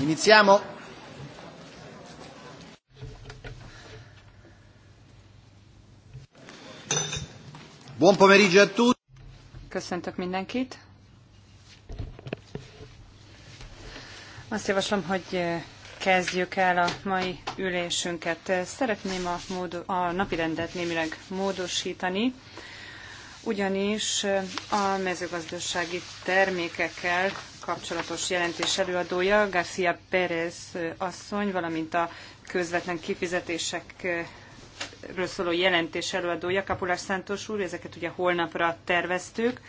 Iniziamo. Buon pomeriggio a tutti. Köszöntök mindenkit. Azt javaslom, hogy eh, kezdjük el a mai ülésünket. Szeretném a, módu, a napirendet némileg módosítani ugyanis a mezőgazdasági termékekkel kapcsolatos jelentés előadója, García Pérez asszony, valamint a közvetlen kifizetésekről szóló jelentés előadója, Kapulás Szántos úr, ezeket ugye holnapra terveztük,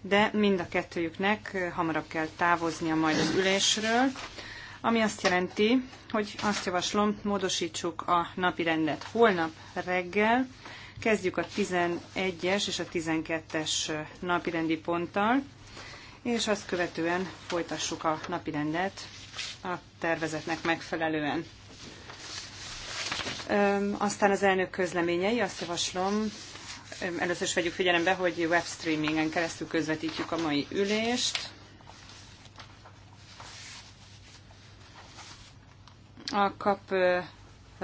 de mind a kettőjüknek hamarabb kell távoznia majd az ülésről, ami azt jelenti, hogy azt javaslom, módosítsuk a napirendet holnap reggel, Kezdjük a 11-es és a 12-es napirendi ponttal, és azt követően folytassuk a napirendet a tervezetnek megfelelően. Aztán az elnök közleményei, azt javaslom, először is vegyük figyelembe, hogy webstreamingen keresztül közvetítjük a mai ülést. A kap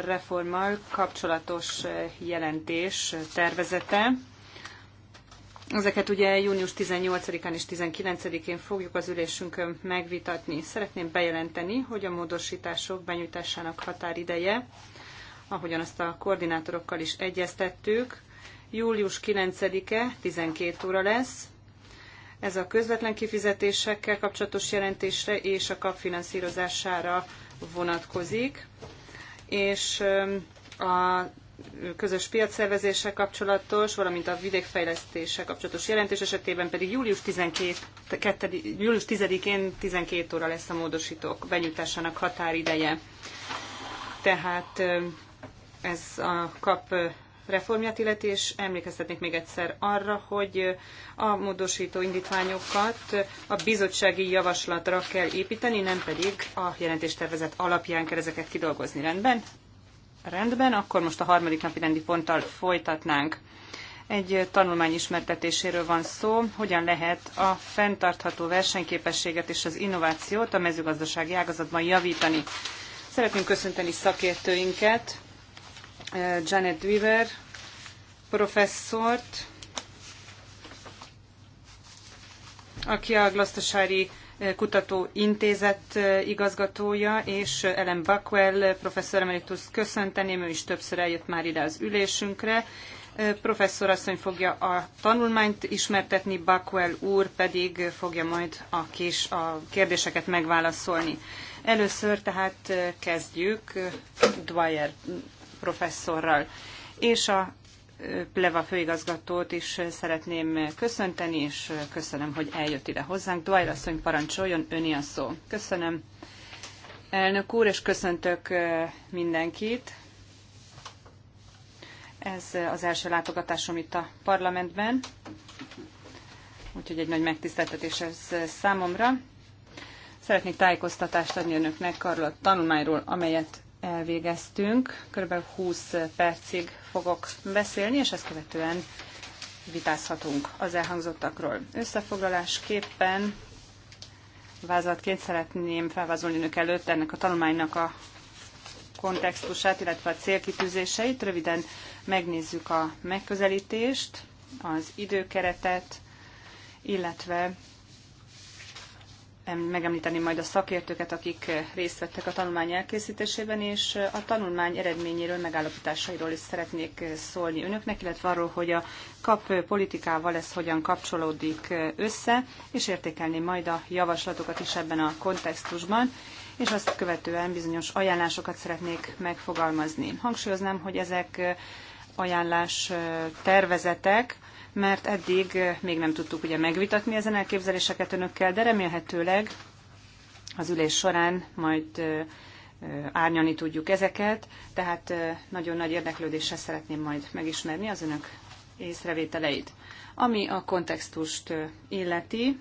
reformmal kapcsolatos eh, jelentés eh, tervezete. Ezeket ugye június 18-án és 19-én fogjuk az ülésünkön megvitatni. Szeretném bejelenteni, hogy a módosítások benyújtásának határideje, ahogyan azt a koordinátorokkal is egyeztettük, július 9-e 12 óra lesz. Ez a közvetlen kifizetésekkel kapcsolatos jelentésre és a kap finanszírozására vonatkozik és a közös piacszervezéssel kapcsolatos, valamint a vidékfejlesztéssel kapcsolatos jelentés esetében pedig július, 12, 2, július 10-én 12 óra lesz a módosítók benyújtásának határideje. Tehát ez a kap reformját illeti, és emlékeztetnék még egyszer arra, hogy a módosító indítványokat a bizottsági javaslatra kell építeni, nem pedig a jelentéstervezet alapján kell ezeket kidolgozni. Rendben? Rendben, akkor most a harmadik napi rendi ponttal folytatnánk. Egy tanulmány ismertetéséről van szó, hogyan lehet a fenntartható versenyképességet és az innovációt a mezőgazdasági ágazatban javítani. Szeretném köszönteni szakértőinket, Janet Weaver professzort, aki a Kutató Kutatóintézet igazgatója, és Ellen Buckwell professzor emeritus köszönteném, ő is többször eljött már ide az ülésünkre. Professzor asszony fogja a tanulmányt ismertetni, Buckwell úr pedig fogja majd a, kés, a kérdéseket megválaszolni. Először tehát kezdjük Dwyer professzorral, és a Pleva főigazgatót is szeretném köszönteni, és köszönöm, hogy eljött ide hozzánk. Dwyer asszony parancsoljon, öni a szó. Köszönöm, elnök úr, és köszöntök mindenkit. Ez az első látogatásom itt a parlamentben, úgyhogy egy nagy megtiszteltetés ez számomra. Szeretnék tájékoztatást adni önöknek arról a tanulmányról, amelyet elvégeztünk. Körülbelül 20 percig fogok beszélni, és ezt követően vitázhatunk az elhangzottakról. Összefoglalásképpen vázlatként szeretném felvázolni önök előtt ennek a tanulmánynak a kontextusát, illetve a célkitűzéseit. Röviden megnézzük a megközelítést, az időkeretet, illetve megemlíteni majd a szakértőket, akik eh, részt vettek a tanulmány elkészítésében, és eh, a tanulmány eredményéről, megállapításairól is szeretnék eh, szólni önöknek, illetve arról, hogy a kap politikával ez hogyan kapcsolódik össze, és értékelni majd a javaslatokat is ebben a kontextusban és azt követően bizonyos ajánlásokat szeretnék megfogalmazni. Hangsúlyoznám, hogy ezek ajánlás tervezetek, mert eddig eh, még nem tudtuk ugye megvitatni ezen elképzeléseket önökkel, de remélhetőleg az ülés során majd eh, eh, árnyalni tudjuk ezeket, tehát nagyon nagy érdeklődéssel szeretném majd megismerni az önök észrevételeit. Ami a kontextust illeti,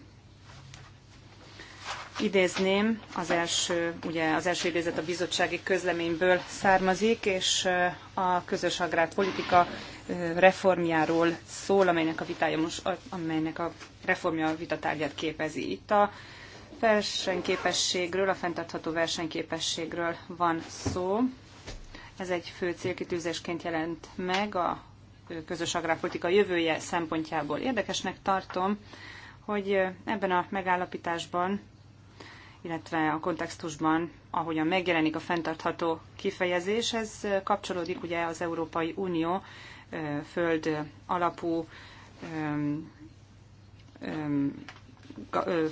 idézném, az első, ugye az első idézet a bizottsági közleményből származik, és a közös agrárpolitika reformjáról szól, amelynek a, vitája most, amelynek a reformja a vitatárgyát képezi. Itt a versenyképességről, a fenntartható versenyképességről van szó. Ez egy fő célkitűzésként jelent meg a közös agrárpolitika jövője szempontjából. Érdekesnek tartom, hogy ebben a megállapításban, illetve a kontextusban, ahogyan megjelenik a fenntartható kifejezés, ez kapcsolódik ugye az Európai Unió föld alapú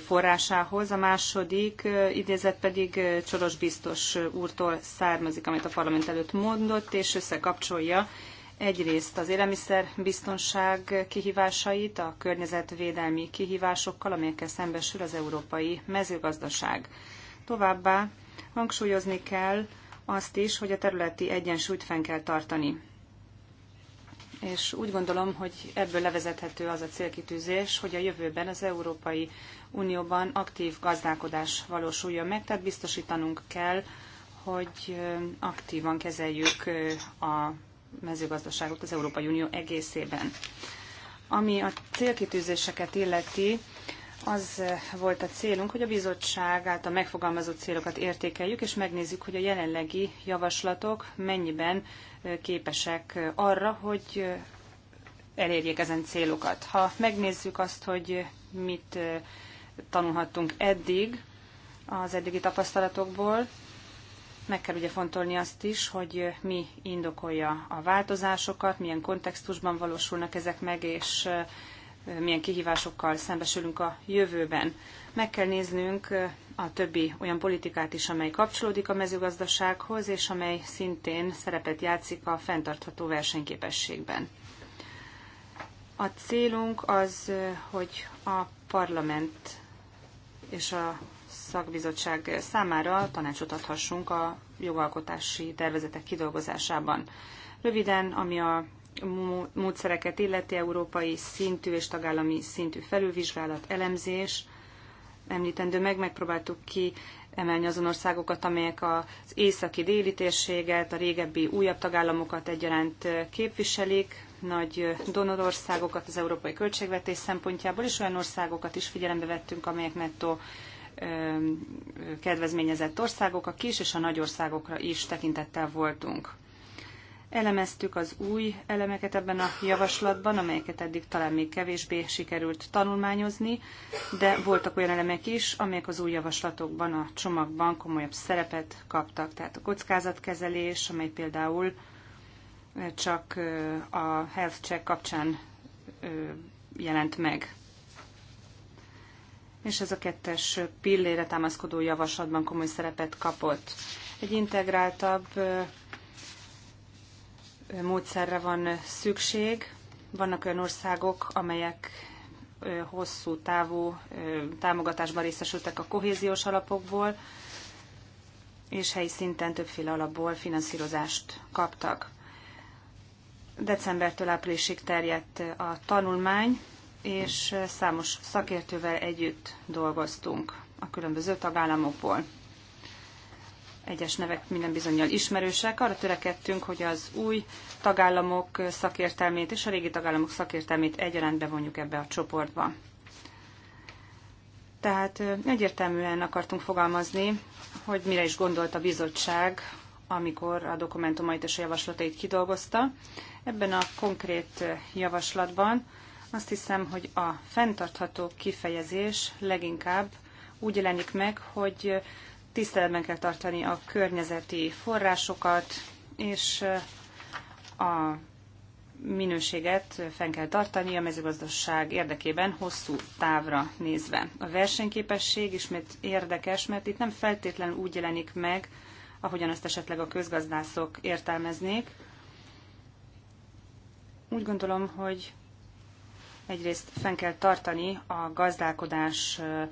forrásához, a második idézet pedig Csoros biztos úrtól származik, amit a parlament előtt mondott, és összekapcsolja egyrészt az élelmiszer biztonság kihívásait a környezetvédelmi kihívásokkal, amelyekkel szembesül az európai mezőgazdaság. Továbbá hangsúlyozni kell azt is, hogy a területi egyensúlyt fenn kell tartani és úgy gondolom, hogy ebből levezethető az a célkitűzés, hogy a jövőben az Európai Unióban aktív gazdálkodás valósuljon meg, tehát biztosítanunk kell, hogy aktívan kezeljük a mezőgazdaságot az Európai Unió egészében. Ami a célkitűzéseket illeti, az eh, volt a célunk, hogy a bizottság által megfogalmazott célokat értékeljük, és megnézzük, hogy a jelenlegi javaslatok mennyiben eh, képesek eh, arra, hogy elérjék ezen célokat. Ha megnézzük azt, hogy mit tanulhattunk eddig az eddigi tapasztalatokból, meg kell ugye fontolni azt is, hogy mi indokolja a változásokat, milyen kontextusban valósulnak ezek meg, és milyen kihívásokkal szembesülünk a jövőben. Meg kell néznünk a többi olyan politikát is, amely kapcsolódik a mezőgazdasághoz, és amely szintén szerepet játszik a fenntartható versenyképességben. A célunk az, hogy a parlament és a szakbizottság számára tanácsot adhassunk a jogalkotási tervezetek kidolgozásában. Röviden, ami a módszereket illeti, európai szintű és tagállami szintű felülvizsgálat, elemzés említendő meg, megpróbáltuk ki emelni azon országokat, amelyek az északi déli térséget, a régebbi újabb tagállamokat egyaránt képviselik, nagy donorországokat az európai költségvetés szempontjából, és olyan országokat is figyelembe vettünk, amelyek nettó kedvezményezett országok, a kis és a nagy országokra is tekintettel voltunk. Elemeztük az új elemeket ebben a javaslatban, amelyeket eddig talán még kevésbé sikerült tanulmányozni, de voltak olyan elemek is, amelyek az új javaslatokban, a csomagban komolyabb szerepet kaptak. Tehát a kockázatkezelés, amely például csak a health check kapcsán jelent meg. És ez a kettes pillére támaszkodó javaslatban komoly szerepet kapott. Egy integráltabb módszerre van szükség. Vannak olyan országok, amelyek hosszú távú támogatásban részesültek a kohéziós alapokból, és helyi szinten többféle alapból finanszírozást kaptak. Decembertől áprilisig terjedt a tanulmány, és számos szakértővel együtt dolgoztunk a különböző tagállamokból egyes nevek minden bizonyal ismerősek. Arra törekedtünk, hogy az új tagállamok szakértelmét és a régi tagállamok szakértelmét egyaránt bevonjuk ebbe a csoportba. Tehát egyértelműen akartunk fogalmazni, hogy mire is gondolt a bizottság, amikor a dokumentumait és a javaslatait kidolgozta. Ebben a konkrét javaslatban azt hiszem, hogy a fenntartható kifejezés leginkább úgy jelenik meg, hogy tiszteletben kell tartani a környezeti forrásokat, és eh, a minőséget fenn kell tartani a mezőgazdaság érdekében hosszú távra nézve. A versenyképesség ismét érdekes, mert itt nem feltétlenül úgy jelenik meg, ahogyan azt esetleg a közgazdászok értelmeznék. Úgy gondolom, hogy egyrészt fenn kell tartani a gazdálkodás eh,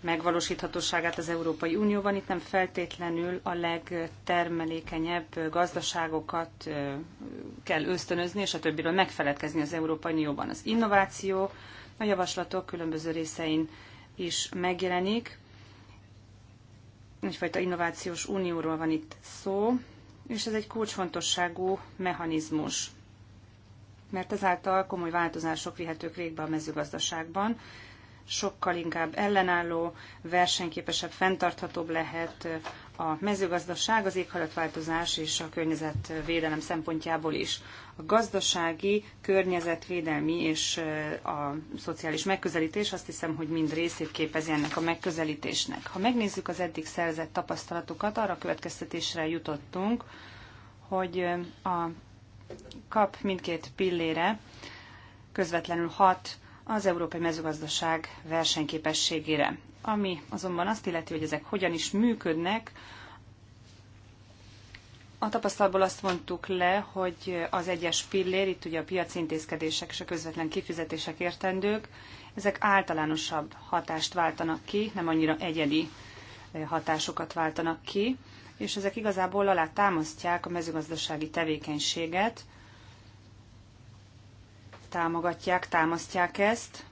megvalósíthatóságát az Európai Unióban. Itt nem feltétlenül a legtermelékenyebb gazdaságokat kell ösztönözni, és a többiről megfeledkezni az Európai Unióban. Az innováció a javaslatok különböző részein is megjelenik. Egyfajta innovációs unióról van itt szó, és ez egy kulcsfontosságú mechanizmus, mert ezáltal komoly változások vihetők végbe a mezőgazdaságban, sokkal inkább ellenálló, versenyképesebb, fenntarthatóbb lehet a mezőgazdaság, az éghajlatváltozás és a környezetvédelem szempontjából is. A gazdasági, környezetvédelmi és eh, a szociális megközelítés azt hiszem, hogy mind részét képezi ennek a megközelítésnek. Ha megnézzük az eddig szerzett tapasztalatokat, arra következtetésre jutottunk, hogy eh, a kap mindkét pillére közvetlenül hat az európai mezőgazdaság versenyképességére. Ami azonban azt illeti, hogy ezek hogyan is működnek, a tapasztalatból azt mondtuk le, hogy az egyes pillér, itt ugye a piaci intézkedések és a közvetlen kifizetések értendők, ezek általánosabb hatást váltanak ki, nem annyira egyedi eh, hatásokat váltanak ki, és ezek igazából alá támasztják a mezőgazdasági tevékenységet, támogatják, támasztják ezt,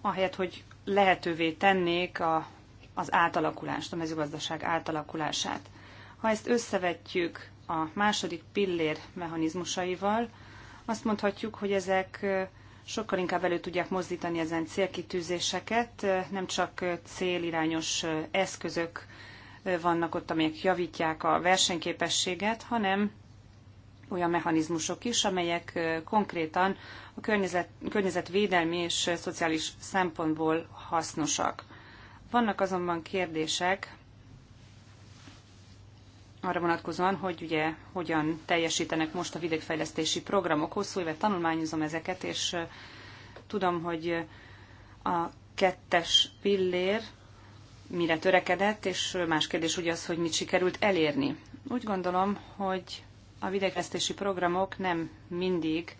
ahelyett, hogy lehetővé tennék a, az átalakulást, a mezőgazdaság átalakulását. Ha ezt összevetjük a második pillér mechanizmusaival, azt mondhatjuk, hogy ezek sokkal inkább elő tudják mozdítani ezen célkitűzéseket, nem csak célirányos eszközök vannak ott, amelyek javítják a versenyképességet, hanem olyan mechanizmusok is, amelyek konkrétan a környezet, környezetvédelmi és szociális szempontból hasznosak. Vannak azonban kérdések arra vonatkozóan, hogy ugye hogyan teljesítenek most a vidékfejlesztési programok. Hosszú éve tanulmányozom ezeket, és tudom, hogy a kettes pillér mire törekedett, és más kérdés ugye az, hogy mit sikerült elérni. Úgy gondolom, hogy a videgeztési programok nem mindig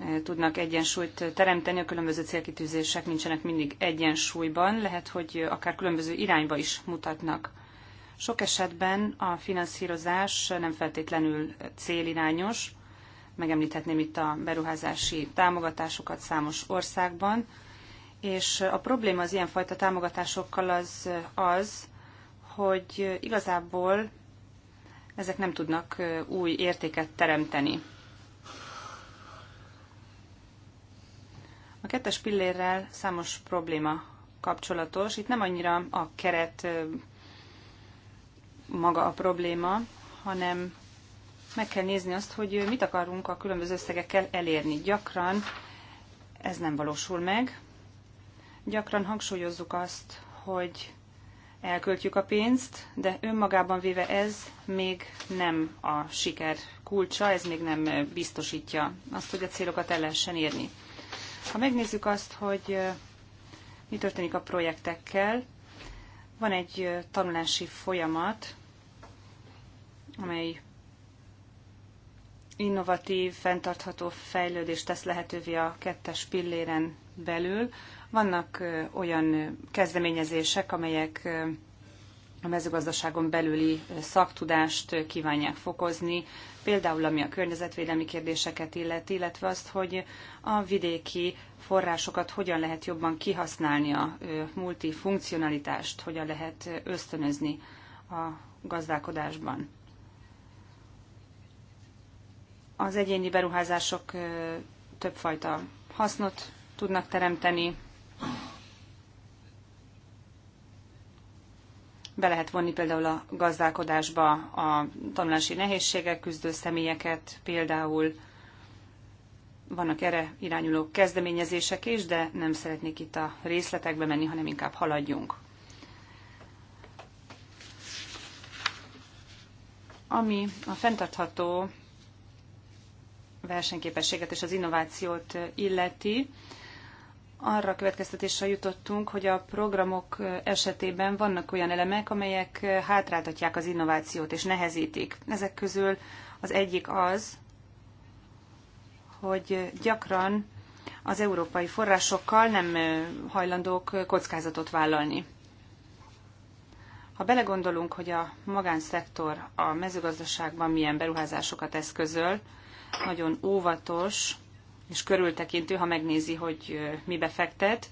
e, tudnak egyensúlyt teremteni, a különböző célkitűzések nincsenek mindig egyensúlyban, lehet, hogy akár különböző irányba is mutatnak. Sok esetben a finanszírozás nem feltétlenül célirányos, megemlíthetném itt a beruházási támogatásokat számos országban, és a probléma az ilyenfajta támogatásokkal az az, hogy igazából ezek nem tudnak új értéket teremteni. A kettes pillérrel számos probléma kapcsolatos. Itt nem annyira a keret maga a probléma, hanem meg kell nézni azt, hogy mit akarunk a különböző összegekkel elérni. Gyakran ez nem valósul meg. Gyakran hangsúlyozzuk azt, hogy elköltjük a pénzt, de önmagában véve ez még nem a siker kulcsa, ez még nem biztosítja azt, hogy a célokat el lehessen érni. Ha megnézzük azt, hogy mi történik a projektekkel, van egy tanulási folyamat, amely innovatív, fenntartható fejlődést tesz lehetővé a kettes pilléren belül, vannak olyan kezdeményezések, amelyek a mezőgazdaságon belüli szaktudást kívánják fokozni, például ami a környezetvédelmi kérdéseket illeti, illetve azt, hogy a vidéki forrásokat hogyan lehet jobban kihasználni, a multifunkcionalitást hogyan lehet ösztönözni a gazdálkodásban. Az egyéni beruházások többfajta hasznot tudnak teremteni, be lehet vonni például a gazdálkodásba a tanulási nehézségek küzdő személyeket, például vannak erre irányuló kezdeményezések is, de nem szeretnék itt a részletekbe menni, hanem inkább haladjunk. Ami a fenntartható versenyképességet és az innovációt illeti, arra következtetésre jutottunk, hogy a programok esetében vannak olyan elemek, amelyek hátráltatják az innovációt és nehezítik. Ezek közül az egyik az, hogy gyakran az európai forrásokkal nem hajlandók kockázatot vállalni. Ha belegondolunk, hogy a magánszektor a mezőgazdaságban milyen beruházásokat eszközöl, nagyon óvatos és körültekintő, ha megnézi, hogy mibe fektet.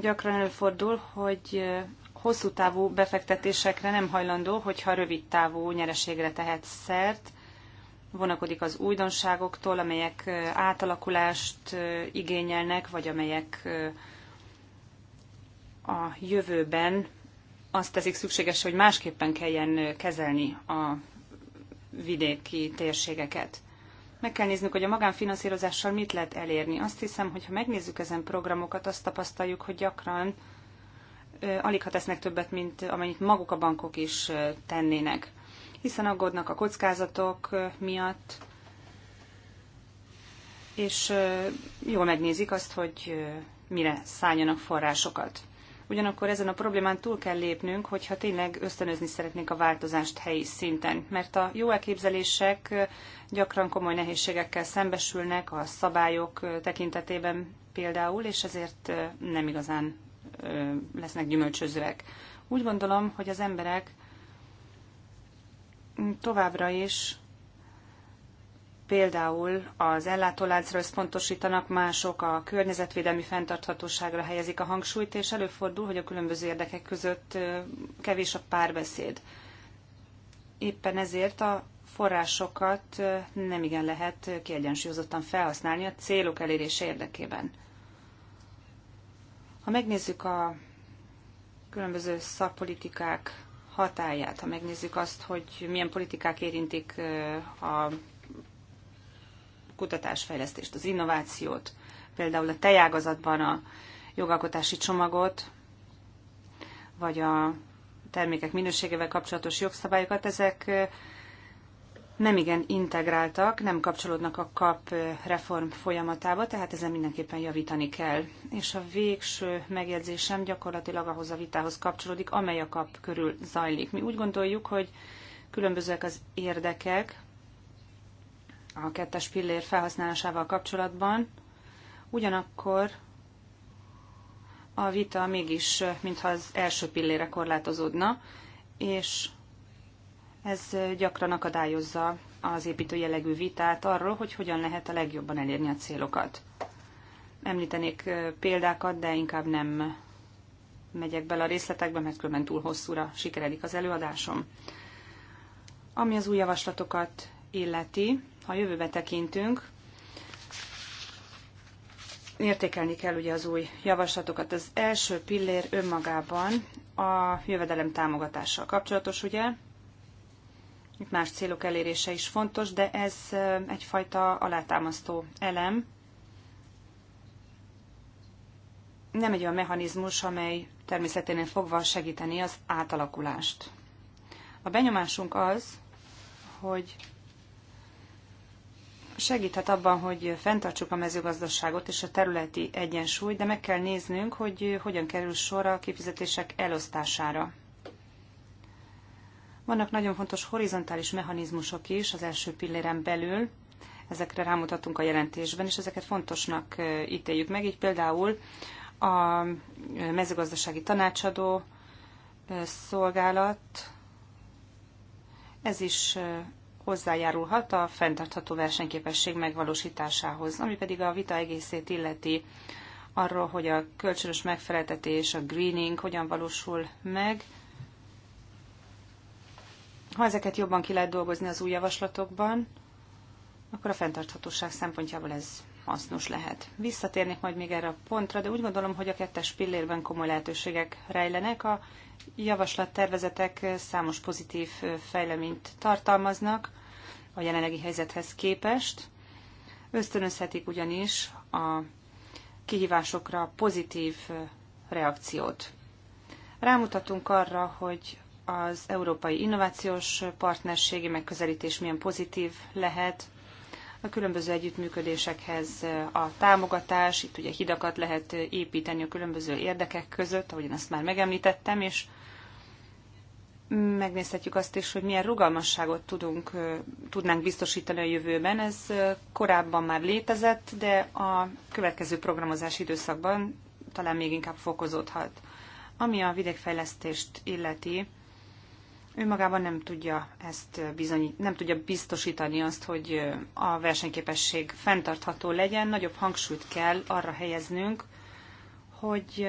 Gyakran előfordul, hogy hosszú távú befektetésekre nem hajlandó, hogyha rövid távú nyereségre tehet szert, vonakodik az újdonságoktól, amelyek átalakulást igényelnek, vagy amelyek a jövőben azt teszik szükséges, hogy másképpen kelljen kezelni a vidéki térségeket meg kell néznünk, hogy a magánfinanszírozással mit lehet elérni. Azt hiszem, hogy ha megnézzük ezen programokat, azt tapasztaljuk, hogy gyakran alig ha tesznek többet, mint amennyit maguk a bankok is tennének. Hiszen aggódnak a kockázatok miatt, és jól megnézik azt, hogy mire szálljanak forrásokat. Ugyanakkor ezen a problémán túl kell lépnünk, hogyha tényleg ösztönözni szeretnénk a változást helyi szinten. Mert a jó elképzelések gyakran komoly nehézségekkel szembesülnek a szabályok tekintetében például, és ezért nem igazán lesznek gyümölcsözőek. Úgy gondolom, hogy az emberek továbbra is például az ellátóláncra összpontosítanak, mások a környezetvédelmi fenntarthatóságra helyezik a hangsúlyt, és előfordul, hogy a különböző érdekek között kevés a párbeszéd. Éppen ezért a forrásokat nem igen lehet kiegyensúlyozottan felhasználni a célok elérése érdekében. Ha megnézzük a különböző szakpolitikák hatáját, ha megnézzük azt, hogy milyen politikák érintik a kutatásfejlesztést, az innovációt, például a tejágazatban a jogalkotási csomagot, vagy a termékek minőségével kapcsolatos jogszabályokat, ezek nem igen integráltak, nem kapcsolódnak a kap reform folyamatába, tehát ezen mindenképpen javítani kell. És a végső megjegyzésem gyakorlatilag ahhoz a vitához kapcsolódik, amely a kap körül zajlik. Mi úgy gondoljuk, hogy különbözőek az érdekek, a kettes pillér felhasználásával kapcsolatban. Ugyanakkor a vita mégis, mintha az első pillére korlátozódna, és ez gyakran akadályozza az építő jellegű vitát arról, hogy hogyan lehet a legjobban elérni a célokat. Említenék példákat, de inkább nem megyek bele a részletekbe, mert különben túl hosszúra sikeredik az előadásom. Ami az új javaslatokat illeti, ha jövőbe tekintünk, értékelni kell ugye az új javaslatokat. Az első pillér önmagában a jövedelem támogatással kapcsolatos, ugye? Itt más célok elérése is fontos, de ez egyfajta alátámasztó elem. Nem egy olyan mechanizmus, amely természeténél fogva segíteni az átalakulást. A benyomásunk az, hogy segíthet abban, hogy fenntartsuk a mezőgazdaságot és a területi egyensúlyt, de meg kell néznünk, hogy hogyan kerül sor a kifizetések elosztására. Vannak nagyon fontos horizontális mechanizmusok is az első pilléren belül, ezekre rámutatunk a jelentésben, és ezeket fontosnak ítéljük meg, így például a mezőgazdasági tanácsadó szolgálat, ez is hozzájárulhat a fenntartható versenyképesség megvalósításához, ami pedig a vita egészét illeti arról, hogy a kölcsönös megfeleltetés, a greening hogyan valósul meg. Ha ezeket jobban ki lehet dolgozni az új javaslatokban, akkor a fenntarthatóság szempontjából ez hasznos lehet. Visszatérnék majd még erre a pontra, de úgy gondolom, hogy a kettes pillérben komoly lehetőségek rejlenek. A javaslattervezetek számos pozitív fejleményt tartalmaznak, a jelenlegi helyzethez képest. Ösztönözhetik ugyanis a kihívásokra pozitív reakciót. Rámutatunk arra, hogy az Európai Innovációs Partnerségi megközelítés milyen pozitív lehet, a különböző együttműködésekhez a támogatás, itt ugye hidakat lehet építeni a különböző érdekek között, ahogyan azt már megemlítettem, és megnézhetjük azt is, hogy milyen rugalmasságot tudunk, tudnánk biztosítani a jövőben. Ez korábban már létezett, de a következő programozási időszakban talán még inkább fokozódhat. Ami a vidékfejlesztést illeti, ő magában nem tudja ezt bizonyít, nem tudja biztosítani azt, hogy a versenyképesség fenntartható legyen, nagyobb hangsúlyt kell arra helyeznünk, hogy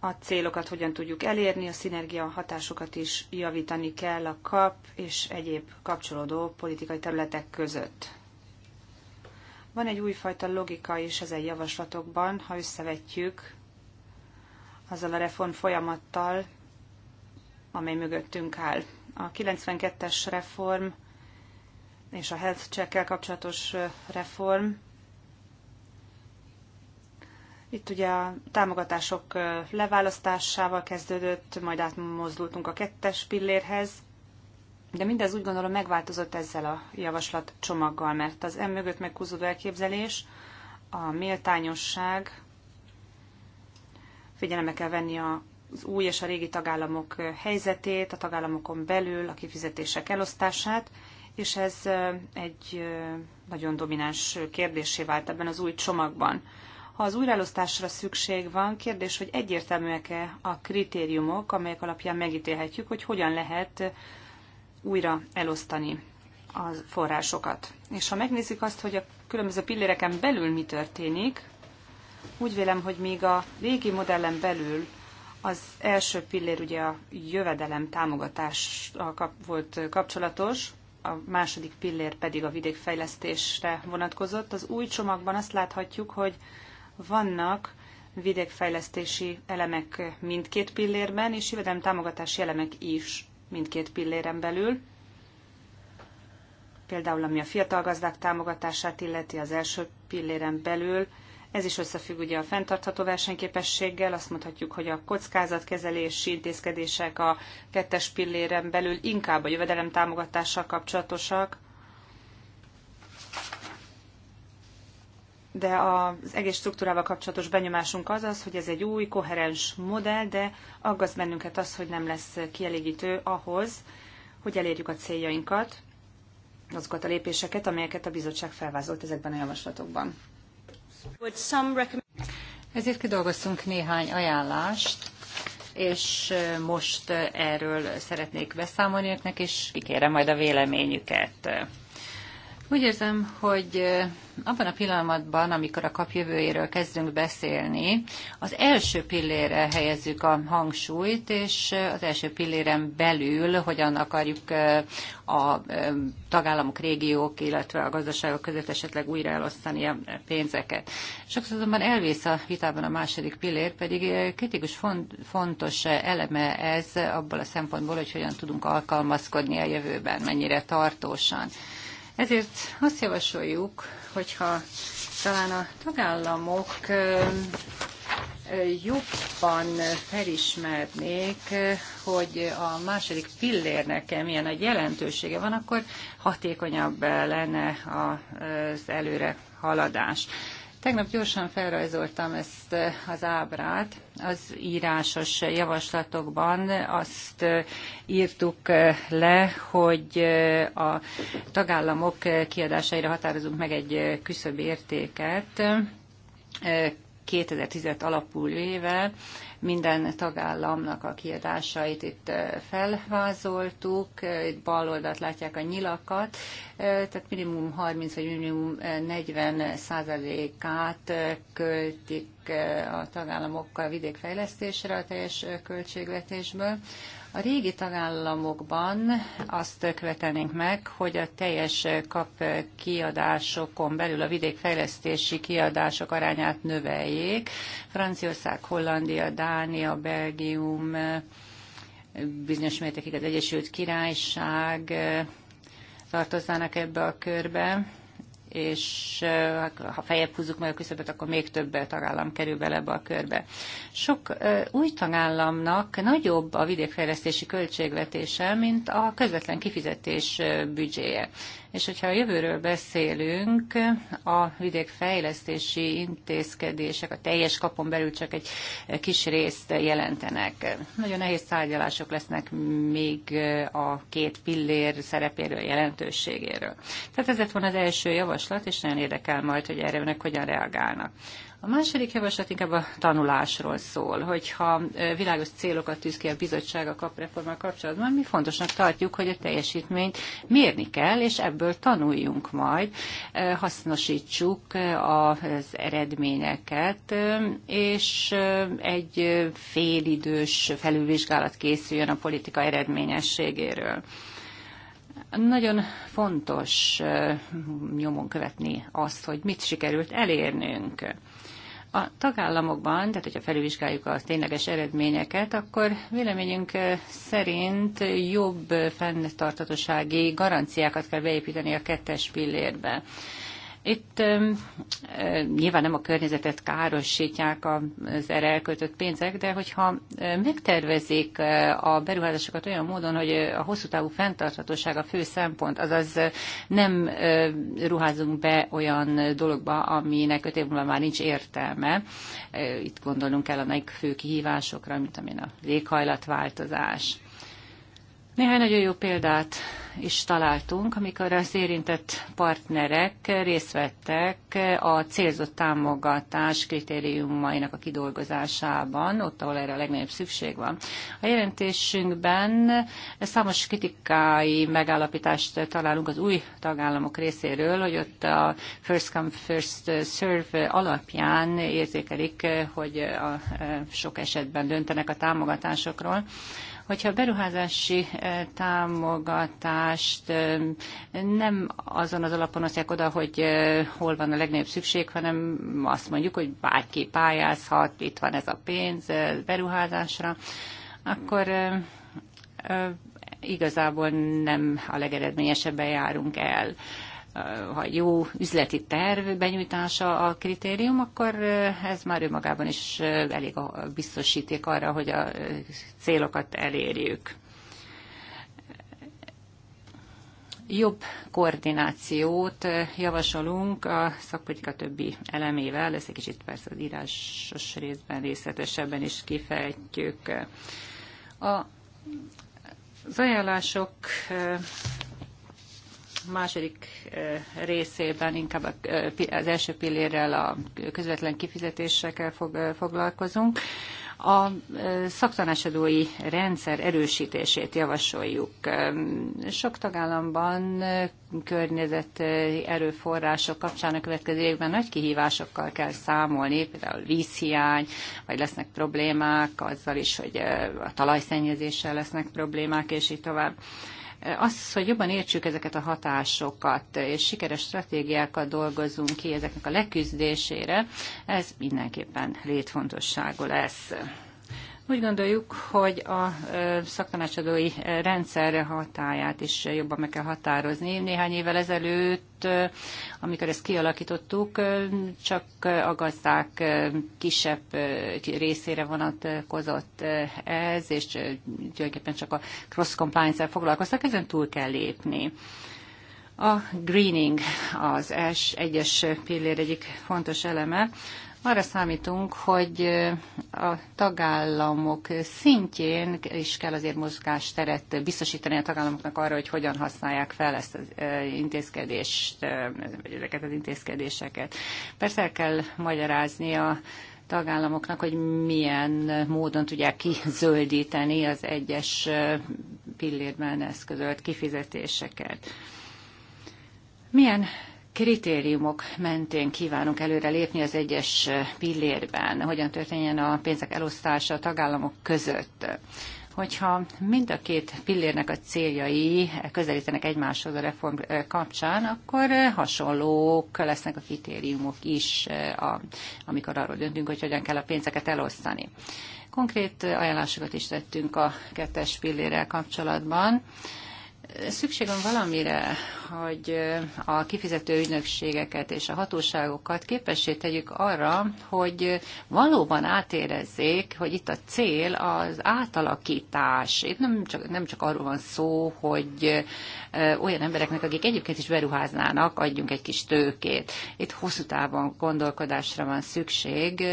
a célokat hogyan tudjuk elérni, a szinergia hatásokat is javítani kell a kap és egyéb kapcsolódó politikai területek között. Van egy újfajta logika is ezen javaslatokban, ha összevetjük azzal a reform folyamattal, amely mögöttünk áll. A 92-es reform és a health check-kel kapcsolatos reform itt ugye a támogatások leválasztásával kezdődött, majd átmozdultunk a kettes pillérhez, de mindez úgy gondolom megváltozott ezzel a javaslat csomaggal, mert az emögött meghúzódó elképzelés, a méltányosság, figyelembe kell venni az új és a régi tagállamok helyzetét, a tagállamokon belül a kifizetések elosztását, és ez egy nagyon domináns kérdésé vált ebben az új csomagban. Ha az újraelosztásra szükség van, kérdés, hogy egyértelműek-e a kritériumok, amelyek alapján megítélhetjük, hogy hogyan lehet újra elosztani a forrásokat. És ha megnézzük azt, hogy a különböző pilléreken belül mi történik, úgy vélem, hogy még a régi modellen belül az első pillér ugye a jövedelem támogatás volt kapcsolatos, a második pillér pedig a vidékfejlesztésre vonatkozott. Az új csomagban azt láthatjuk, hogy vannak vidékfejlesztési elemek mindkét pillérben, és jövedelem támogatási elemek is mindkét pilléren belül. Például ami a fiatal gazdák támogatását illeti az első pilléren belül, ez is összefügg ugye a fenntartható versenyképességgel, azt mondhatjuk, hogy a kockázatkezelési intézkedések a kettes pilléren belül inkább a jövedelem támogatással kapcsolatosak, de az egész struktúrával kapcsolatos benyomásunk az az, hogy ez egy új, koherens modell, de aggaszt bennünket az, hogy nem lesz kielégítő ahhoz, hogy elérjük a céljainkat, azokat a lépéseket, amelyeket a bizottság felvázolt ezekben a javaslatokban. Ezért kidolgoztunk néhány ajánlást, és most erről szeretnék beszámolni önöknek, és kikérem majd a véleményüket. Úgy érzem, hogy abban a pillanatban, amikor a kap jövőjéről kezdünk beszélni, az első pillére helyezzük a hangsúlyt, és az első pilléren belül hogyan akarjuk a tagállamok, régiók, illetve a gazdaságok között esetleg újra elosztani a pénzeket. Sokszor azonban elvész a vitában a második pillér, pedig kritikus fontos eleme ez abból a szempontból, hogy hogyan tudunk alkalmazkodni a jövőben, mennyire tartósan. Ezért azt javasoljuk, hogyha talán a tagállamok jobban felismernék, hogy a második pillérnek milyen nagy jelentősége van, akkor hatékonyabb lenne az előre haladás. Tegnap gyorsan felrajzoltam ezt eh, az ábrát. Az írásos javaslatokban azt eh, írtuk eh, le, hogy a tagállamok kiadásaira határozunk meg egy küszöb értéket 2010 alapul éve. Minden tagállamnak a kiadásait itt felvázoltuk, itt bal oldalt látják a nyilakat, tehát minimum 30 vagy minimum 40 százalékát költik a tagállamokkal vidékfejlesztésre a teljes költségvetésből. A régi tagállamokban azt követelnénk meg, hogy a teljes kap kiadásokon belül a vidékfejlesztési kiadások arányát növeljék. Franciaország, Hollandia, Dánia, Belgium, bizonyos mértékig az Egyesült Királyság tartoznának ebbe a körbe és hát, ha feljebb húzzuk meg a küszöbet, akkor még több tagállam kerül bele ebbe a körbe. Sok új tagállamnak nagyobb a vidékfejlesztési költségvetése, mint a közvetlen kifizetés büdzséje. És hogyha a jövőről beszélünk, a vidékfejlesztési intézkedések a teljes kapon belül csak egy kis részt jelentenek. Nagyon nehéz tárgyalások lesznek még a két pillér szerepéről, jelentőségéről. Tehát ez lett volna az első javaslat, és nagyon érdekel majd, hogy erre önök hogyan reagálnak. A második javaslat inkább a tanulásról szól, hogyha világos célokat tűz ki a bizottság a kapreformmal kapcsolatban, mi fontosnak tartjuk, hogy a teljesítményt mérni kell, és ebből tanuljunk majd, hasznosítsuk az eredményeket, és egy félidős felülvizsgálat készüljön a politika eredményességéről. Nagyon fontos nyomon követni azt, hogy mit sikerült elérnünk. A tagállamokban, tehát hogyha felülvizsgáljuk a tényleges eredményeket, akkor véleményünk eh, szerint jobb fenntartatósági garanciákat kell beépíteni a kettes pillérbe. Itt nyilván nem a környezetet károsítják az erre elköltött pénzek, de hogyha megtervezik a beruházásokat olyan módon, hogy a hosszú távú fenntarthatóság a fő szempont, azaz nem ruházunk be olyan dologba, aminek öt év múlva már nincs értelme. Itt gondolunk el a nagy fő kihívásokra, mint amin a léghajlatváltozás. Néhány nagyon jó példát is találtunk, amikor az érintett partnerek részt vettek a célzott támogatás kritériumainak a kidolgozásában, ott, ahol erre a legnagyobb szükség van. A jelentésünkben számos kritikai megállapítást találunk az új tagállamok részéről, hogy ott a first come, first serve alapján érzékelik, hogy a sok esetben döntenek a támogatásokról. Hogyha a beruházási eh, támogatást eh, nem azon az alapon osztják oda, hogy eh, hol van a legnagyobb szükség, hanem azt mondjuk, hogy bárki pályázhat, itt van ez a pénz beruházásra, akkor igazából nem a legeredményesebben járunk el ha jó üzleti terv benyújtása a kritérium, akkor ez már önmagában is elég a biztosíték arra, hogy a célokat elérjük. Jobb koordinációt javasolunk a szakpolitika többi elemével, ezt egy kicsit persze az írásos részben részletesebben is kifejtjük. A az ajánlások második részében inkább az első pillérrel a közvetlen kifizetésekkel foglalkozunk. A szaktanásadói rendszer erősítését javasoljuk. Sok tagállamban környezet erőforrások kapcsán a következő évben nagy kihívásokkal kell számolni, például vízhiány, vagy lesznek problémák azzal is, hogy a talajszennyezéssel lesznek problémák, és így tovább az, hogy jobban értsük ezeket a hatásokat, és sikeres stratégiákat dolgozunk ki ezeknek a leküzdésére, ez mindenképpen létfontosságú lesz. Úgy gondoljuk, hogy a szaktanácsadói rendszer hatáját is jobban meg kell határozni. Néhány évvel ezelőtt, amikor ezt kialakítottuk, csak a gazdák kisebb részére vonatkozott ez, és tulajdonképpen csak a cross compliance-el foglalkoztak, ezen túl kell lépni. A greening az egyes pillér egyik fontos eleme. Arra számítunk, hogy a tagállamok szintjén is kell azért mozgásteret biztosítani a tagállamoknak arra, hogy hogyan használják fel ezt az intézkedést, ezeket az intézkedéseket. Persze el kell magyarázni a tagállamoknak, hogy milyen módon tudják kizöldíteni az egyes pillérben eszközölt kifizetéseket. Milyen kritériumok mentén kívánunk előre lépni az egyes pillérben, hogyan történjen a pénzek elosztása a tagállamok között. Hogyha mind a két pillérnek a céljai közelítenek egymáshoz a reform kapcsán, akkor hasonlók lesznek a kritériumok is, amikor arról döntünk, hogy hogyan kell a pénzeket elosztani. Konkrét ajánlásokat is tettünk a kettes pillérrel kapcsolatban. Szükség van valamire, hogy a kifizető ügynökségeket és a hatóságokat képessé tegyük arra, hogy valóban átérezzék, hogy itt a cél az átalakítás. Itt nem csak, nem csak arról van szó, hogy olyan embereknek, akik egyébként is beruháznának, adjunk egy kis tőkét. Itt hosszú távon gondolkodásra van szükség,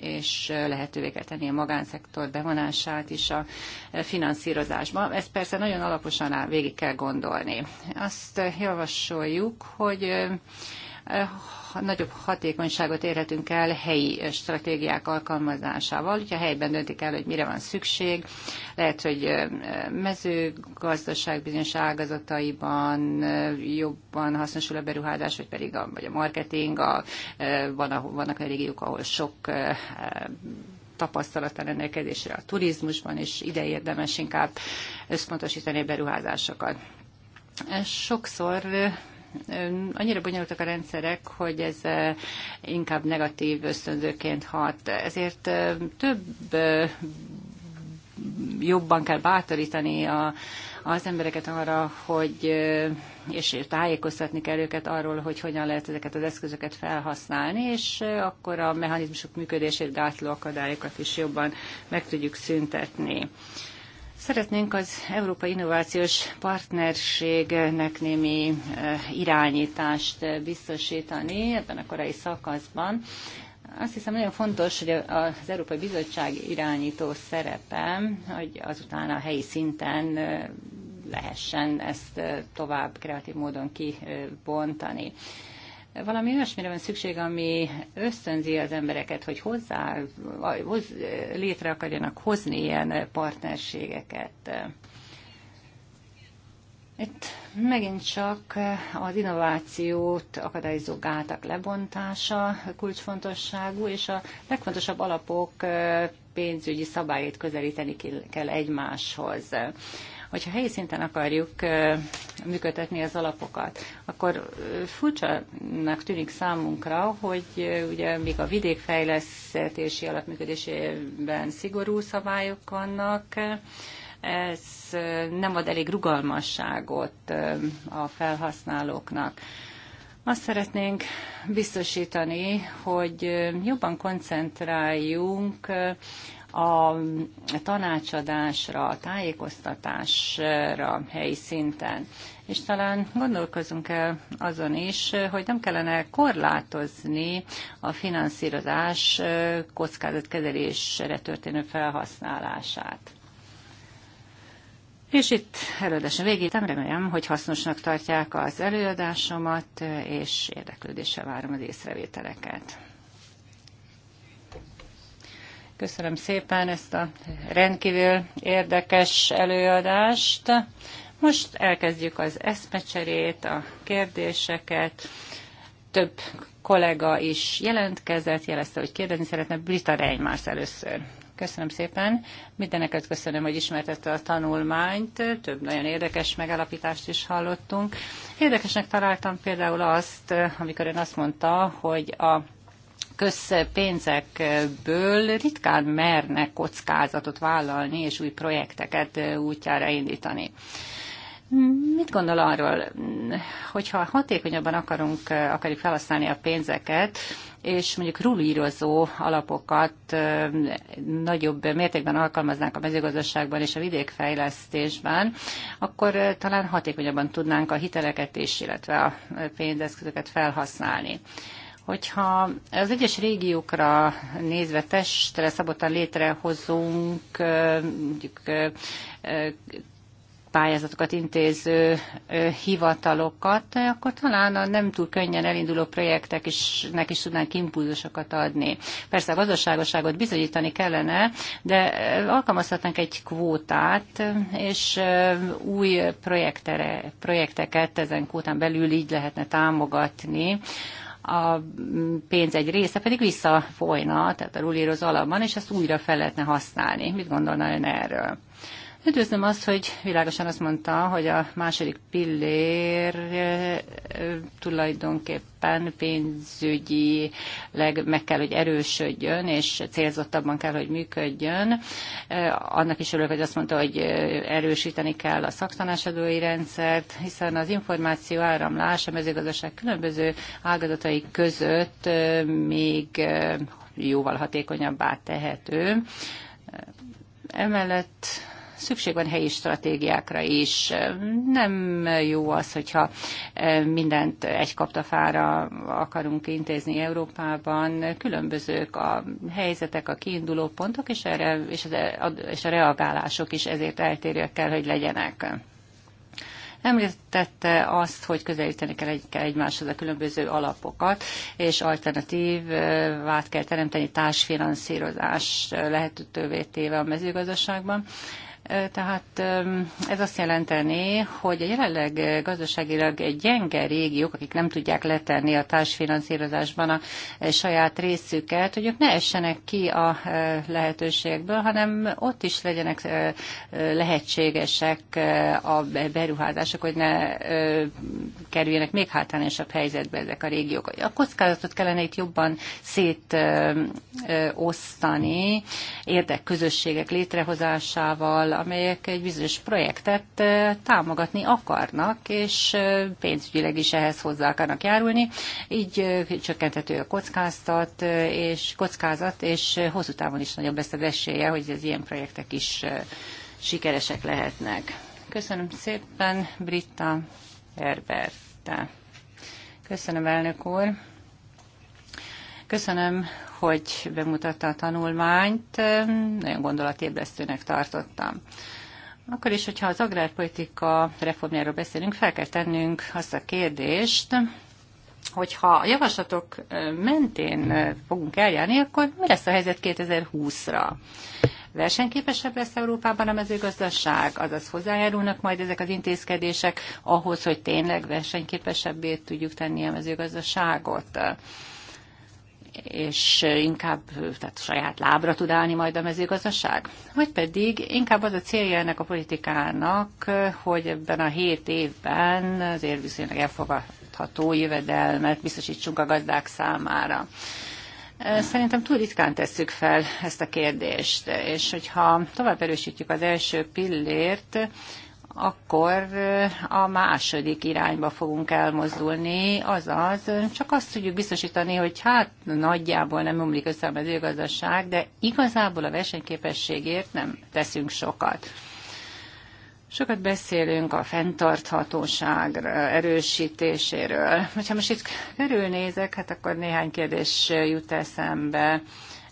és lehetővé kell tenni a magánszektor bevonását is a finanszírozásba. Ez persze nagyon alaposan végig végig kell gondolni. Azt javasoljuk, hogy nagyobb hatékonyságot érhetünk el helyi stratégiák alkalmazásával. Ugye helyben döntik el, hogy mire van szükség. Lehet, hogy mezőgazdaság bizonyos ágazataiban jobban hasznosul a beruházás, vagy pedig a, vagy a marketing, a, van, vannak a régiók, ahol sok tapasztalata rendelkezésre a turizmusban, és ide érdemes inkább összpontosítani a beruházásokat. Sokszor annyira bonyolultak a rendszerek, hogy ez inkább negatív ösztönzőként hat. Ezért több jobban kell bátorítani a az embereket arra, hogy és tájékoztatni kell őket arról, hogy hogyan lehet ezeket az eszközöket felhasználni, és akkor a mechanizmusok működését gátló akadályokat is jobban meg tudjuk szüntetni. Szeretnénk az Európai Innovációs Partnerségnek némi irányítást biztosítani ebben a korai szakaszban, azt hiszem nagyon fontos, hogy az Európai Bizottság irányító szerepe, hogy azután a helyi szinten lehessen ezt tovább kreatív módon kibontani. Valami olyasmire van szükség, ami ösztönzi az embereket, hogy hozzá, hoz, létre akarjanak hozni ilyen partnerségeket. Itt megint csak az innovációt akadályozó gátak lebontása kulcsfontosságú, és a legfontosabb alapok pénzügyi szabályait közelíteni kell egymáshoz. Hogyha helyi szinten akarjuk működtetni az alapokat, akkor furcsanak tűnik számunkra, hogy ugye még a vidékfejlesztési alapműködésében szigorú szabályok vannak, ez nem ad elég rugalmasságot a felhasználóknak. Azt szeretnénk biztosítani, hogy jobban koncentráljunk a tanácsadásra, a tájékoztatásra helyi szinten. És talán gondolkozunk el azon is, hogy nem kellene korlátozni a finanszírozás kockázatkezelésre történő felhasználását. És itt előadásom végítem, remélem, hogy hasznosnak tartják az előadásomat, és érdeklődéssel várom az észrevételeket. Köszönöm szépen ezt a rendkívül érdekes előadást. Most elkezdjük az eszmecserét, a kérdéseket. Több kollega is jelentkezett, jelezte, hogy kérdezni szeretne Brita Reimers először. Köszönöm szépen. Mindeneket köszönöm, hogy ismertette a tanulmányt. Több nagyon érdekes megállapítást is hallottunk. Érdekesnek találtam például azt, amikor ön azt mondta, hogy a közpénzekből ritkán mernek kockázatot vállalni és új projekteket útjára indítani. Mit gondol arról, hogyha hatékonyabban akarunk, akarjuk felhasználni a pénzeket, és mondjuk rulírozó alapokat nagyobb mértékben alkalmaznánk a mezőgazdaságban és a vidékfejlesztésben, akkor talán hatékonyabban tudnánk a hiteleket is, illetve a pénzeszközöket felhasználni. Hogyha az egyes régiókra nézve testre szabottan létrehozunk mondjuk pályázatokat intéző hivatalokat, akkor talán a nem túl könnyen elinduló projektek is, nek is tudnánk impulzusokat adni. Persze a gazdaságosságot bizonyítani kellene, de alkalmazhatnánk egy kvótát, és új projektere, projekteket ezen kvótán belül így lehetne támogatni, a pénz egy része pedig visszafolyna, tehát a rulíroz alapban, és ezt újra fel lehetne használni. Mit gondolna ön erről? Üdvözlöm azt, hogy világosan azt mondta, hogy a második pillér tulajdonképpen pénzügyi meg kell, hogy erősödjön, és célzottabban kell, hogy működjön. Annak is örülök, hogy azt mondta, hogy erősíteni kell a szaktanásadói rendszert, hiszen az információ áramlás a mezőgazdaság különböző ágazatai között még jóval hatékonyabbá tehető. Emellett szükség van helyi stratégiákra is. Nem jó az, hogyha e, mindent egy kaptafára akarunk intézni Európában. Különbözők a helyzetek, a kiinduló pontok, és, erre, és, a, e, és a reagálások is ezért eltérőek kell, hogy legyenek. Említette azt, hogy közelíteni kell, egy, kell egymáshoz a különböző alapokat, és alternatív vált e, kell teremteni társfinanszírozás lehetővé téve a mezőgazdaságban. Tehát ez azt jelenteni, hogy a jelenleg gazdaságilag gyenge régiók, akik nem tudják letenni a társfinanszírozásban a saját részüket, hogy ők ne essenek ki a lehetőségből, hanem ott is legyenek lehetségesek a beruházások, hogy ne kerüljenek még hátrányosabb helyzetbe ezek a régiók. A kockázatot kellene itt jobban szétosztani, érdekközösségek létrehozásával, amelyek egy bizonyos projektet támogatni akarnak, és pénzügyileg is ehhez hozzá akarnak járulni, így csökkenthető a kockázat, és kockázat, és hosszú távon is nagyobb lesz az esélye, hogy az ilyen projektek is sikeresek lehetnek. Köszönöm szépen, Britta Herbert. Köszönöm, elnök úr. Köszönöm, hogy bemutatta a tanulmányt, nagyon gondolatébresztőnek tartottam. Akkor is, hogyha az agrárpolitika reformjáról beszélünk, fel kell tennünk azt a kérdést, hogyha a javaslatok mentén fogunk eljárni, akkor mi lesz a helyzet 2020-ra? versenyképesebb lesz Európában a mezőgazdaság, azaz hozzájárulnak majd ezek az intézkedések ahhoz, hogy tényleg versenyképesebbé tudjuk tenni a mezőgazdaságot és inkább tehát saját lábra tud állni majd a mezőgazdaság? Vagy pedig inkább az a célja ennek a politikának, hogy ebben a hét évben azért viszonylag elfogadható jövedelmet biztosítsunk a gazdák számára. Szerintem túl ritkán tesszük fel ezt a kérdést, és hogyha tovább erősítjük az első pillért, akkor a második irányba fogunk elmozdulni, azaz csak azt tudjuk biztosítani, hogy hát nagyjából nem omlik össze a mezőgazdaság, de igazából a versenyképességért nem teszünk sokat. Sokat beszélünk a fenntarthatóság erősítéséről. Ha most itt körülnézek, hát akkor néhány kérdés jut eszembe.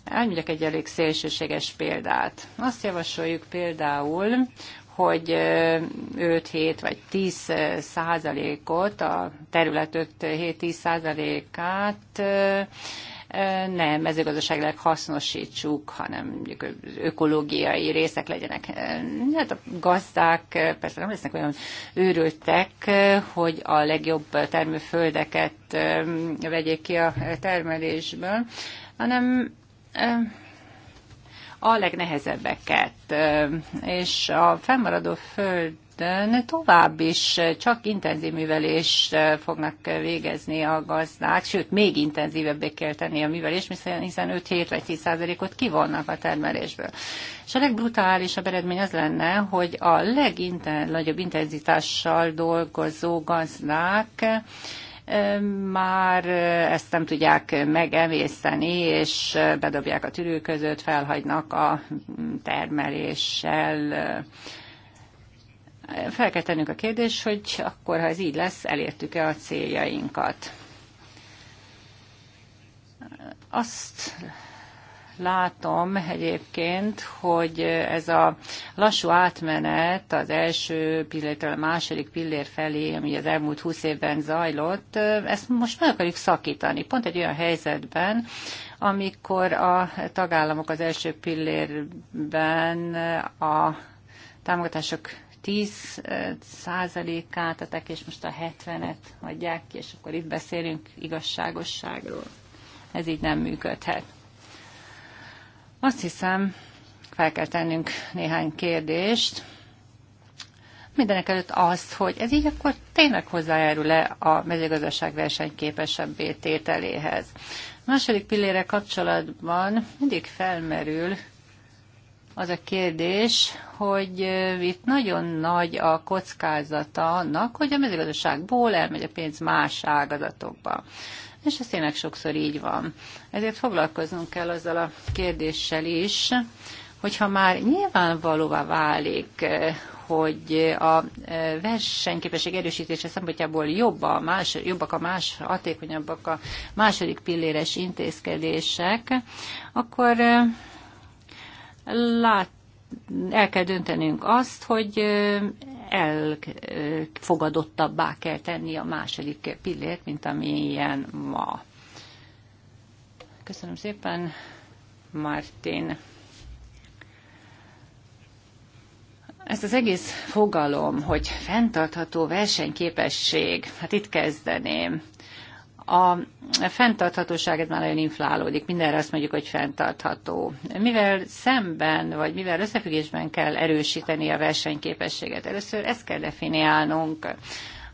Elmondjak egy elég szélsőséges példát. Azt javasoljuk például, hogy 5-7 vagy 10 százalékot, a terület 5-7-10 százalékát nem mezőgazdaságilag hasznosítsuk, hanem mondjuk ökológiai részek legyenek. Hát a gazdák persze nem lesznek olyan őrültek, hogy a legjobb termőföldeket vegyék ki a termelésből, hanem a legnehezebbeket, és a fennmaradó föld tovább is csak intenzív művelést fognak végezni a gazdák, sőt, még intenzívebbé kell tenni a művelést, hiszen 5-7 vagy 10 százalékot kivonnak a termelésből. És a legbrutálisabb eredmény az lenne, hogy a legnagyobb intenzitással dolgozó gazdák már ezt nem tudják megemészteni, és bedobják a tűrő között, felhagynak a termeléssel. Fel kell tennünk a kérdés, hogy akkor, ha ez így lesz, elértük-e a céljainkat. Azt látom egyébként, hogy ez a lassú átmenet az első pillértől a második pillér felé, ami az elmúlt húsz évben zajlott, ezt most meg akarjuk szakítani. Pont egy olyan helyzetben, amikor a tagállamok az első pillérben a támogatások 10 százalékát adták, és most a 70-et adják ki, és akkor itt beszélünk igazságosságról. Ez így nem működhet. Azt hiszem, fel kell tennünk néhány kérdést. Mindenek előtt azt, hogy ez így akkor tényleg hozzájárul-e a mezőgazdaság versenyképesebbé tételéhez. A második pillére kapcsolatban mindig felmerül az a kérdés, hogy itt nagyon nagy a kockázata annak, hogy a mezőgazdaságból elmegy a pénz más ágazatokba és ez tényleg sokszor így van. Ezért foglalkoznunk kell azzal a kérdéssel is, hogyha már nyilvánvalóvá válik, eh, hogy a eh, versenyképesség erősítése szempontjából jobb a más, jobbak a más, hatékonyabbak a második pilléres intézkedések, akkor eh, lát el kell döntenünk azt, hogy elfogadottabbá kell tenni a második pillért, mint amilyen ma. Köszönöm szépen, Martin. Ezt az egész fogalom, hogy fenntartható versenyképesség, hát itt kezdeném. A fenntarthatóság ez már nagyon inflálódik, mindenre azt mondjuk, hogy fenntartható. Mivel szemben, vagy mivel összefüggésben kell erősíteni a versenyképességet? Először ezt kell definiálnunk.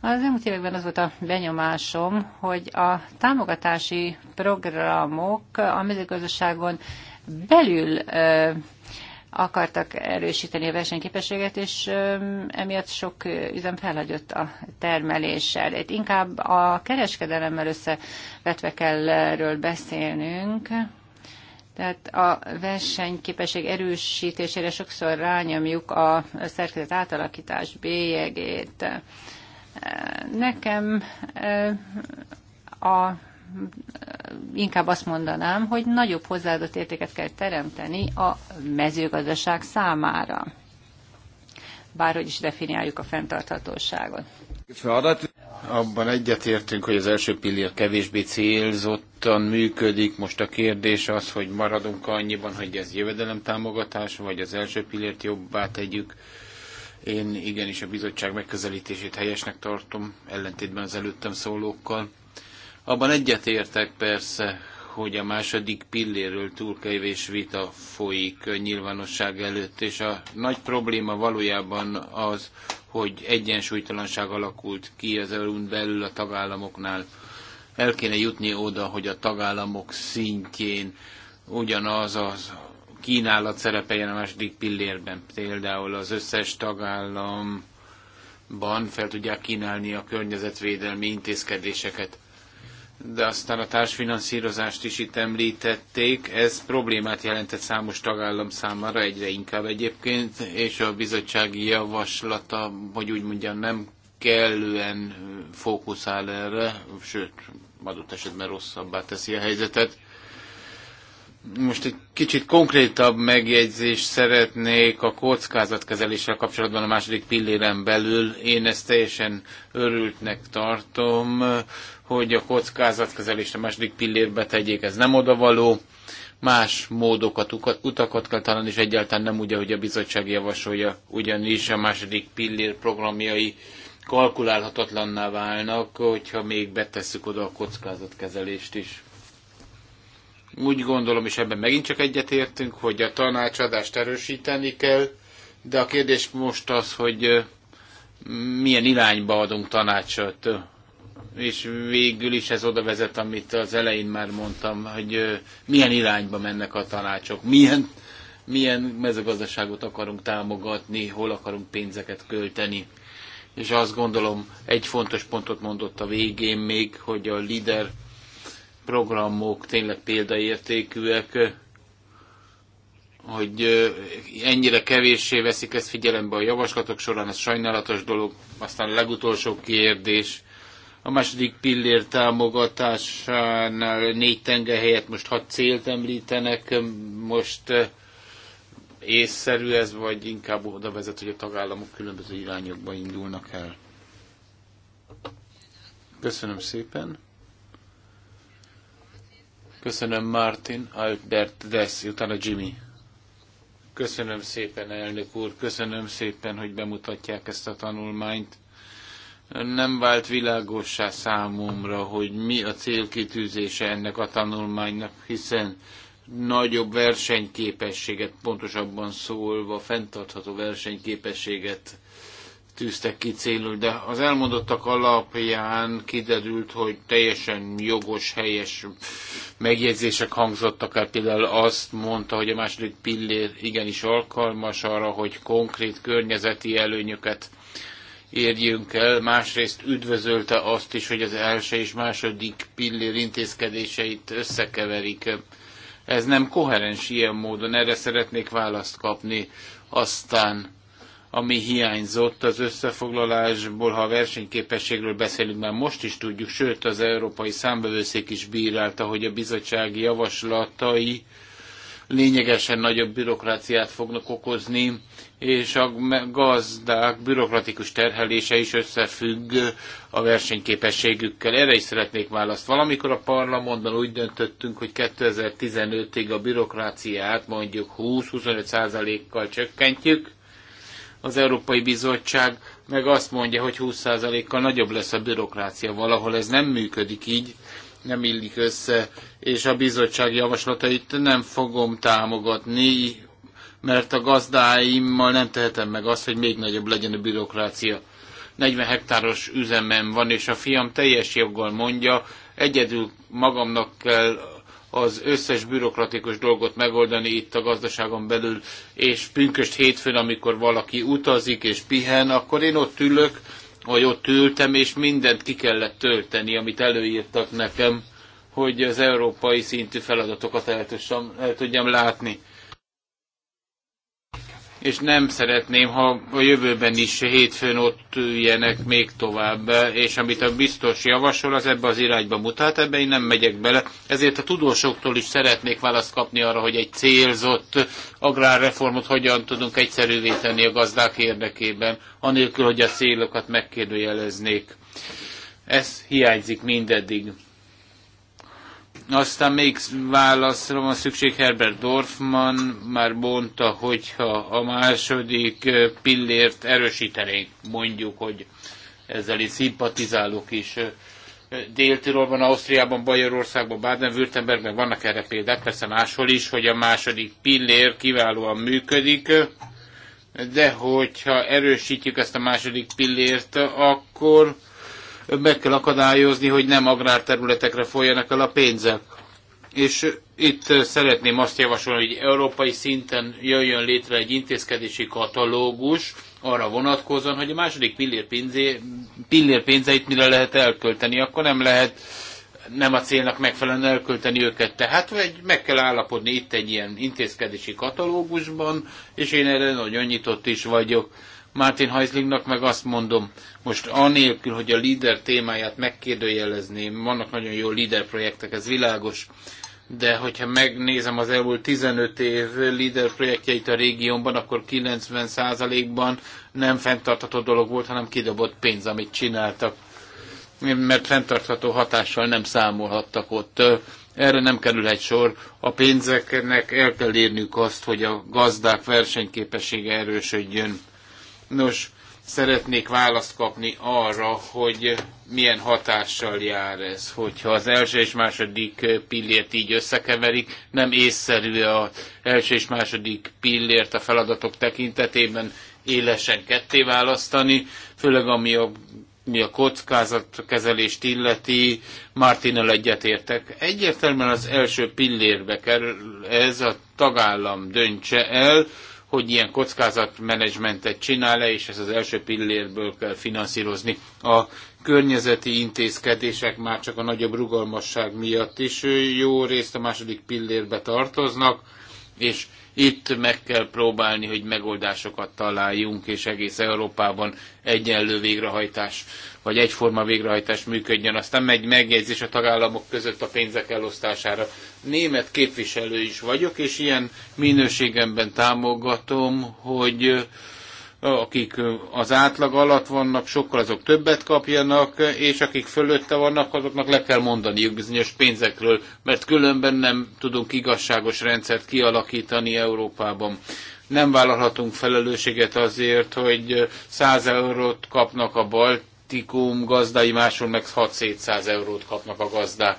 Az elmúlt években az volt a benyomásom, hogy a támogatási programok a mezőgazdaságon belül akartak erősíteni a versenyképességet, és emiatt sok üzem felhagyott a termeléssel. Itt inkább a kereskedelemmel összevetve kell erről beszélnünk, tehát a versenyképesség erősítésére sokszor rányomjuk a szerkezet átalakítás bélyegét. Nekem a inkább azt mondanám, hogy nagyobb hozzáadott értéket kell teremteni a mezőgazdaság számára. Bárhogy is definiáljuk a fenntarthatóságot. Feladat. Abban egyetértünk, hogy az első pillér kevésbé célzottan működik. Most a kérdés az, hogy maradunk annyiban, hogy ez jövedelemtámogatás, vagy az első pillért jobbá tegyük. Én igenis a bizottság megközelítését helyesnek tartom, ellentétben az előttem szólókkal. Abban egyetértek persze, hogy a második pilléről túl kevés vita folyik nyilvánosság előtt, és a nagy probléma valójában az, hogy egyensúlytalanság alakult ki az EU-n belül a tagállamoknál. El kéne jutni oda, hogy a tagállamok szintjén ugyanaz az kínálat szerepeljen a második pillérben. Például az összes tagállamban fel tudják kínálni a környezetvédelmi intézkedéseket de aztán a társfinanszírozást is itt említették. Ez problémát jelentett számos tagállam számára, egyre inkább egyébként, és a bizottsági javaslata, hogy úgy mondjam, nem kellően fókuszál erre, sőt, adott esetben rosszabbá teszi a helyzetet. Most egy kicsit konkrétabb megjegyzést szeretnék a kockázatkezeléssel kapcsolatban a második pilléren belül. Én ezt teljesen örültnek tartom, hogy a kockázatkezelést a második pillérbe tegyék, ez nem odavaló. Más módokat, utakat kell találni, és egyáltalán nem úgy, ahogy a bizottság javasolja, ugyanis a második pillér programjai kalkulálhatatlanná válnak, hogyha még betesszük oda a kockázatkezelést is. Úgy gondolom, és ebben megint csak egyetértünk, hogy a tanácsadást erősíteni kell, de a kérdés most az, hogy milyen irányba adunk tanácsot és végül is ez oda vezet, amit az elején már mondtam, hogy milyen irányba mennek a tanácsok, milyen, milyen mezőgazdaságot akarunk támogatni, hol akarunk pénzeket költeni. És azt gondolom, egy fontos pontot mondott a végén még, hogy a LIDER programok tényleg példaértékűek, hogy ennyire kevéssé veszik ezt figyelembe a javaslatok során, ez sajnálatos dolog. Aztán a legutolsó kérdés, a második pillér támogatásánál négy tenge helyett most hat célt említenek, most eh, észszerű ez, vagy inkább oda vezet, hogy a tagállamok különböző irányokba indulnak el. Köszönöm szépen. Köszönöm Martin, Albert, Dess, utána Jimmy. Köszönöm szépen, elnök úr, köszönöm szépen, hogy bemutatják ezt a tanulmányt nem vált világossá számomra, hogy mi a célkitűzése ennek a tanulmánynak, hiszen nagyobb versenyképességet, pontosabban szólva fenntartható versenyképességet tűztek ki célul, de az elmondottak alapján kiderült, hogy teljesen jogos, helyes megjegyzések hangzottak el. Például azt mondta, hogy a második pillér igenis alkalmas arra, hogy konkrét környezeti előnyöket érjünk el. Másrészt üdvözölte azt is, hogy az első és második pillér intézkedéseit összekeverik. Ez nem koherens ilyen módon, erre szeretnék választ kapni. Aztán, ami hiányzott az összefoglalásból, ha a versenyképességről beszélünk, mert most is tudjuk, sőt az Európai Számbevőszék is bírálta, hogy a bizottsági javaslatai lényegesen nagyobb bürokráciát fognak okozni, és a gazdák bürokratikus terhelése is összefügg a versenyképességükkel. Erre is szeretnék választ. Valamikor a parlamentben úgy döntöttünk, hogy 2015-ig a bürokráciát mondjuk 20-25 százalékkal csökkentjük. Az Európai Bizottság meg azt mondja, hogy 20 százalékkal nagyobb lesz a bürokrácia. Valahol ez nem működik így, nem illik össze, és a bizottság javaslatait nem fogom támogatni, mert a gazdáimmal nem tehetem meg azt, hogy még nagyobb legyen a bürokrácia. 40 hektáros üzemem van, és a fiam teljes joggal mondja, egyedül magamnak kell az összes bürokratikus dolgot megoldani itt a gazdaságon belül, és pünköst hétfőn, amikor valaki utazik és pihen, akkor én ott ülök, vagy ott ültem, és mindent ki kellett tölteni, amit előírtak nekem, hogy az európai szintű feladatokat el, tudjam, el tudjam látni és nem szeretném, ha a jövőben is hétfőn ott üljenek még tovább, és amit a biztos javasol, az ebbe az irányba mutat, ebbe én nem megyek bele. Ezért a tudósoktól is szeretnék választ kapni arra, hogy egy célzott agrárreformot hogyan tudunk egyszerűvé tenni a gazdák érdekében, anélkül, hogy a célokat megkérdőjeleznék. Ez hiányzik mindeddig. Aztán még válaszra van szükség, Herbert Dorfman már mondta, hogyha a második pillért erősítenénk, mondjuk, hogy ezzel is szimpatizálok is. Dél-Tirolban, Ausztriában, Bajorországban, Baden-Württembergben vannak erre példák, persze máshol is, hogy a második pillér kiválóan működik, de hogyha erősítjük ezt a második pillért, akkor meg kell akadályozni, hogy nem agrárterületekre folyjanak el a pénzek. És itt szeretném azt javasolni, hogy európai szinten jöjjön létre egy intézkedési katalógus, arra vonatkozóan, hogy a második pillér, pénzé, pillér pénzeit mire lehet elkölteni, akkor nem lehet nem a célnak megfelelően elkölteni őket. Tehát vagy meg kell állapodni itt egy ilyen intézkedési katalógusban, és én erre nagyon nyitott is vagyok. Martin Heislingnak meg azt mondom, most anélkül, hogy a líder témáját megkérdőjelezném, vannak nagyon jó líder projektek, ez világos, de hogyha megnézem az elmúlt 15 év líder projektjeit a régiónban, akkor 90%-ban nem fenntartható dolog volt, hanem kidobott pénz, amit csináltak, mert fenntartható hatással nem számolhattak ott. Erre nem egy sor. A pénzeknek el kell érniük azt, hogy a gazdák versenyképessége erősödjön Nos, szeretnék választ kapni arra, hogy milyen hatással jár ez, hogyha az első és második pillért így összekeverik, nem észszerű az első és második pillért a feladatok tekintetében élesen ketté választani, főleg ami a mi a kockázatkezelést illeti, Martinnal egyetértek. Egyértelműen az első pillérbe kerül, ez a tagállam döntse el, hogy ilyen kockázatmenedzsmentet csinál-e, és ez az első pillérből kell finanszírozni. A környezeti intézkedések már csak a nagyobb rugalmasság miatt is jó részt a második pillérbe tartoznak, és itt meg kell próbálni, hogy megoldásokat találjunk, és egész Európában egyenlő végrehajtás, vagy egyforma végrehajtás működjön. Aztán egy megjegyzés a tagállamok között a pénzek elosztására. Német képviselő is vagyok, és ilyen minőségemben támogatom, hogy akik az átlag alatt vannak, sokkal azok többet kapjanak, és akik fölötte vannak, azoknak le kell mondaniuk bizonyos pénzekről, mert különben nem tudunk igazságos rendszert kialakítani Európában. Nem vállalhatunk felelősséget azért, hogy 100 eurót kapnak a Baltikum gazdai máshol meg 6-700 eurót kapnak a gazdák.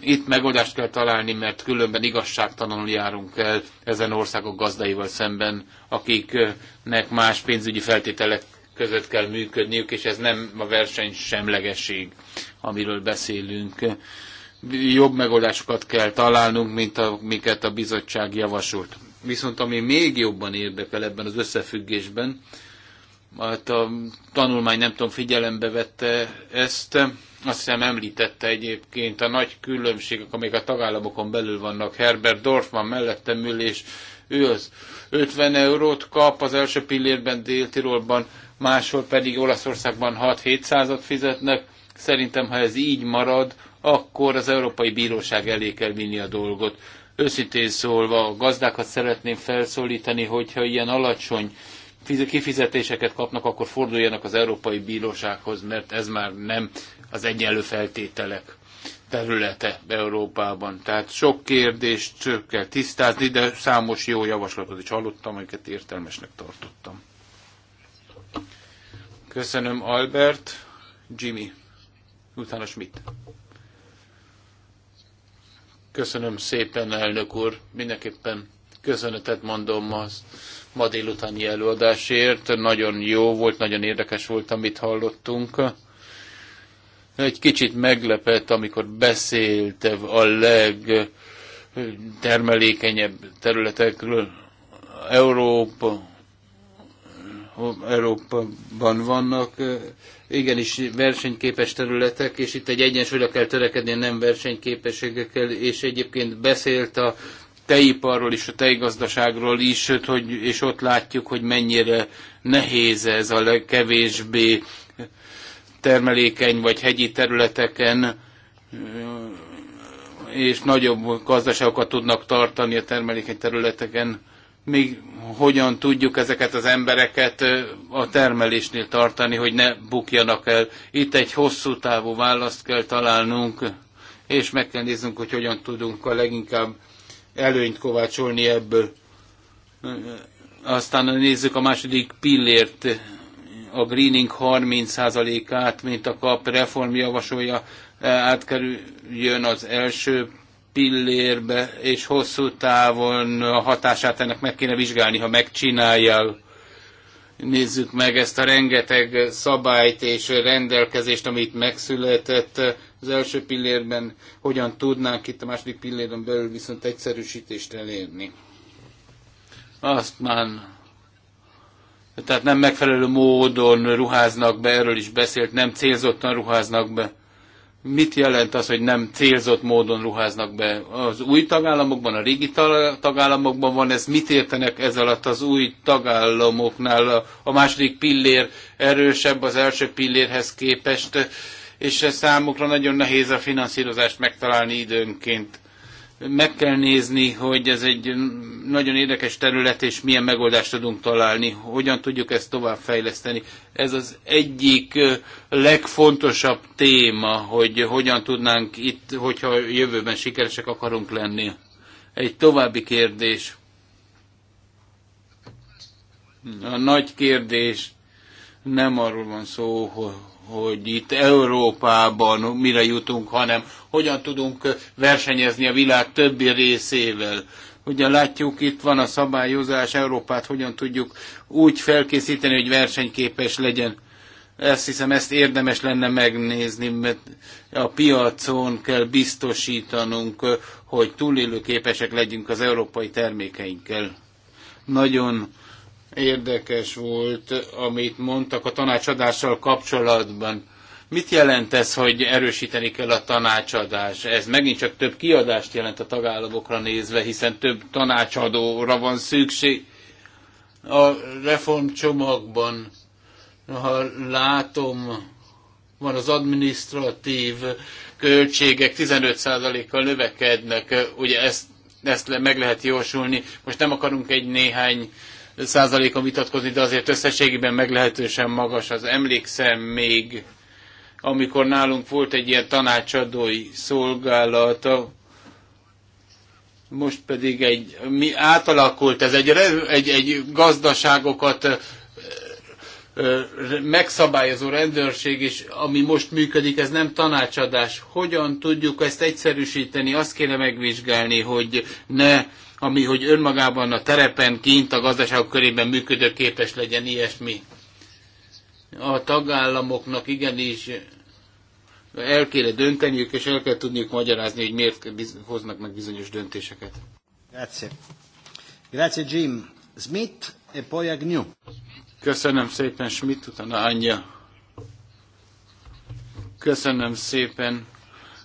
Itt megoldást kell találni, mert különben igazságtalanul járunk el ezen országok gazdaival szemben, akiknek más pénzügyi feltételek között kell működniük, és ez nem a verseny semlegesség, amiről beszélünk. Jobb megoldásokat kell találnunk, mint amiket a bizottság javasolt. Viszont ami még jobban érdekel ebben az összefüggésben, hát a tanulmány nem tudom figyelembe vette ezt, azt hiszem említette egyébként a nagy különbségek, amik a tagállamokon belül vannak. Herbert Dorfman mellettem ül, és ő az 50 eurót kap az első pillérben Dél-Tirolban, máshol pedig Olaszországban 6-7 százat fizetnek. Szerintem, ha ez így marad, akkor az Európai Bíróság elé kell vinni a dolgot. Őszintén szólva, a gazdákat szeretném felszólítani, hogyha ilyen alacsony kifizetéseket kapnak, akkor forduljanak az Európai Bírósághoz, mert ez már nem az egyenlő feltételek területe Európában. Tehát sok kérdést kell tisztázni, de számos jó javaslatot is hallottam, amiket értelmesnek tartottam. Köszönöm Albert, Jimmy, utána Schmidt. Köszönöm szépen, elnök úr. Mindenképpen köszönetet mondom az ma délutáni előadásért. Nagyon jó volt, nagyon érdekes volt, amit hallottunk. Egy kicsit meglepett, amikor beszélt a legtermelékenyebb területekről. Európa, Európában vannak, igenis versenyképes területek, és itt egy egyensúlyra kell törekedni, nem versenyképességekkel, és egyébként beszélt a tejiparról és a tejgazdaságról is, hogy, és ott látjuk, hogy mennyire nehéz ez a legkevésbé termelékeny vagy hegyi területeken, és nagyobb gazdaságokat tudnak tartani a termelékeny területeken. Még hogyan tudjuk ezeket az embereket a termelésnél tartani, hogy ne bukjanak el. Itt egy hosszú távú választ kell találnunk, és meg kell néznünk, hogy hogyan tudunk a leginkább előnyt kovácsolni ebből. Aztán nézzük a második pillért, a greening 30%-át, mint a kap reform javasolja, átkerüljön az első pillérbe, és hosszú távon a hatását ennek meg kéne vizsgálni, ha megcsinálja. nézzük meg ezt a rengeteg szabályt és rendelkezést, amit megszületett, az első pillérben, hogyan tudnánk itt a második pillérben belül viszont egyszerűsítést elérni. Azt már tehát nem megfelelő módon ruháznak be, erről is beszélt, nem célzottan ruháznak be. Mit jelent az, hogy nem célzott módon ruháznak be? Az új tagállamokban, a régi tagállamokban van ez, mit értenek ez alatt az új tagállamoknál? A második pillér erősebb az első pillérhez képest és számukra nagyon nehéz a finanszírozást megtalálni időnként. Meg kell nézni, hogy ez egy nagyon érdekes terület, és milyen megoldást tudunk találni, hogyan tudjuk ezt továbbfejleszteni. Ez az egyik legfontosabb téma, hogy hogyan tudnánk itt, hogyha jövőben sikeresek akarunk lenni. Egy további kérdés. A nagy kérdés nem arról van szó, hogy itt Európában mire jutunk, hanem hogyan tudunk versenyezni a világ többi részével. Ugye látjuk, itt van a szabályozás, Európát hogyan tudjuk úgy felkészíteni, hogy versenyképes legyen. Ezt hiszem, ezt érdemes lenne megnézni, mert a piacon kell biztosítanunk, hogy túlélőképesek legyünk az európai termékeinkkel. Nagyon érdekes volt, amit mondtak a tanácsadással kapcsolatban. Mit jelent ez, hogy erősíteni kell a tanácsadás? Ez megint csak több kiadást jelent a tagállamokra nézve, hiszen több tanácsadóra van szükség. A reformcsomagban, ha látom, van az administratív költségek 15%-kal növekednek, ugye ezt, ezt meg lehet jósolni. Most nem akarunk egy néhány százalékon vitatkozni, de azért összességében meglehetősen magas. Az emlékszem még, amikor nálunk volt egy ilyen tanácsadói szolgálata, most pedig egy, mi átalakult ez, egy, egy, egy gazdaságokat megszabályozó rendőrség, és ami most működik, ez nem tanácsadás. Hogyan tudjuk ezt egyszerűsíteni? Azt kéne megvizsgálni, hogy ne ami hogy önmagában a terepen, kint a gazdaság körében működőképes legyen ilyesmi. A tagállamoknak igenis el kéne dönteniük, és el kell tudniuk magyarázni, hogy miért hoznak meg bizonyos döntéseket. Grazie. Grazie Jim. Smith, e poi Agnew. Köszönöm szépen Schmidt, utána Anya. Köszönöm szépen.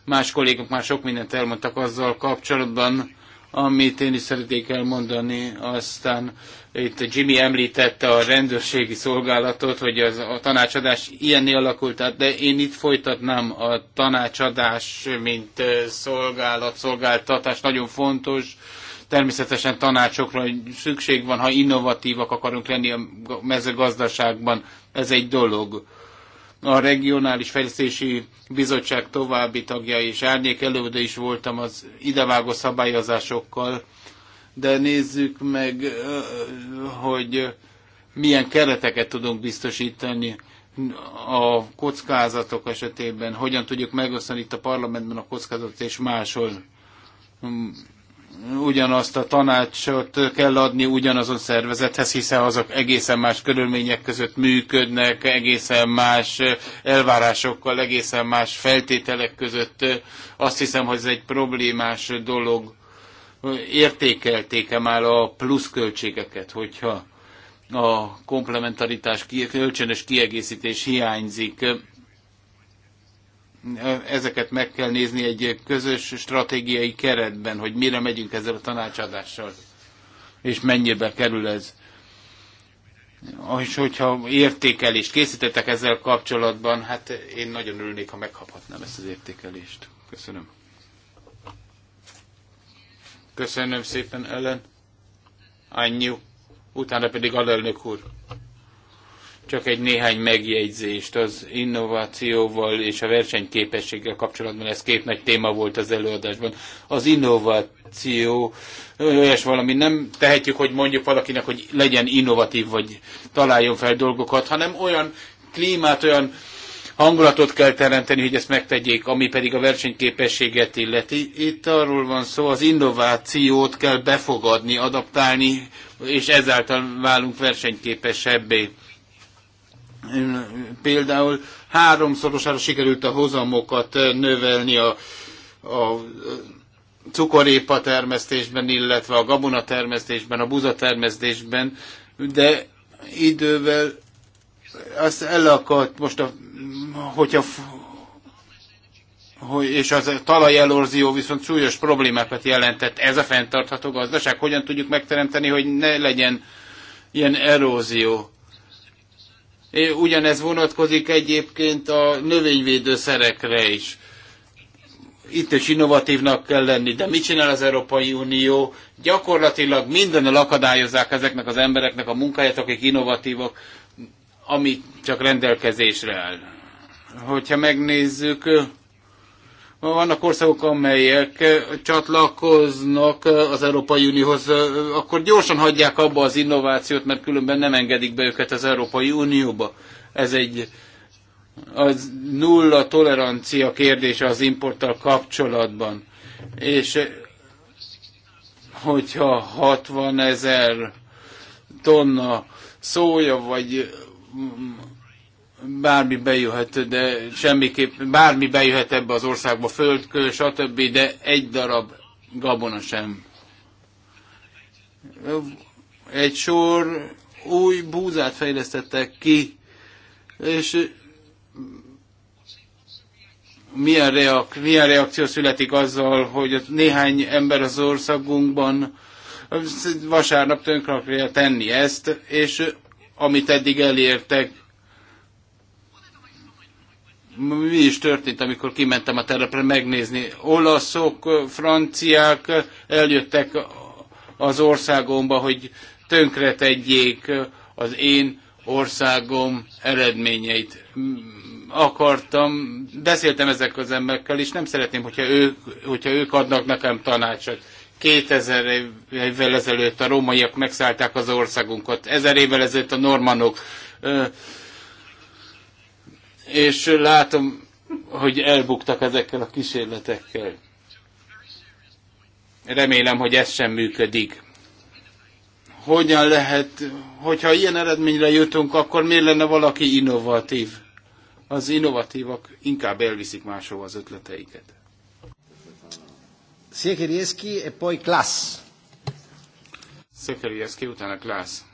Más kollégok már sok mindent elmondtak azzal kapcsolatban, amit én is szeretnék elmondani, aztán itt Jimmy említette a rendőrségi szolgálatot, hogy az, a tanácsadás ilyenné alakult, de én itt folytatnám a tanácsadás, mint szolgálat, szolgáltatás nagyon fontos. Természetesen tanácsokra szükség van, ha innovatívak akarunk lenni a mezőgazdaságban, ez egy dolog a Regionális Fejlesztési Bizottság további tagja és árnyék előde is voltam az idevágó szabályozásokkal, de nézzük meg, hogy milyen kereteket tudunk biztosítani a kockázatok esetében, hogyan tudjuk megosztani itt a parlamentben a kockázatot és máshol ugyanazt a tanácsot kell adni ugyanazon szervezethez, hiszen azok egészen más körülmények között működnek, egészen más elvárásokkal, egészen más feltételek között. Azt hiszem, hogy ez egy problémás dolog. Értékelték-e már a pluszköltségeket, hogyha a komplementaritás, kölcsönös kiegészítés hiányzik? ezeket meg kell nézni egy közös stratégiai keretben, hogy mire megyünk ezzel a tanácsadással, és mennyibe kerül ez. És hogyha értékelést készítettek ezzel kapcsolatban, hát én nagyon örülnék, ha megkaphatnám ezt az értékelést. Köszönöm. Köszönöm szépen, Ellen. Annyi. Utána pedig alelnök úr. Csak egy néhány megjegyzést az innovációval és a versenyképességgel kapcsolatban, ez két nagy téma volt az előadásban. Az innováció, olyas valami, nem tehetjük, hogy mondjuk valakinek, hogy legyen innovatív, vagy találjon fel dolgokat, hanem olyan klímát, olyan hangulatot kell teremteni, hogy ezt megtegyék, ami pedig a versenyképességet illeti. Itt arról van szó, az innovációt kell befogadni, adaptálni, és ezáltal válunk versenyképesebbé. Például háromszorosára sikerült a hozamokat növelni a, a cukorépa termesztésben, illetve a gabona termesztésben, a buza termesztésben, de idővel az elakadt most, a, hogyha hogy, és az talajelorzió viszont súlyos problémákat jelentett. Ez a fenntartható gazdaság. Hogyan tudjuk megteremteni, hogy ne legyen ilyen erózió? Ugyanez vonatkozik egyébként a növényvédőszerekre is. Itt is innovatívnak kell lenni, de mit csinál az Európai Unió? Gyakorlatilag mindennel akadályozzák ezeknek az embereknek a munkáját, akik innovatívak, ami csak rendelkezésre áll. Hogyha megnézzük, vannak országok, amelyek csatlakoznak az Európai Unióhoz, akkor gyorsan hagyják abba az innovációt, mert különben nem engedik be őket az Európai Unióba. Ez egy az nulla tolerancia kérdése az importtal kapcsolatban. És hogyha 60 ezer tonna szója, vagy bármi bejöhet, de semmiképp, bármi bejöhet ebbe az országba, földkő, stb., de egy darab gabona sem. Egy sor új búzát fejlesztettek ki, és milyen, reak, milyen reakció születik azzal, hogy néhány ember az országunkban vasárnap tönkre akarja tenni ezt, és amit eddig elértek, mi is történt, amikor kimentem a terepre megnézni. Olaszok, franciák eljöttek az országomba, hogy tönkretegyék az én országom eredményeit. Akartam, beszéltem ezek az emberekkel, és nem szeretném, hogyha ők, hogyha ők adnak nekem tanácsot. 2000 évvel ezelőtt a rómaiak megszállták az országunkat, 1000 évvel ezelőtt a normanok és látom, hogy elbuktak ezekkel a kísérletekkel. Remélem, hogy ez sem működik. Hogyan lehet, hogyha ilyen eredményre jutunk, akkor miért lenne valaki innovatív? Az innovatívak inkább elviszik máshova az ötleteiket. Szekerieszki, e poi klassz. Szekerieszki, utána klassz.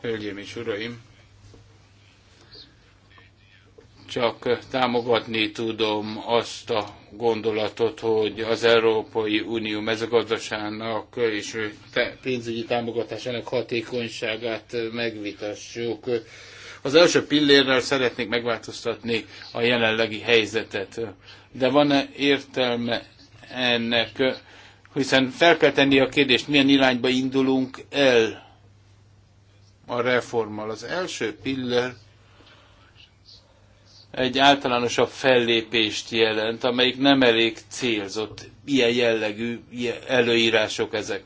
Hölgyeim és Uraim! Csak támogatni tudom azt a gondolatot, hogy az Európai Unió mezőgazdaságának és pénzügyi támogatásának hatékonyságát megvitassuk. Az első pillérrel szeretnék megváltoztatni a jelenlegi helyzetet. De van-e értelme ennek? Hiszen fel kell tenni a kérdést, milyen irányba indulunk el a reformmal. Az első pillér egy általánosabb fellépést jelent, amelyik nem elég célzott. Ilyen jellegű előírások ezek.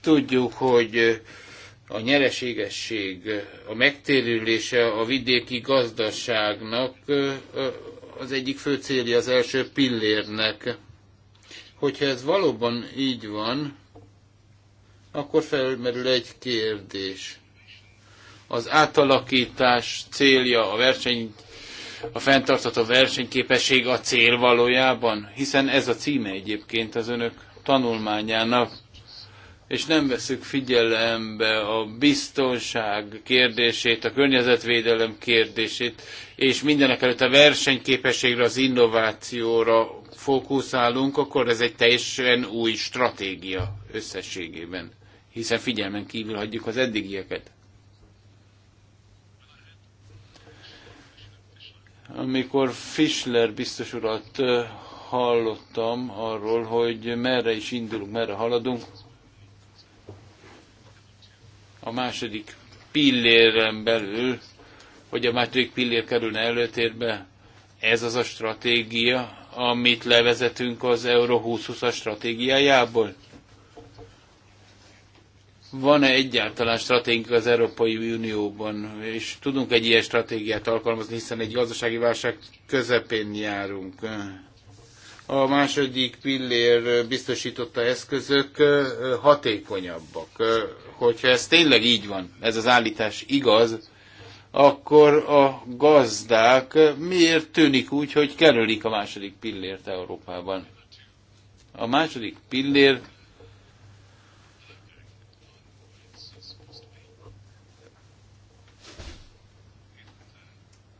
Tudjuk, hogy a nyereségesség, a megtérülése a vidéki gazdaságnak az egyik fő célja az első pillérnek. Hogyha ez valóban így van, akkor felmerül egy kérdés. Az átalakítás célja a verseny, a fenntartható versenyképesség a cél valójában, hiszen ez a címe egyébként az önök tanulmányának, és nem veszük figyelembe a biztonság kérdését, a környezetvédelem kérdését, és mindenek előtt a versenyképességre, az innovációra fókuszálunk, akkor ez egy teljesen új stratégia összességében, hiszen figyelmen kívül hagyjuk az eddigieket. Amikor Fischler biztos urat hallottam arról, hogy merre is indulunk, merre haladunk, a második pilléren belül, hogy a második pillér kerülne előtérbe, ez az a stratégia, amit levezetünk az Euró 2020-as stratégiájából? van-e egyáltalán stratégia az Európai Unióban, és tudunk egy ilyen stratégiát alkalmazni, hiszen egy gazdasági válság közepén járunk. A második pillér biztosította eszközök hatékonyabbak. Hogyha ez tényleg így van, ez az állítás igaz, akkor a gazdák miért tűnik úgy, hogy kerülik a második pillért Európában? A második pillér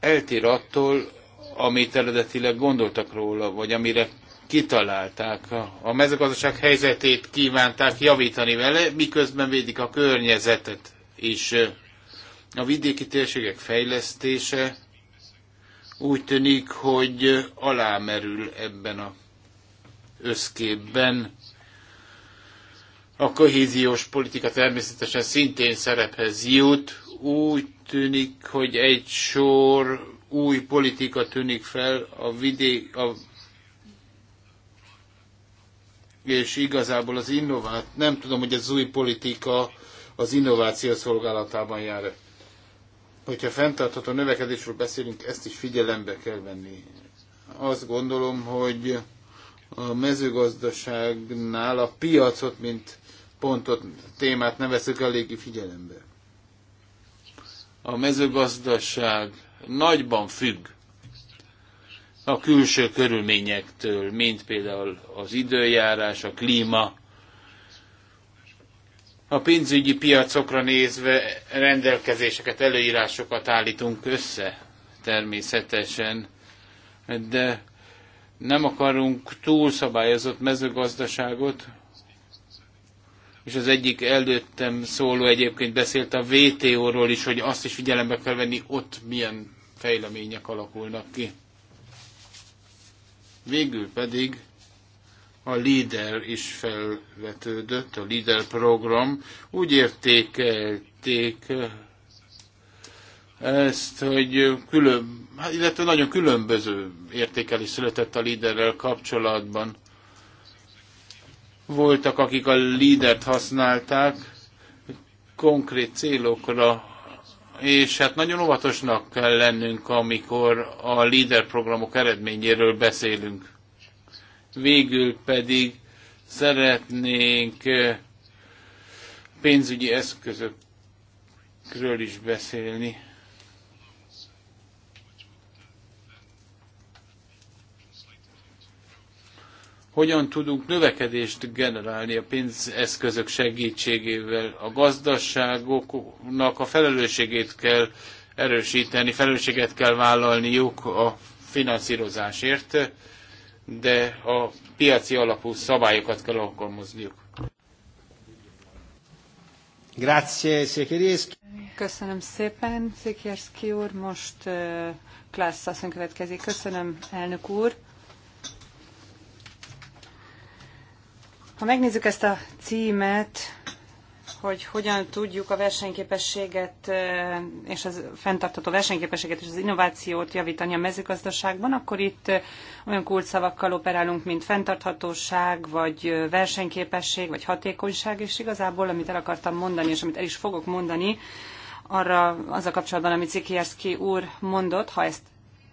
eltér attól, amit eredetileg gondoltak róla, vagy amire kitalálták. A mezőgazdaság helyzetét kívánták javítani vele, miközben védik a környezetet is. A vidéki térségek fejlesztése úgy tűnik, hogy alámerül ebben a összképben. A kohéziós politika természetesen szintén szerephez jut. Úgy tűnik, hogy egy sor új politika tűnik fel a vidék, a és igazából az innovát, nem tudom, hogy az új politika az innováció szolgálatában jár -e. Hogyha fenntartható növekedésről beszélünk, ezt is figyelembe kell venni. Azt gondolom, hogy a mezőgazdaságnál a piacot, mint pontot, témát nevezzük veszük eléggé figyelembe. A mezőgazdaság nagyban függ a külső körülményektől, mint például az időjárás, a klíma. A pénzügyi piacokra nézve rendelkezéseket, előírásokat állítunk össze természetesen, de nem akarunk túlszabályozott mezőgazdaságot, és az egyik előttem szóló egyébként beszélt a VTO-ról is, hogy azt is figyelembe kell venni, ott milyen fejlemények alakulnak ki. Végül pedig a LEADER is felvetődött, a LEADER program. Úgy értékelték, ezt, hogy külön, hát illetve nagyon különböző értékelés született a líderrel kapcsolatban. Voltak, akik a lídert használták konkrét célokra, és hát nagyon óvatosnak kell lennünk, amikor a líder programok eredményéről beszélünk. Végül pedig szeretnénk eh, pénzügyi eszközökről is beszélni hogyan tudunk növekedést generálni a pénzeszközök segítségével. A gazdaságoknak a felelősségét kell erősíteni, felelősséget kell vállalniuk a finanszírozásért, de a piaci alapú szabályokat kell alkalmazniuk. Grazie, Szekirieski. Köszönöm szépen, Szekirieski úr. Most uh, Klász asszony következik. Köszönöm, elnök úr. Ha megnézzük ezt a címet, hogy hogyan tudjuk a versenyképességet és a fenntartató versenyképességet és az innovációt javítani a mezőgazdaságban, akkor itt olyan kulcsszavakkal operálunk, mint fenntarthatóság, vagy versenyképesség, vagy hatékonyság, és igazából, amit el akartam mondani, és amit el is fogok mondani, arra az a kapcsolatban, amit Cikierszki úr mondott, ha ezt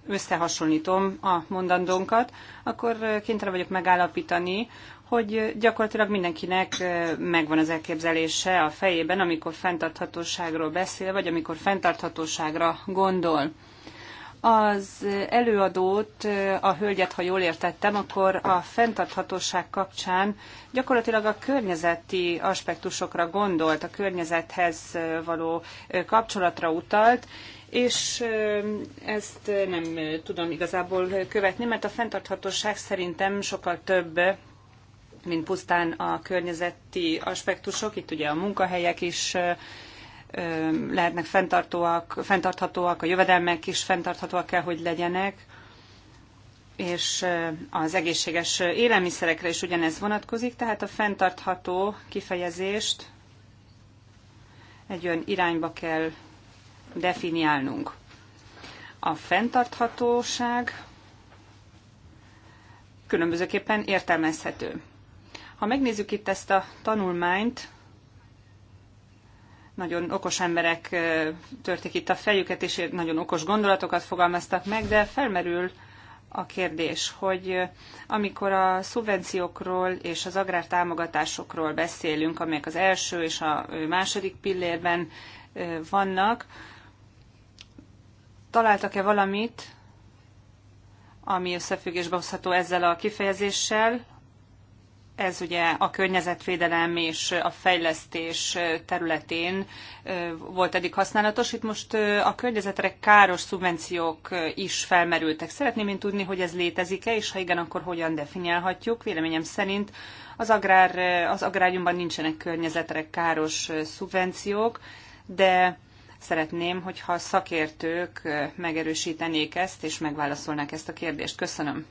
összehasonlítom a mondandónkat, akkor kénytelen vagyok megállapítani, hogy gyakorlatilag mindenkinek megvan az elképzelése a fejében, amikor fenntarthatóságról beszél, vagy amikor fenntarthatóságra gondol. Az előadót, a hölgyet, ha jól értettem, akkor a fenntarthatóság kapcsán gyakorlatilag a környezeti aspektusokra gondolt, a környezethez való kapcsolatra utalt, és ezt nem tudom igazából követni, mert a fenntarthatóság szerintem sokkal több, mint pusztán a környezeti aspektusok, itt ugye a munkahelyek is lehetnek fenntartóak, fenntarthatóak, a jövedelmek is fenntarthatóak kell, hogy legyenek, és az egészséges élelmiszerekre is ugyanez vonatkozik, tehát a fenntartható kifejezést egy olyan irányba kell definiálnunk. A fenntarthatóság különbözőképpen értelmezhető. Ha megnézzük itt ezt a tanulmányt, nagyon okos emberek törték itt a fejüket, és nagyon okos gondolatokat fogalmaztak meg, de felmerül a kérdés, hogy amikor a szubvenciókról és az agrártámogatásokról beszélünk, amelyek az első és a második pillérben vannak, találtak-e valamit, ami összefüggésbe hozható ezzel a kifejezéssel, ez ugye a környezetvédelem és a fejlesztés területén volt eddig használatos. Itt most a környezetre káros szubvenciók is felmerültek. Szeretném én tudni, hogy ez létezik-e, és ha igen, akkor hogyan definiálhatjuk. Véleményem szerint az, agrár, az agráriumban nincsenek környezetre káros szubvenciók, de szeretném, hogyha szakértők megerősítenék ezt, és megválaszolnák ezt a kérdést. Köszönöm.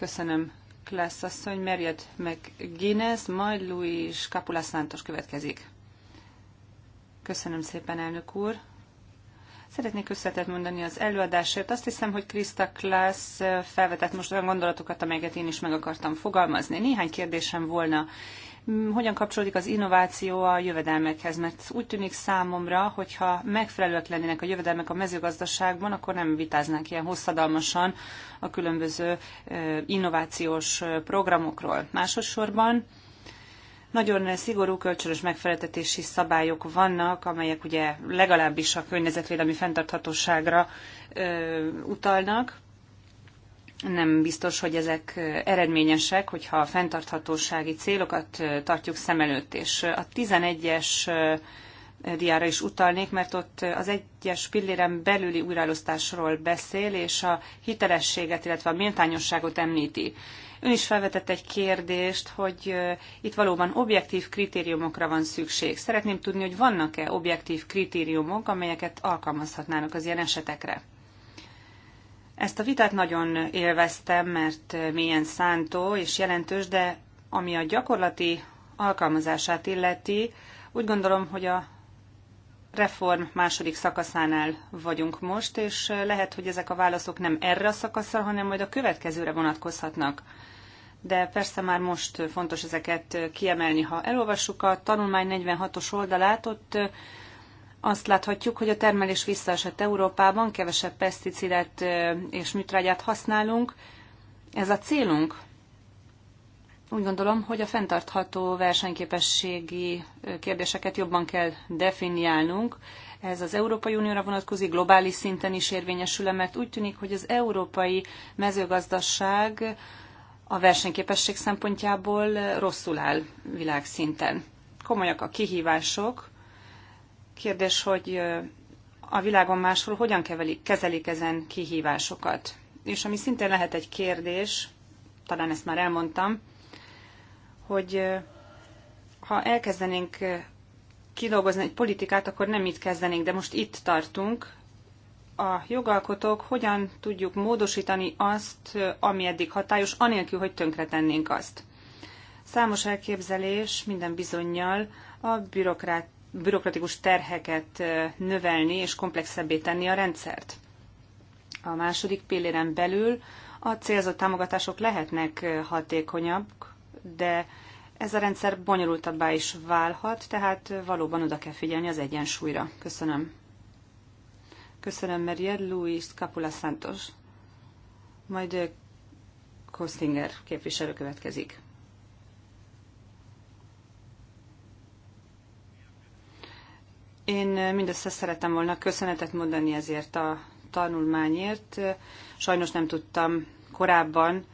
Köszönöm, Klász asszony. Merjed meg Guinness, majd Luis Capula Santos következik. Köszönöm szépen, elnök úr. Szeretnék összetett mondani az előadásért. Azt hiszem, hogy Krista Klász felvetett most olyan gondolatokat, amelyeket én is meg akartam fogalmazni. Néhány kérdésem volna hogyan kapcsolódik az innováció a jövedelmekhez, mert úgy tűnik számomra, hogyha megfelelőek lennének a jövedelmek a mezőgazdaságban, akkor nem vitáznánk ilyen hosszadalmasan a különböző innovációs programokról. Másodszorban nagyon szigorú kölcsönös megfeleltetési szabályok vannak, amelyek ugye legalábbis a környezetvédelmi fenntarthatóságra utalnak nem biztos, hogy ezek eredményesek, hogyha a fenntarthatósági célokat tartjuk szem előtt. És a 11-es diára is utalnék, mert ott az egyes pilléren belüli újraelosztásról beszél, és a hitelességet, illetve a méltányosságot említi. Ön is felvetett egy kérdést, hogy itt valóban objektív kritériumokra van szükség. Szeretném tudni, hogy vannak-e objektív kritériumok, amelyeket alkalmazhatnának az ilyen esetekre. Ezt a vitát nagyon élveztem, mert milyen szántó és jelentős, de ami a gyakorlati alkalmazását illeti, úgy gondolom, hogy a reform második szakaszánál vagyunk most, és lehet, hogy ezek a válaszok nem erre a szakaszra, hanem majd a következőre vonatkozhatnak. De persze már most fontos ezeket kiemelni. Ha elolvassuk a tanulmány 46-os oldalát, ott azt láthatjuk, hogy a termelés visszaesett Európában, kevesebb peszticidet és műtrágyát használunk. Ez a célunk? Úgy gondolom, hogy a fenntartható versenyképességi kérdéseket jobban kell definiálnunk. Ez az Európai Unióra vonatkozik, globális szinten is érvényesül, mert úgy tűnik, hogy az európai mezőgazdaság a versenyképesség szempontjából rosszul áll világszinten. Komolyak a kihívások, Kérdés, hogy a világon máshol hogyan kevelik, kezelik ezen kihívásokat. És ami szintén lehet egy kérdés, talán ezt már elmondtam, hogy ha elkezdenénk kidolgozni egy politikát, akkor nem itt kezdenénk, de most itt tartunk. A jogalkotók hogyan tudjuk módosítani azt, ami eddig hatályos, anélkül, hogy tönkretennénk azt. Számos elképzelés minden bizonyal a bürokrát bürokratikus terheket növelni és komplexebbé tenni a rendszert. A második pilléren belül a célzott támogatások lehetnek hatékonyabbak, de ez a rendszer bonyolultabbá is válhat, tehát valóban oda kell figyelni az egyensúlyra. Köszönöm. Köszönöm, Merier Luis Capula Santos. Majd Kostinger képviselő következik. Én mindössze szeretem volna köszönetet mondani ezért a tanulmányért. Sajnos nem tudtam korábban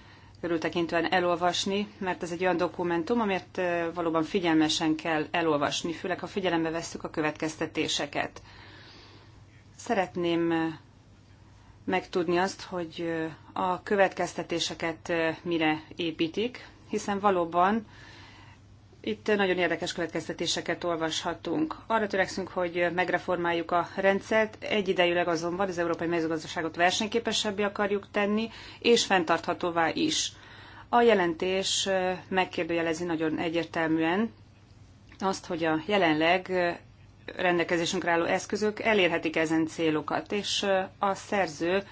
körültekintően elolvasni, mert ez egy olyan dokumentum, amért valóban figyelmesen kell elolvasni, főleg ha figyelembe vesszük a következtetéseket. Szeretném megtudni azt, hogy a következtetéseket mire építik, hiszen valóban itt nagyon érdekes következtetéseket olvashatunk. Arra törekszünk, hogy megreformáljuk a rendszert, egyidejűleg azonban az európai mezőgazdaságot versenyképesebbé akarjuk tenni, és fenntarthatóvá is. A jelentés megkérdőjelezi nagyon egyértelműen azt, hogy a jelenleg rendelkezésünkre álló eszközök elérhetik ezen célokat, és a szerző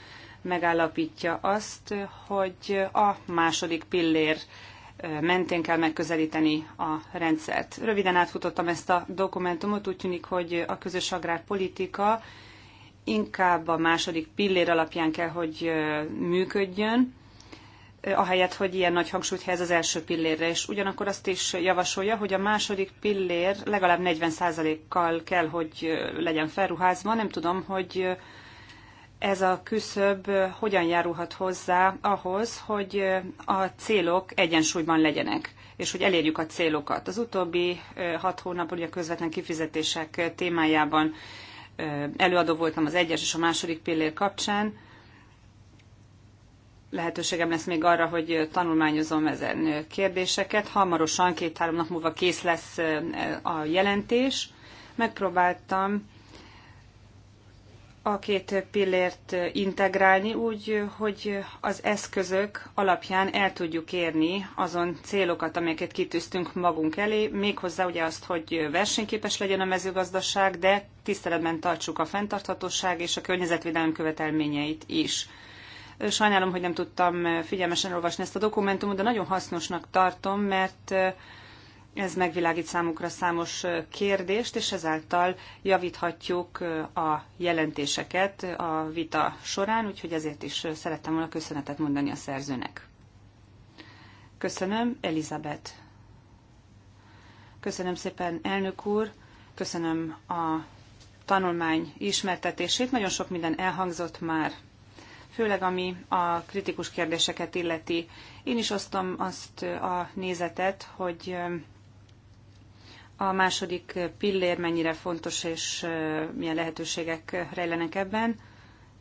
megállapítja azt, hogy a második pillér mentén kell megközelíteni a rendszert. Röviden átfutottam ezt a dokumentumot, úgy tűnik, hogy a közös agrárpolitika inkább a második pillér alapján kell, hogy működjön, ahelyett, hogy ilyen nagy hangsúlyt helyez az első pillérre, és ugyanakkor azt is javasolja, hogy a második pillér legalább 40%-kal kell, hogy legyen felruházva. Nem tudom, hogy ez a küszöb hogyan járulhat hozzá ahhoz, hogy a célok egyensúlyban legyenek és hogy elérjük a célokat. Az utóbbi hat hónap ugye a közvetlen kifizetések témájában előadó voltam az egyes és a második pillér kapcsán. Lehetőségem lesz még arra, hogy tanulmányozom ezen kérdéseket. Hamarosan, két-három nap múlva kész lesz a jelentés. Megpróbáltam a két pillért integrálni úgy, hogy az eszközök alapján el tudjuk érni azon célokat, amelyeket kitűztünk magunk elé, méghozzá ugye azt, hogy versenyképes legyen a mezőgazdaság, de tiszteletben tartsuk a fenntarthatóság és a környezetvédelem követelményeit is. Sajnálom, hogy nem tudtam figyelmesen olvasni ezt a dokumentumot, de nagyon hasznosnak tartom, mert ez megvilágít számukra számos kérdést, és ezáltal javíthatjuk a jelentéseket a vita során, úgyhogy ezért is szerettem volna köszönetet mondani a szerzőnek. Köszönöm, Elizabeth. Köszönöm szépen, elnök úr. Köszönöm a tanulmány ismertetését. Nagyon sok minden elhangzott már, főleg ami a kritikus kérdéseket illeti. Én is osztom azt a nézetet, hogy a második pillér mennyire fontos és milyen lehetőségek rejlenek ebben.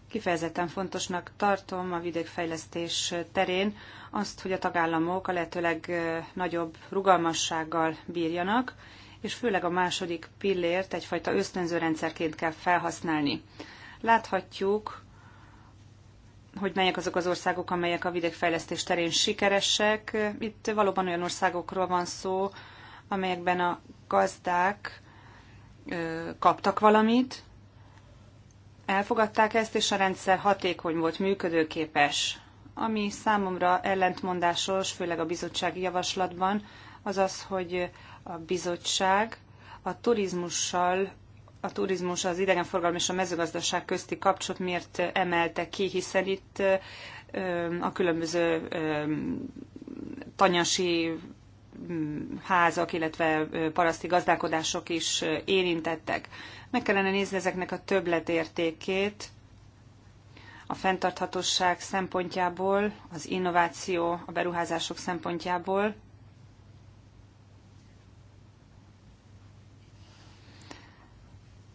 Kifejezetten fontosnak tartom a vidékfejlesztés terén azt, hogy a tagállamok a lehetőleg nagyobb rugalmassággal bírjanak, és főleg a második pillért egyfajta ösztönző rendszerként kell felhasználni. Láthatjuk, hogy melyek azok az országok, amelyek a vidékfejlesztés terén sikeresek. Itt valóban olyan országokról van szó, amelyekben a gazdák kaptak valamit, elfogadták ezt, és a rendszer hatékony volt, működőképes. Ami számomra ellentmondásos, főleg a bizottsági javaslatban, az az, hogy a bizottság a turizmussal, a turizmus, az idegenforgalom és a mezőgazdaság közti kapcsot miért emelte ki, hiszen itt a különböző tanyasi házak, illetve paraszti gazdálkodások is érintettek. Meg kellene nézni ezeknek a többletértékét a fenntarthatóság szempontjából, az innováció, a beruházások szempontjából.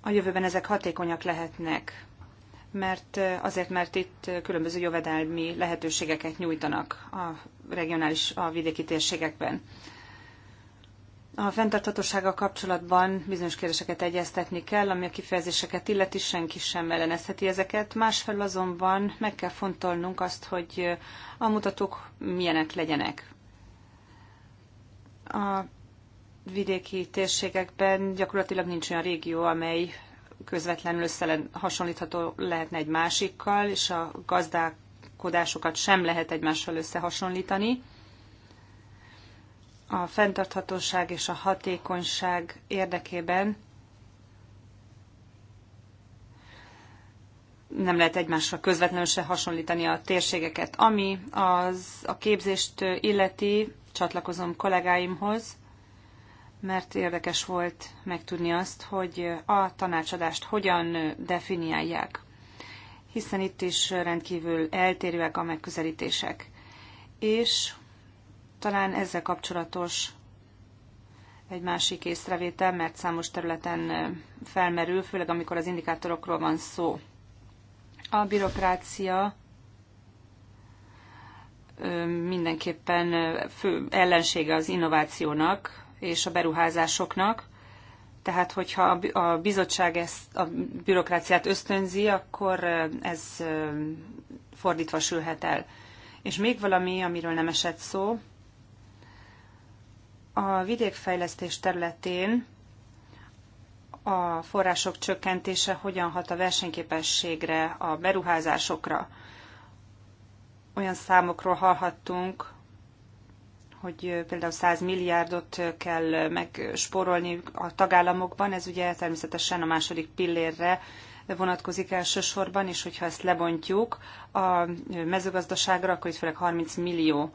A jövőben ezek hatékonyak lehetnek mert azért, mert itt különböző jövedelmi lehetőségeket nyújtanak a regionális, a vidéki térségekben. A fenntarthatósággal kapcsolatban bizonyos kérdéseket egyeztetni kell, ami a kifejezéseket illeti, senki sem ellenezheti ezeket. Másfelől azonban meg kell fontolnunk azt, hogy a mutatók milyenek legyenek. A vidéki térségekben gyakorlatilag nincs olyan régió, amely közvetlenül össze hasonlítható lehetne egy másikkal, és a gazdák gondolkodásokat sem lehet egymással összehasonlítani. A fenntarthatóság és a hatékonyság érdekében nem lehet egymásra közvetlenül se hasonlítani a térségeket. Ami az a képzést illeti, csatlakozom kollégáimhoz, mert érdekes volt megtudni azt, hogy a tanácsadást hogyan definiálják hiszen itt is rendkívül eltérőek a megközelítések. És talán ezzel kapcsolatos egy másik észrevétel, mert számos területen felmerül, főleg amikor az indikátorokról van szó. A bürokrácia mindenképpen fő ellensége az innovációnak és a beruházásoknak, tehát, hogyha a bizottság ezt a bürokráciát ösztönzi, akkor ez fordítva sülhet el. És még valami, amiről nem esett szó, a vidékfejlesztés területén a források csökkentése hogyan hat a versenyképességre, a beruházásokra. Olyan számokról hallhattunk, hogy például 100 milliárdot kell megspórolni a tagállamokban, ez ugye természetesen a második pillérre vonatkozik elsősorban, és hogyha ezt lebontjuk a mezőgazdaságra, akkor itt főleg 30 millió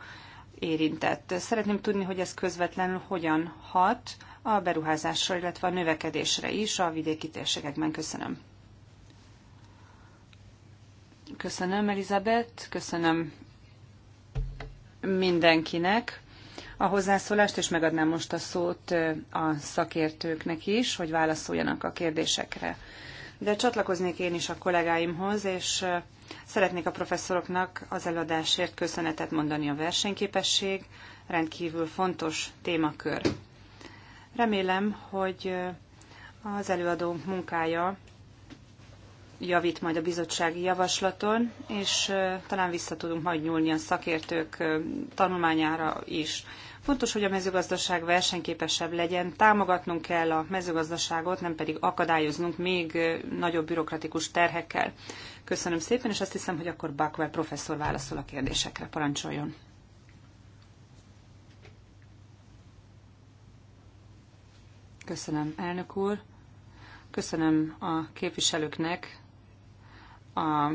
érintett. Szeretném tudni, hogy ez közvetlenül hogyan hat a beruházásra, illetve a növekedésre is a vidéki térségekben. Köszönöm. Köszönöm, Elizabeth, köszönöm mindenkinek a hozzászólást, és megadnám most a szót a szakértőknek is, hogy válaszoljanak a kérdésekre. De csatlakoznék én is a kollégáimhoz, és szeretnék a professzoroknak az előadásért köszönetet mondani a versenyképesség, rendkívül fontos témakör. Remélem, hogy az előadó munkája javít majd a bizottsági javaslaton, és talán vissza tudunk majd nyúlni a szakértők tanulmányára is. Fontos, hogy a mezőgazdaság versenyképesebb legyen, támogatnunk kell a mezőgazdaságot, nem pedig akadályoznunk még nagyobb bürokratikus terhekkel. Köszönöm szépen, és azt hiszem, hogy akkor Bakwell professzor válaszol a kérdésekre. Parancsoljon! Köszönöm, elnök úr! Köszönöm a képviselőknek a,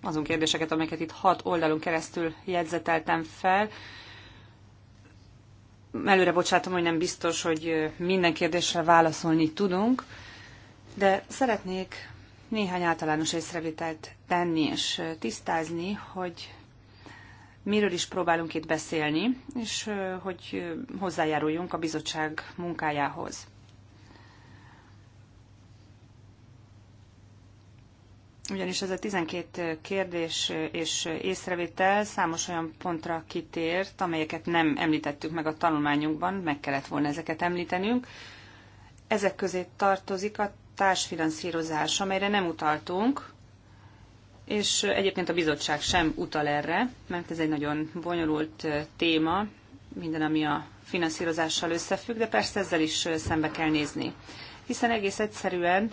azon kérdéseket, amelyeket itt hat oldalon keresztül jegyzeteltem fel. Előre bocsátom, hogy nem biztos, hogy minden kérdésre válaszolni tudunk, de szeretnék néhány általános észrevételt tenni és tisztázni, hogy miről is próbálunk itt beszélni, és hogy hozzájáruljunk a bizottság munkájához. ugyanis ez a 12 kérdés és észrevétel számos olyan pontra kitért, amelyeket nem említettük meg a tanulmányunkban, meg kellett volna ezeket említenünk. Ezek közé tartozik a társfinanszírozás, amelyre nem utaltunk, és egyébként a bizottság sem utal erre, mert ez egy nagyon bonyolult téma, minden, ami a finanszírozással összefügg, de persze ezzel is szembe kell nézni. Hiszen egész egyszerűen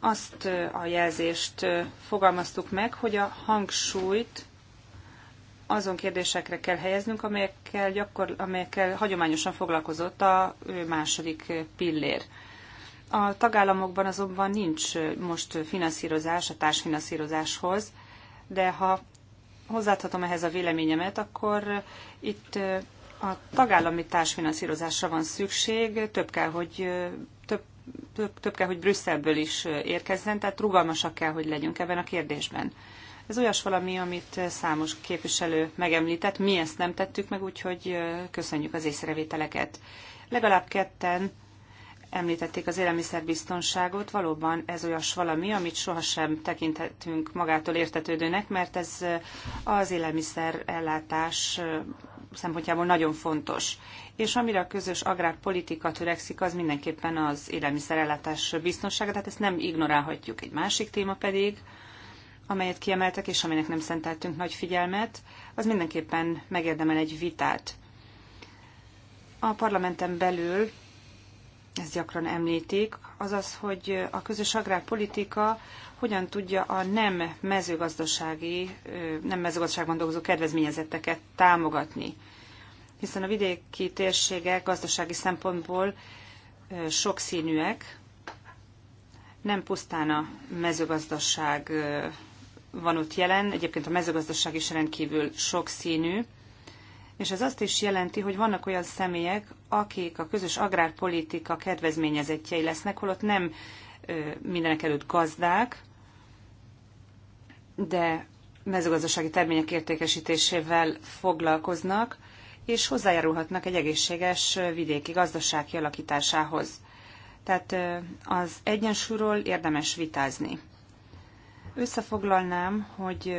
azt a jelzést fogalmaztuk meg, hogy a hangsúlyt azon kérdésekre kell helyeznünk, amelyekkel, gyakor, amelyekkel hagyományosan foglalkozott a második pillér. A tagállamokban azonban nincs most finanszírozás a társfinanszírozáshoz, de ha hozzáadhatom ehhez a véleményemet, akkor itt a tagállami társfinanszírozásra van szükség, több kell, hogy több, több kell, hogy Brüsszelből is érkezzen, tehát rugalmasak kell, hogy legyünk ebben a kérdésben. Ez olyas valami, amit számos képviselő megemlített, mi ezt nem tettük meg, úgyhogy köszönjük az észrevételeket. Legalább ketten említették az élelmiszerbiztonságot, valóban ez olyas valami, amit sohasem tekinthetünk magától értetődőnek, mert ez az élelmiszerellátás szempontjából nagyon fontos. És amire a közös agrárpolitika törekszik, az mindenképpen az élelmiszerellátás biztonsága, tehát ezt nem ignorálhatjuk. Egy másik téma pedig, amelyet kiemeltek, és aminek nem szenteltünk nagy figyelmet, az mindenképpen megérdemel egy vitát. A parlamenten belül, ezt gyakran említik, az az, hogy a közös agrárpolitika hogyan tudja a nem mezőgazdasági, nem mezőgazdaságban dolgozó kedvezményezetteket támogatni. Hiszen a vidéki térségek gazdasági szempontból sokszínűek, nem pusztán a mezőgazdaság van ott jelen, egyébként a mezőgazdaság is rendkívül sokszínű, és ez azt is jelenti, hogy vannak olyan személyek, akik a közös agrárpolitika kedvezményezettjei lesznek, holott nem mindenek előtt gazdák, de mezőgazdasági termények értékesítésével foglalkoznak, és hozzájárulhatnak egy egészséges vidéki gazdaság kialakításához. Tehát az egyensúlyról érdemes vitázni. Összefoglalnám, hogy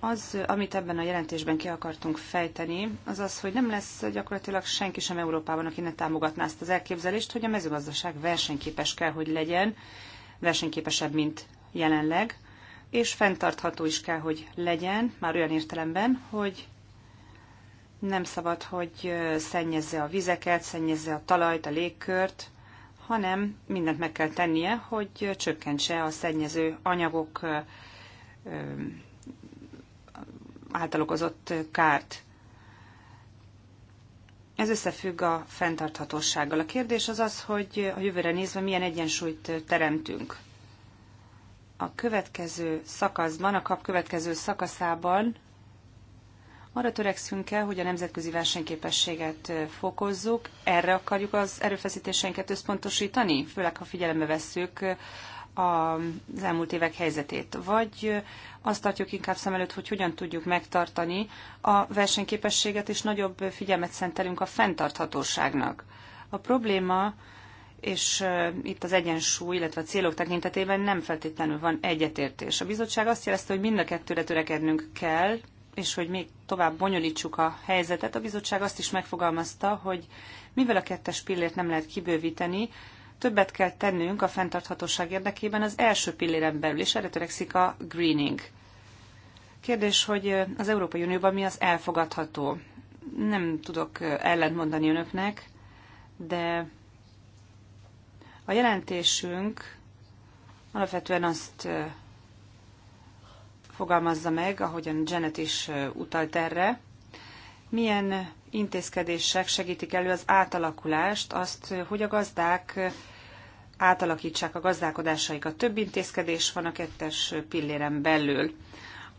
az, amit ebben a jelentésben ki akartunk fejteni, az az, hogy nem lesz gyakorlatilag senki sem Európában, aki ne támogatná ezt az elképzelést, hogy a mezőgazdaság versenyképes kell, hogy legyen, versenyképesebb, mint jelenleg, és fenntartható is kell, hogy legyen, már olyan értelemben, hogy nem szabad, hogy szennyezze a vizeket, szennyezze a talajt, a légkört, hanem mindent meg kell tennie, hogy csökkentse a szennyező anyagok által okozott kárt. Ez összefügg a fenntarthatósággal. A kérdés az az, hogy a jövőre nézve milyen egyensúlyt teremtünk a következő szakaszban, a kap következő szakaszában arra törekszünk el, hogy a nemzetközi versenyképességet fokozzuk. Erre akarjuk az erőfeszítéseinket összpontosítani, főleg ha figyelembe vesszük az elmúlt évek helyzetét. Vagy azt tartjuk inkább szem előtt, hogy hogyan tudjuk megtartani a versenyképességet, és nagyobb figyelmet szentelünk a fenntarthatóságnak. A probléma és itt az egyensúly, illetve a célok tekintetében nem feltétlenül van egyetértés. A bizottság azt jelezte, hogy mind a kettőre törekednünk kell, és hogy még tovább bonyolítsuk a helyzetet, a bizottság azt is megfogalmazta, hogy mivel a kettes pillért nem lehet kibővíteni, többet kell tennünk a fenntarthatóság érdekében az első pilléren belül, és erre törekszik a greening. Kérdés, hogy az Európai Unióban mi az elfogadható? Nem tudok ellentmondani önöknek, de a jelentésünk alapvetően azt fogalmazza meg, ahogyan Janet is utalt erre, milyen intézkedések segítik elő az átalakulást, azt, hogy a gazdák átalakítsák a gazdálkodásaikat. Több intézkedés van a kettes pilléren belül.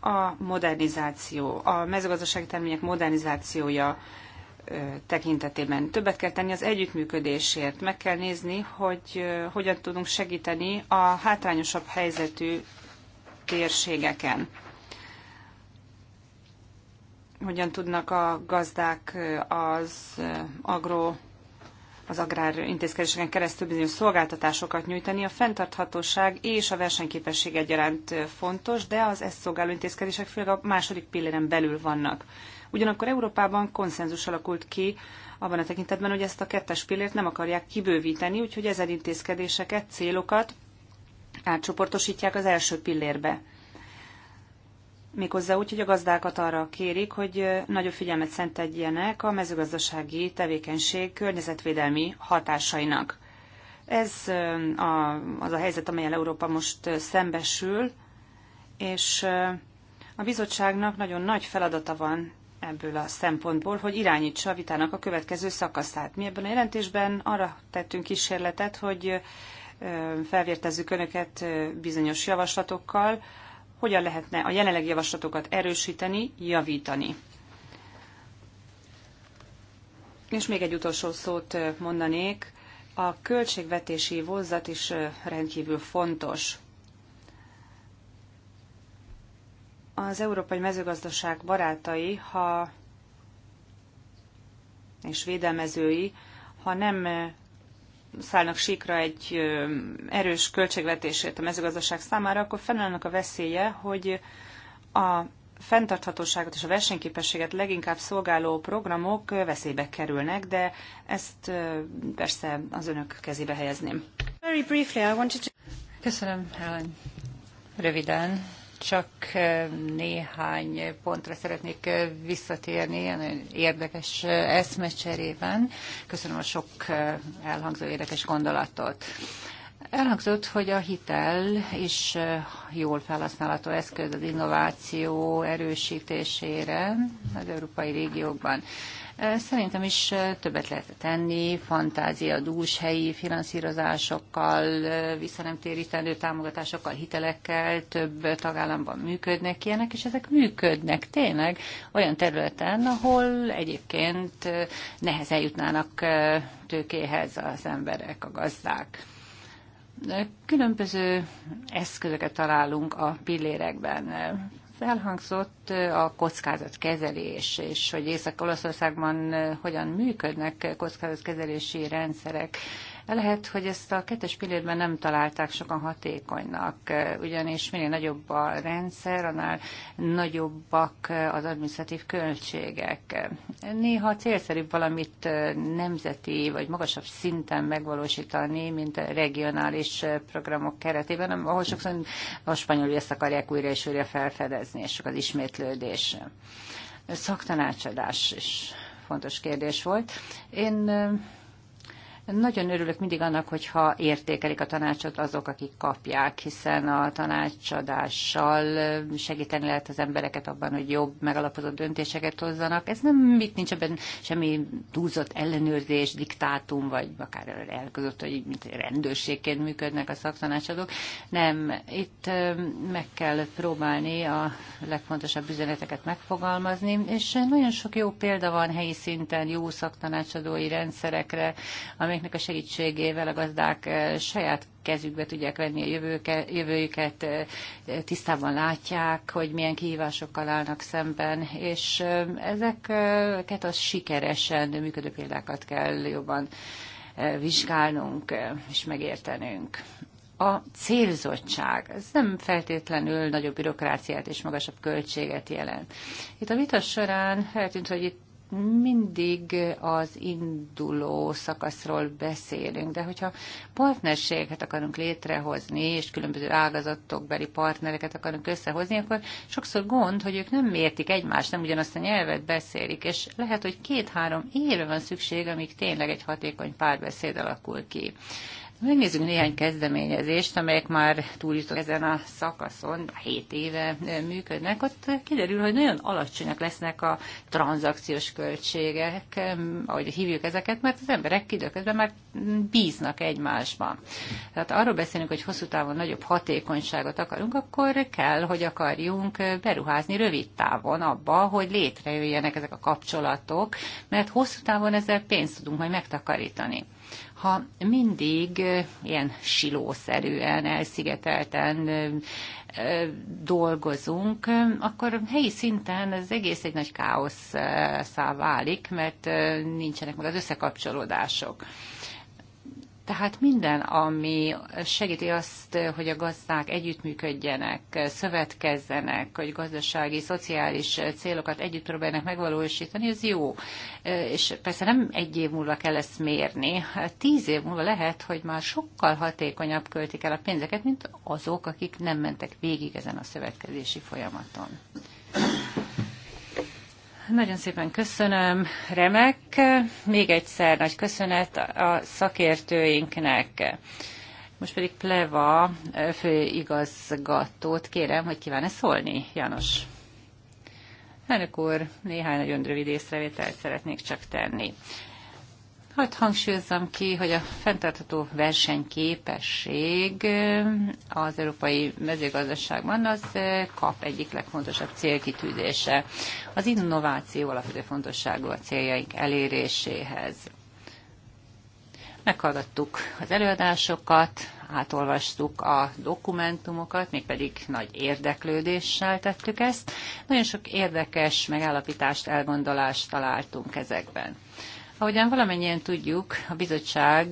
A modernizáció, a mezőgazdasági termények modernizációja, tekintetében. Többet kell tenni az együttműködésért. Meg kell nézni, hogy hogyan tudunk segíteni a hátrányosabb helyzetű térségeken. Hogyan tudnak a gazdák az agro az agrár intézkedéseken keresztül bizonyos szolgáltatásokat nyújtani. A fenntarthatóság és a versenyképesség egyaránt fontos, de az ezt szolgáló intézkedések főleg a második pilléren belül vannak. Ugyanakkor Európában konszenzus alakult ki abban a tekintetben, hogy ezt a kettes pillért nem akarják kibővíteni, úgyhogy ezen intézkedéseket, célokat átcsoportosítják az első pillérbe. Méghozzá úgy, hogy a gazdákat arra kérik, hogy nagyobb figyelmet szentedjenek a mezőgazdasági tevékenység környezetvédelmi hatásainak. Ez a, az a helyzet, amelyel Európa most szembesül, és a bizottságnak nagyon nagy feladata van ebből a szempontból, hogy irányítsa a vitának a következő szakaszát. Mi ebben a jelentésben arra tettünk kísérletet, hogy felvértezzük önöket bizonyos javaslatokkal, hogyan lehetne a jelenlegi javaslatokat erősíteni, javítani. És még egy utolsó szót mondanék. A költségvetési vonzat is rendkívül fontos. Az európai mezőgazdaság barátai, ha és védelmezői, ha nem szállnak síkra egy erős költségvetésért a mezőgazdaság számára, akkor fennállnak a veszélye, hogy a fenntarthatóságot és a versenyképességet leginkább szolgáló programok veszélybe kerülnek, de ezt persze az önök kezébe helyezném. Köszönöm, Helen. Röviden csak néhány pontra szeretnék visszatérni, ilyen érdekes eszmecserében. Köszönöm a sok elhangzó érdekes gondolatot. Elhangzott, hogy a hitel is jól felhasználható eszköz az innováció erősítésére az európai régiókban. Szerintem is többet lehet tenni, fantázia, dús helyi finanszírozásokkal, visszanemtérítendő támogatásokkal, hitelekkel, több tagállamban működnek ilyenek, és ezek működnek tényleg olyan területen, ahol egyébként nehezen jutnának tőkéhez az emberek, a gazdák. Különböző eszközöket találunk a pillérekben felhangzott a kockázatkezelés, és hogy Észak-Olaszországban hogyan működnek kockázatkezelési rendszerek. Lehet, hogy ezt a kettes pillérben nem találták sokan hatékonynak, ugyanis minél nagyobb a rendszer, annál nagyobbak az administratív költségek. Néha célszerűbb valamit nemzeti vagy magasabb szinten megvalósítani, mint a regionális programok keretében, ahol sokszor a spanyolul ezt akarják újra és újra felfedezni, és sok az ismétlődés. Szaktanácsadás is fontos kérdés volt. Én nagyon örülök mindig annak, hogyha értékelik a tanácsot azok, akik kapják, hiszen a tanácsadással segíteni lehet az embereket abban, hogy jobb, megalapozott döntéseket hozzanak. Ez nem mit nincs ebben semmi túlzott ellenőrzés, diktátum, vagy akár elközött, hogy mint rendőrségként működnek a szaktanácsadók. Nem, itt meg kell próbálni a legfontosabb üzeneteket megfogalmazni, és nagyon sok jó példa van helyi szinten jó szaktanácsadói rendszerekre, amely amelyeknek a segítségével a gazdák eh, saját kezükbe tudják venni a jövőke, jövőjüket, eh, tisztában látják, hogy milyen kihívásokkal állnak szemben, és eh, ezeket a sikeresen működő példákat kell jobban vizsgálnunk és megértenünk a célzottság. Ez nem feltétlenül nagyobb bürokráciát és magasabb költséget jelent. Itt a vita során feltűnt, hogy itt mindig az induló szakaszról beszélünk, de hogyha partnerséget akarunk létrehozni, és különböző ágazatokbeli partnereket akarunk összehozni, akkor sokszor gond, hogy ők nem értik egymást, nem ugyanazt a nyelvet beszélik, és lehet, hogy két-három évre van szükség, amíg tényleg egy hatékony párbeszéd alakul ki. Megnézzük néhány kezdeményezést, amelyek már túljutok ezen a szakaszon, 7 éve működnek. Ott kiderül, hogy nagyon alacsonyak lesznek a tranzakciós költségek, ahogy hívjuk ezeket, mert az emberek időközben már bíznak egymásban. Tehát arról beszélünk, hogy hosszú távon nagyobb hatékonyságot akarunk, akkor kell, hogy akarjunk beruházni rövid távon abba, hogy létrejöjjenek ezek a kapcsolatok, mert hosszú távon ezzel pénzt tudunk majd megtakarítani ha mindig ilyen silószerűen, elszigetelten dolgozunk, akkor helyi szinten az egész egy nagy káosz válik, mert nincsenek meg az összekapcsolódások. Tehát minden, ami segíti azt, hogy a gazdák együttműködjenek, szövetkezzenek, hogy gazdasági, szociális célokat együtt próbálnak megvalósítani, ez jó. És persze nem egy év múlva kell ezt mérni. Hát tíz év múlva lehet, hogy már sokkal hatékonyabb költik el a pénzeket, mint azok, akik nem mentek végig ezen a szövetkezési folyamaton. Nagyon szépen köszönöm, remek. Még egyszer nagy köszönet a szakértőinknek. Most pedig Pleva főigazgatót kérem, hogy kíván-e szólni, János. Elnök úr, néhány nagyon rövid észrevételt szeretnék csak tenni. Hadd hangsúlyozzam ki, hogy a fenntartható versenyképesség eh, az európai mezőgazdaságban az eh, kap egyik legfontosabb célkitűzése. Az innováció alapvető fontosságú a céljaink eléréséhez. Meghallgattuk az előadásokat, átolvastuk a dokumentumokat, mégpedig nagy érdeklődéssel tettük ezt. Nagyon sok érdekes megállapítást, elgondolást találtunk ezekben. Ahogyan valamennyien tudjuk, a bizottság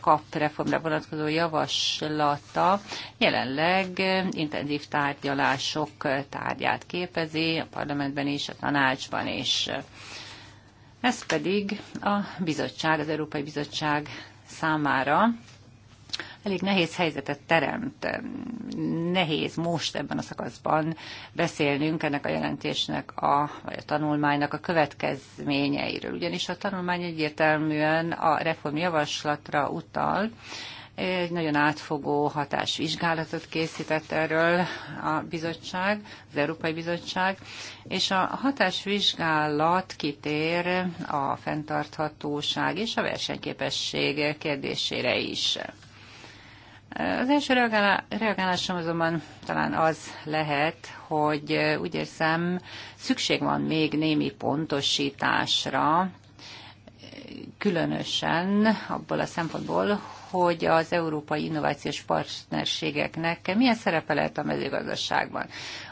kap reformra vonatkozó javaslata jelenleg intenzív tárgyalások tárgyát képezi a parlamentben is, a tanácsban is. Ez pedig a bizottság, az Európai Bizottság számára elég nehéz helyzetet teremt. Nehéz most ebben a szakaszban beszélnünk ennek a jelentésnek, a, vagy a tanulmánynak a következményeiről. Ugyanis a tanulmány egyértelműen a reformjavaslatra utal, egy nagyon átfogó hatásvizsgálatot készített erről a bizottság, az Európai Bizottság, és a hatásvizsgálat kitér a fenntarthatóság és a versenyképesség kérdésére is. Az első reagálásom azonban talán az lehet, hogy úgy érzem, szükség van még némi pontosításra, különösen abból a szempontból, hogy az európai innovációs partnerségeknek milyen szerepe lehet a mezőgazdaságban.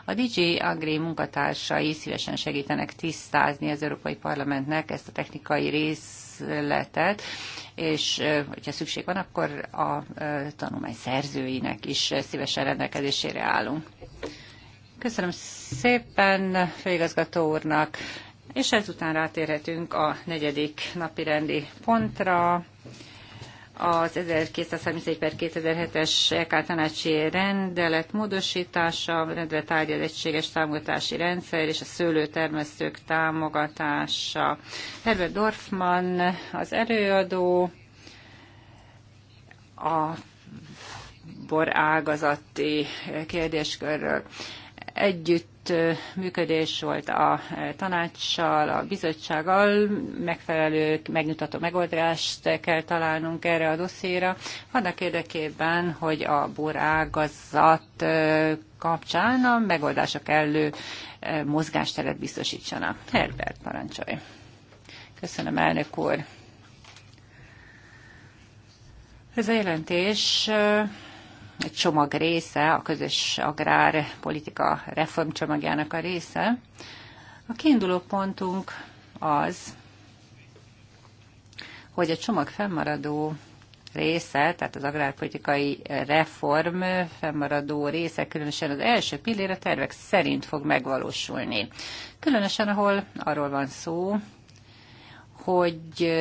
A DG Agri munkatársai szívesen segítenek tisztázni az Európai Parlamentnek ezt a technikai rész született, és hogyha szükség van, akkor a tanulmány szerzőinek is szívesen rendelkezésére állunk. Köszönöm szépen főigazgató úrnak, és ezután rátérhetünk a negyedik napi rendi pontra, az 1231 per 2007-es EK tanácsi rendelet módosítása, rendbe tárgya egységes támogatási rendszer és a szőlőtermesztők támogatása. Herbert Dorfman az előadó, a borágazati kérdéskörről. Együtt együttműködés volt a tanácssal, a bizottsággal, megfelelő, megnyugtató megoldást kell találnunk erre a dosszéra, annak érdekében, hogy a borágazat kapcsán a megoldások elő mozgásteret biztosítsanak. Herbert, parancsolj! Köszönöm, elnök úr! Ez a jelentés egy csomag része, a közös agrárpolitika reformcsomagjának a része. A kiinduló pontunk az, hogy a csomag fennmaradó része, tehát az agrárpolitikai reform fennmaradó része, különösen az első pillér a tervek szerint fog megvalósulni. Különösen, ahol arról van szó, hogy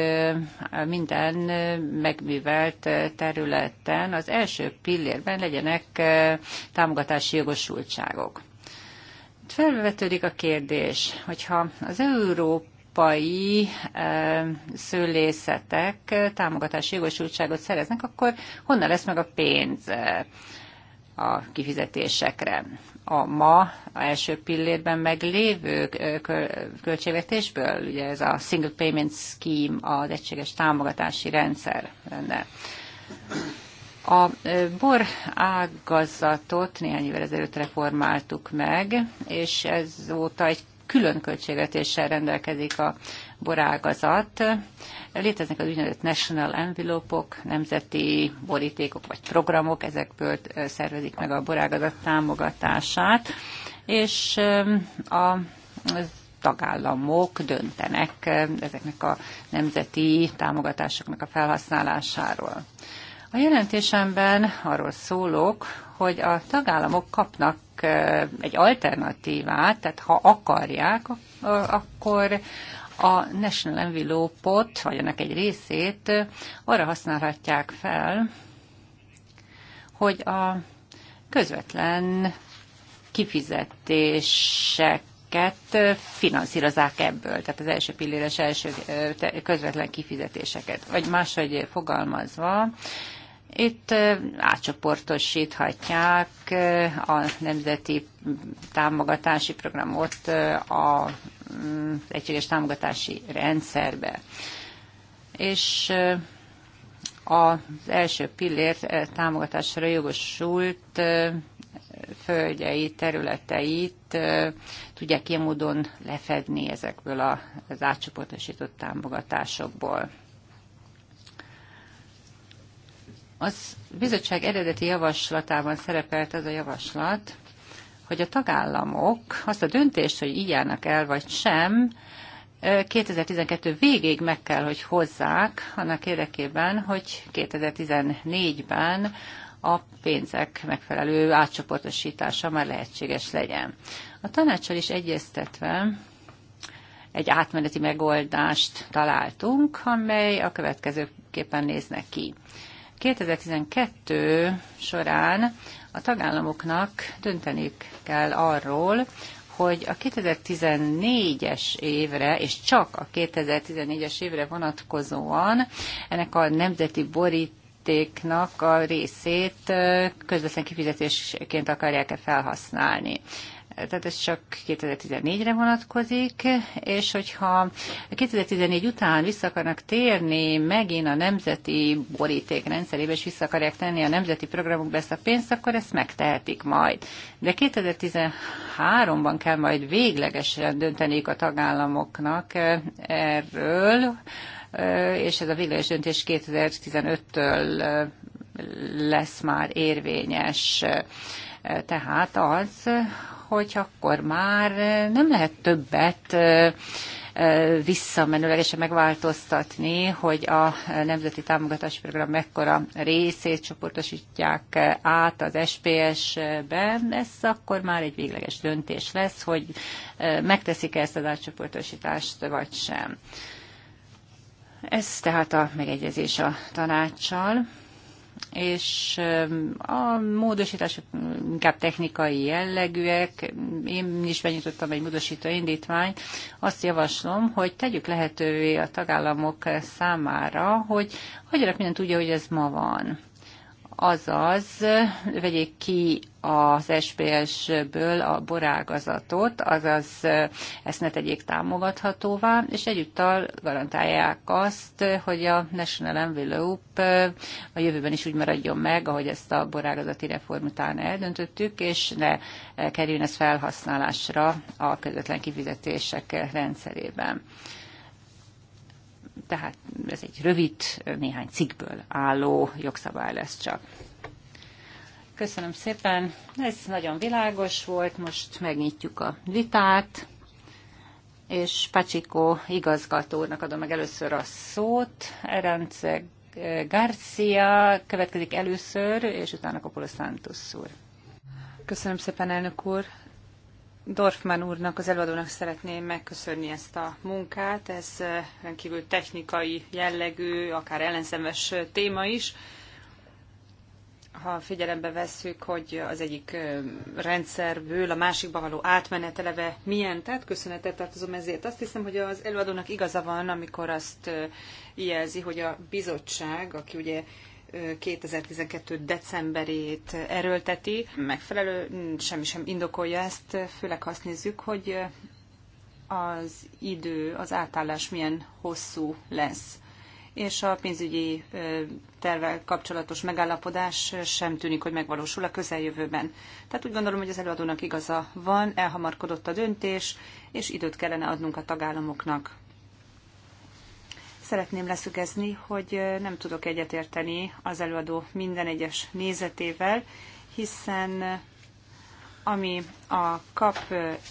minden megművelt területen az első pillérben legyenek támogatási jogosultságok. Felvetődik a kérdés, hogyha az Európa európai szőlészetek támogatási jogosultságot szereznek, akkor honnan lesz meg a pénz a kifizetésekre? a ma a első pillérben meglévő költségvetésből, ugye ez a Single Payment Scheme, az egységes támogatási rendszer lenne. A bor ágazatot néhány évvel ezelőtt reformáltuk meg, és ezóta egy külön költségvetéssel rendelkezik a borágazat. Léteznek az úgynevezett national envelopok, -ok, nemzeti borítékok vagy programok, ezekből szervezik meg a borágazat támogatását, és a tagállamok döntenek ezeknek a nemzeti támogatásoknak a felhasználásáról. A jelentésemben arról szólok, hogy a tagállamok kapnak egy alternatívát, tehát ha akarják, akkor a National Envelope-ot, vagy ennek egy részét arra használhatják fel, hogy a közvetlen kifizetéseket finanszírozák ebből, tehát az első pilléres első közvetlen kifizetéseket. Vagy máshogy fogalmazva, itt átcsoportosíthatják a nemzeti támogatási programot az mm, egységes támogatási rendszerbe. És az első pillér támogatásra jogosult földjei, területeit tudják ilyen módon lefedni ezekből az átcsoportosított támogatásokból. Az bizottság eredeti javaslatában szerepelt az a javaslat, hogy a tagállamok azt a döntést, hogy így járnak el vagy sem, 2012 végéig meg kell, hogy hozzák annak érdekében, hogy 2014-ben a pénzek megfelelő átcsoportosítása már lehetséges legyen. A tanácssal is egyeztetve egy átmeneti megoldást találtunk, amely a következőképpen néznek ki. 2012 során a tagállamoknak dönteniük kell arról, hogy a 2014-es évre, és csak a 2014-es évre vonatkozóan ennek a nemzeti borítéknak a részét közvetlen kifizetésként akarják-e felhasználni tehát ez csak 2014-re vonatkozik, és hogyha 2014 után vissza akarnak térni megint a nemzeti boríték rendszerébe, és vissza akarják tenni a nemzeti programokba ezt a pénzt, akkor ezt megtehetik majd. De 2013-ban kell majd véglegesen dönteniük a tagállamoknak eh, erről, eh, és ez a végleges döntés 2015-től eh, lesz már érvényes. Tehát az, hogy akkor már nem lehet többet visszamenőlegesen megváltoztatni, hogy a Nemzeti Támogatási Program mekkora részét csoportosítják át az SPS-ben, ez akkor már egy végleges döntés lesz, hogy megteszik -e ezt az átcsoportosítást, vagy sem. Ez tehát a megegyezés a tanácssal és a módosítások inkább technikai jellegűek. Én is benyújtottam egy módosító indítványt. Azt javaslom, hogy tegyük lehetővé a tagállamok számára, hogy hagyjanak mindent úgy, hogy ez ma van azaz vegyék ki az SPS-ből a borágazatot, azaz ezt ne tegyék támogathatóvá, és egyúttal garantálják azt, hogy a National Envelope a jövőben is úgy maradjon meg, ahogy ezt a borágazati reform után eldöntöttük, és ne kerüljön ez felhasználásra a közvetlen kifizetések rendszerében tehát ez egy rövid, néhány cikkből álló jogszabály lesz csak. Köszönöm szépen. Ez nagyon világos volt. Most megnyitjuk a vitát, és Pacsikó igazgatónak adom meg először a szót. Erence Garcia következik először, és utána Kopolo Santos úr. Köszönöm szépen, elnök úr. Dorfman úrnak, az előadónak szeretném megköszönni ezt a munkát. Ez rendkívül technikai jellegű, akár ellenszemes téma is. Ha figyelembe vesszük, hogy az egyik rendszerből a másikba való átmenet eleve milyen, tehát köszönetet tartozom ezért. Azt hiszem, hogy az előadónak igaza van, amikor azt jelzi, hogy a bizottság, aki ugye 2012. decemberét erőlteti. Megfelelő, semmi sem indokolja ezt, főleg ha azt nézzük, hogy az idő, az átállás milyen hosszú lesz. És a pénzügyi tervel kapcsolatos megállapodás sem tűnik, hogy megvalósul a közeljövőben. Tehát úgy gondolom, hogy az előadónak igaza van, elhamarkodott a döntés, és időt kellene adnunk a tagállamoknak. Szeretném leszögezni, hogy nem tudok egyetérteni az előadó minden egyes nézetével, hiszen ami a kap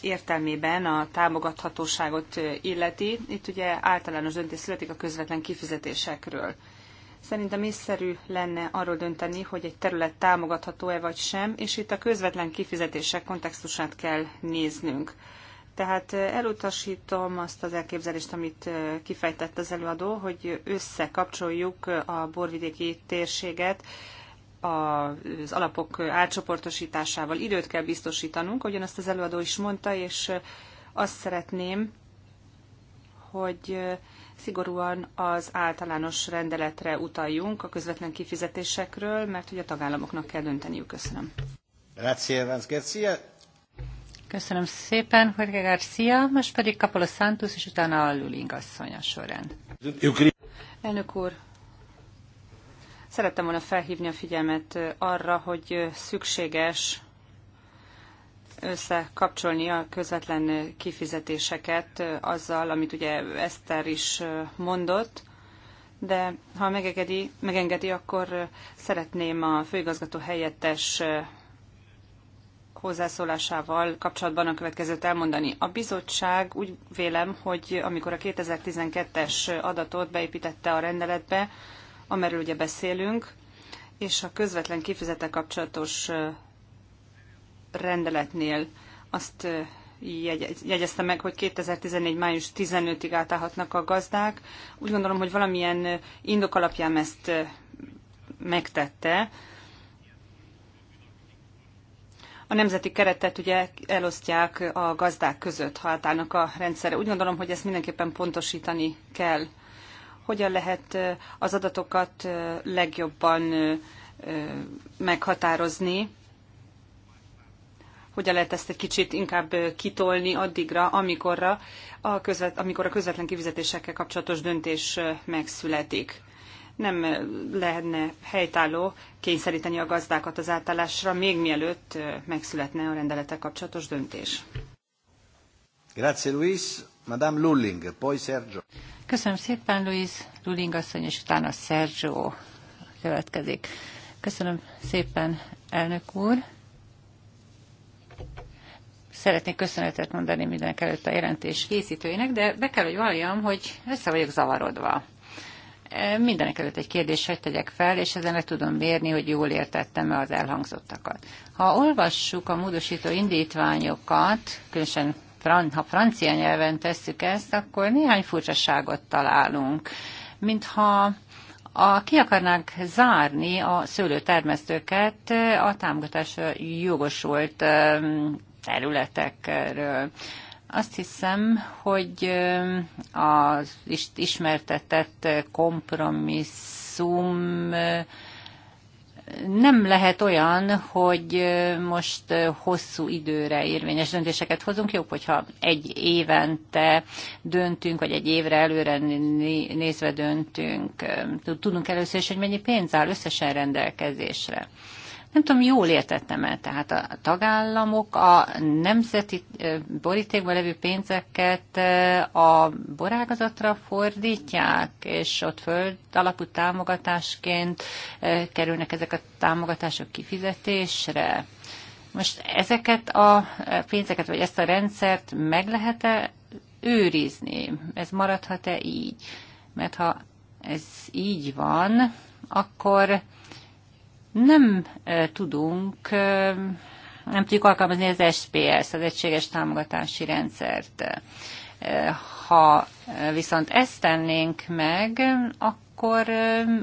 értelmében a támogathatóságot illeti, itt ugye általános döntés születik a közvetlen kifizetésekről. Szerintem észszerű lenne arról dönteni, hogy egy terület támogatható-e vagy sem, és itt a közvetlen kifizetések kontextusát kell néznünk. Tehát elutasítom azt az elképzelést, amit kifejtett az előadó, hogy összekapcsoljuk a borvidéki térséget az alapok átcsoportosításával. Időt kell biztosítanunk, ahogyan azt az előadó is mondta, és azt szeretném, hogy szigorúan az általános rendeletre utaljunk a közvetlen kifizetésekről, mert hogy a tagállamoknak kell dönteniük. Köszönöm. Grazie, Vance Garcia. Köszönöm szépen, Jorge Garcia, most pedig Kapola Santos, és utána a Luling asszony a során. Elnök úr, szerettem volna felhívni a figyelmet arra, hogy szükséges összekapcsolni a közvetlen kifizetéseket azzal, amit ugye Eszter is mondott, de ha megengedi, megengedi akkor szeretném a főigazgató helyettes hozzászólásával kapcsolatban a következőt elmondani. A bizottság úgy vélem, hogy amikor a 2012-es adatot beépítette a rendeletbe, amerről ugye beszélünk, és a közvetlen kifizete kapcsolatos rendeletnél azt jegyezte meg, hogy 2014. május 15-ig átállhatnak a gazdák. Úgy gondolom, hogy valamilyen indok alapján ezt megtette, a nemzeti keretet ugye elosztják a gazdák között, ha átállnak a rendszerre. Úgy gondolom, hogy ezt mindenképpen pontosítani kell. Hogyan lehet az adatokat legjobban meghatározni, hogyan lehet ezt egy kicsit inkább kitolni addigra, amikorra a közvet, amikor a közvetlen kifizetésekkel kapcsolatos döntés megszületik nem lehetne helytálló kényszeríteni a gazdákat az átállásra, még mielőtt megszületne a rendelete kapcsolatos döntés. Grazie Luis, Madame Lulling, poi Sergio. Köszönöm szépen Luis, Lulling asszony, és utána Sergio következik. Köszönöm szépen, elnök úr. Szeretnék köszönetet mondani mindenek előtt a jelentés készítőinek, de be kell, hogy valljam, hogy össze vagyok zavarodva mindenek előtt egy kérdést hagyd tegyek fel, és ezen le tudom mérni, hogy jól értettem-e az elhangzottakat. Ha olvassuk a módosító indítványokat, különösen ha francia nyelven tesszük ezt, akkor néhány furcsaságot találunk. Mintha a, ki akarnánk zárni a szőlőtermesztőket a támogatásra jogosult területekről. Azt hiszem, hogy az ismertetett kompromisszum nem lehet olyan, hogy most hosszú időre érvényes döntéseket hozunk. Jobb, hogyha egy évente döntünk, vagy egy évre előre nézve döntünk. Tudunk először is, hogy mennyi pénz áll összesen rendelkezésre. Nem tudom, jól értettem-e, tehát a tagállamok a nemzeti borítékban levő pénzeket a borágazatra fordítják, és ott föld alapú támogatásként kerülnek ezek a támogatások kifizetésre. Most ezeket a pénzeket, vagy ezt a rendszert meg lehet-e őrizni? Ez maradhat-e így? Mert ha ez így van, akkor nem tudunk, nem tudjuk alkalmazni az SPS, az Egységes Támogatási Rendszert. Ha viszont ezt tennénk meg, akkor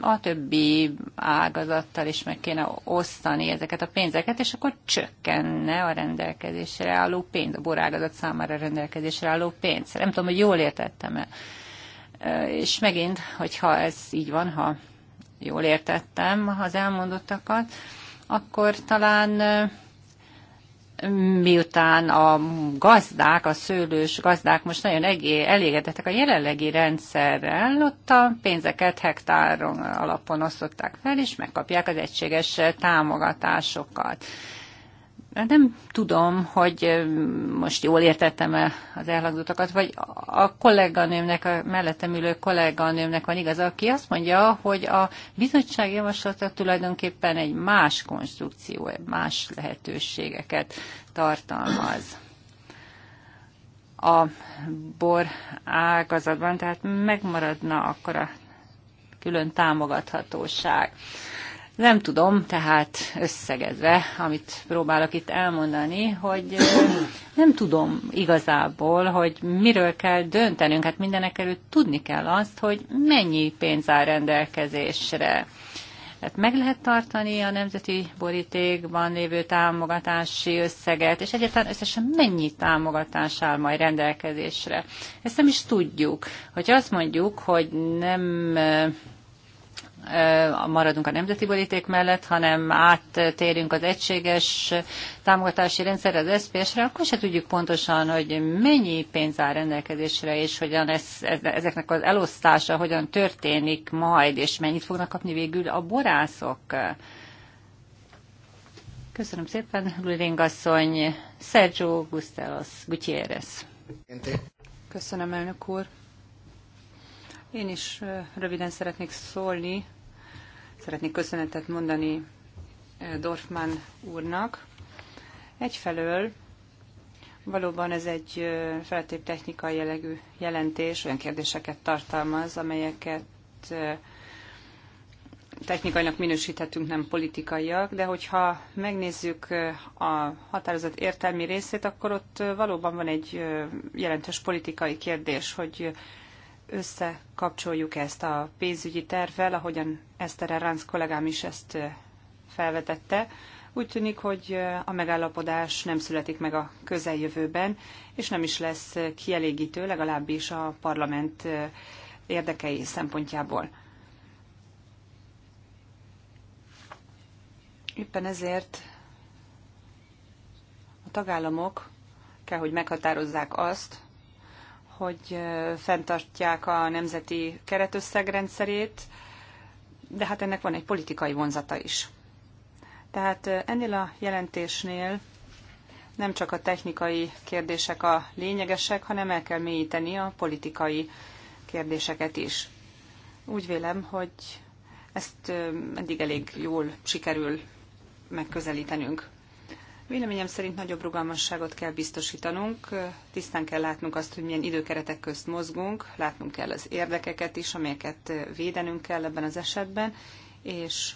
a többi ágazattal is meg kéne osztani ezeket a pénzeket, és akkor csökkenne a rendelkezésre álló pénz, a borágazat számára rendelkezésre álló pénz. Nem tudom, hogy jól értettem-e. És megint, hogyha ez így van, ha jól értettem az elmondottakat, akkor talán miután a gazdák, a szőlős gazdák most nagyon elégedettek a jelenlegi rendszerrel, ott a pénzeket hektáron alapon osztották fel, és megkapják az egységes támogatásokat. Nem tudom, hogy most jól értettem-e az elhangzottakat, vagy a kolléganőmnek, a mellettem ülő kolléganőmnek van igaza, aki azt mondja, hogy a bizottság javaslata tulajdonképpen egy más konstrukció, más lehetőségeket tartalmaz a bor ágazatban, tehát megmaradna akkor a külön támogathatóság. Nem tudom, tehát összegezve, amit próbálok itt elmondani, hogy nem tudom igazából, hogy miről kell döntenünk. Hát mindenek előtt tudni kell azt, hogy mennyi pénz áll rendelkezésre. Tehát meg lehet tartani a nemzeti borítékban lévő támogatási összeget, és egyáltalán összesen mennyi támogatás áll majd rendelkezésre. Ezt nem is tudjuk. Hogyha azt mondjuk, hogy nem maradunk a nemzeti boríték mellett, hanem áttérünk az egységes támogatási rendszer az SPS-re, akkor se tudjuk pontosan, hogy mennyi pénz áll rendelkezésre, és hogyan ez, ez, ezeknek az elosztása hogyan történik majd, és mennyit fognak kapni végül a borászok. Köszönöm szépen, Lulling asszony, Sergio Gustelos Gutierrez. Köszönöm, elnök úr. Én is röviden szeretnék szólni Szeretnék köszönetet mondani Dorfman úrnak. Egyfelől valóban ez egy feltép technikai jellegű jelentés, olyan kérdéseket tartalmaz, amelyeket technikainak minősíthetünk, nem politikaiak, de hogyha megnézzük a határozat értelmi részét, akkor ott valóban van egy jelentős politikai kérdés, hogy összekapcsoljuk ezt a pénzügyi tervvel, ahogyan Eszter Ránc kollégám is ezt felvetette, úgy tűnik, hogy a megállapodás nem születik meg a közeljövőben, és nem is lesz kielégítő, legalábbis a parlament érdekei szempontjából. Éppen ezért a tagállamok kell, hogy meghatározzák azt, hogy fenntartják a nemzeti keretösszegrendszerét, de hát ennek van egy politikai vonzata is. Tehát ennél a jelentésnél nem csak a technikai kérdések a lényegesek, hanem el kell mélyíteni a politikai kérdéseket is. Úgy vélem, hogy ezt eddig elég jól sikerül megközelítenünk. Véleményem szerint nagyobb rugalmasságot kell biztosítanunk, tisztán kell látnunk azt, hogy milyen időkeretek közt mozgunk, látnunk kell az érdekeket is, amelyeket védenünk kell ebben az esetben, és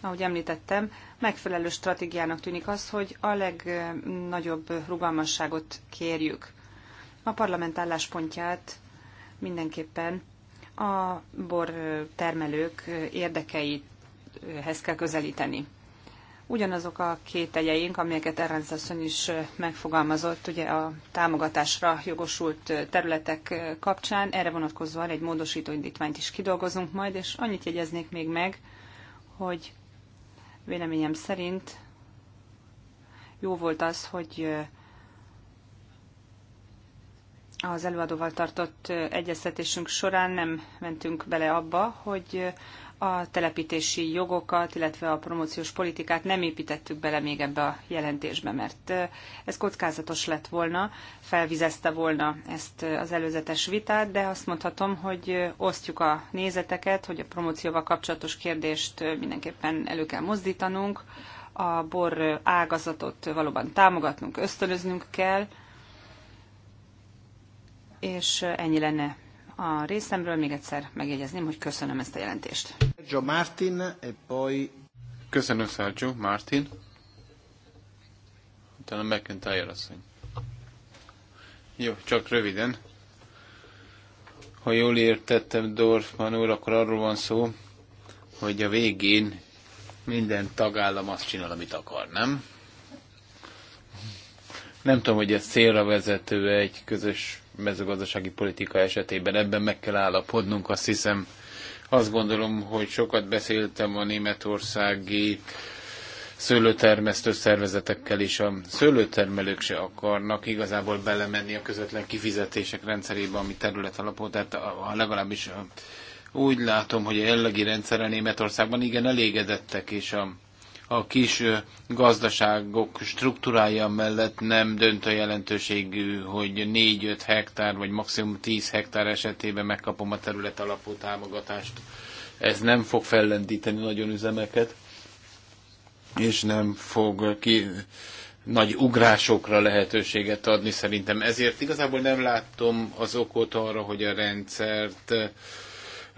ahogy említettem, megfelelő stratégiának tűnik az, hogy a legnagyobb rugalmasságot kérjük. A parlament álláspontját mindenképpen a bor termelők érdekeit kell közelíteni. Ugyanazok a két egyeink, amelyeket Erenc asszony is megfogalmazott, ugye a támogatásra jogosult területek kapcsán, erre vonatkozóan egy módosító indítványt is kidolgozunk majd, és annyit jegyeznék még meg, hogy véleményem szerint jó volt az, hogy az előadóval tartott egyeztetésünk során nem mentünk bele abba, hogy a telepítési jogokat, illetve a promóciós politikát nem építettük bele még ebbe a jelentésbe, mert ez kockázatos lett volna, felvizezte volna ezt az előzetes vitát, de azt mondhatom, hogy osztjuk a nézeteket, hogy a promócióval kapcsolatos kérdést mindenképpen elő kell mozdítanunk, a bor ágazatot valóban támogatnunk, ösztönöznünk kell, és ennyi lenne a részemről. Még egyszer megjegyezném, hogy köszönöm ezt a jelentést. Sergio Martin, e poi... Köszönöm, Sergio Martin. Utána McIntyre asszony. Jó, csak röviden. Ha jól értettem, Dorfman úr, akkor arról van szó, hogy a végén minden tagállam azt csinál, amit akar, nem? Nem tudom, hogy ez célra vezető egy közös mezőgazdasági politika esetében. Ebben meg kell állapodnunk, azt hiszem. Azt gondolom, hogy sokat beszéltem a németországi szőlőtermesztő szervezetekkel is. A szőlőtermelők se akarnak igazából belemenni a közvetlen kifizetések rendszerébe, ami terület alapú, tehát a, a legalábbis a, úgy látom, hogy a jellegi a Németországban igen elégedettek, és a a kis gazdaságok struktúrája mellett nem döntő jelentőségű, hogy 4-5 hektár vagy maximum 10 hektár esetében megkapom a terület alapú támogatást. Ez nem fog fellendíteni nagyon üzemeket, és nem fog ki nagy ugrásokra lehetőséget adni szerintem. Ezért igazából nem látom az okot arra, hogy a rendszert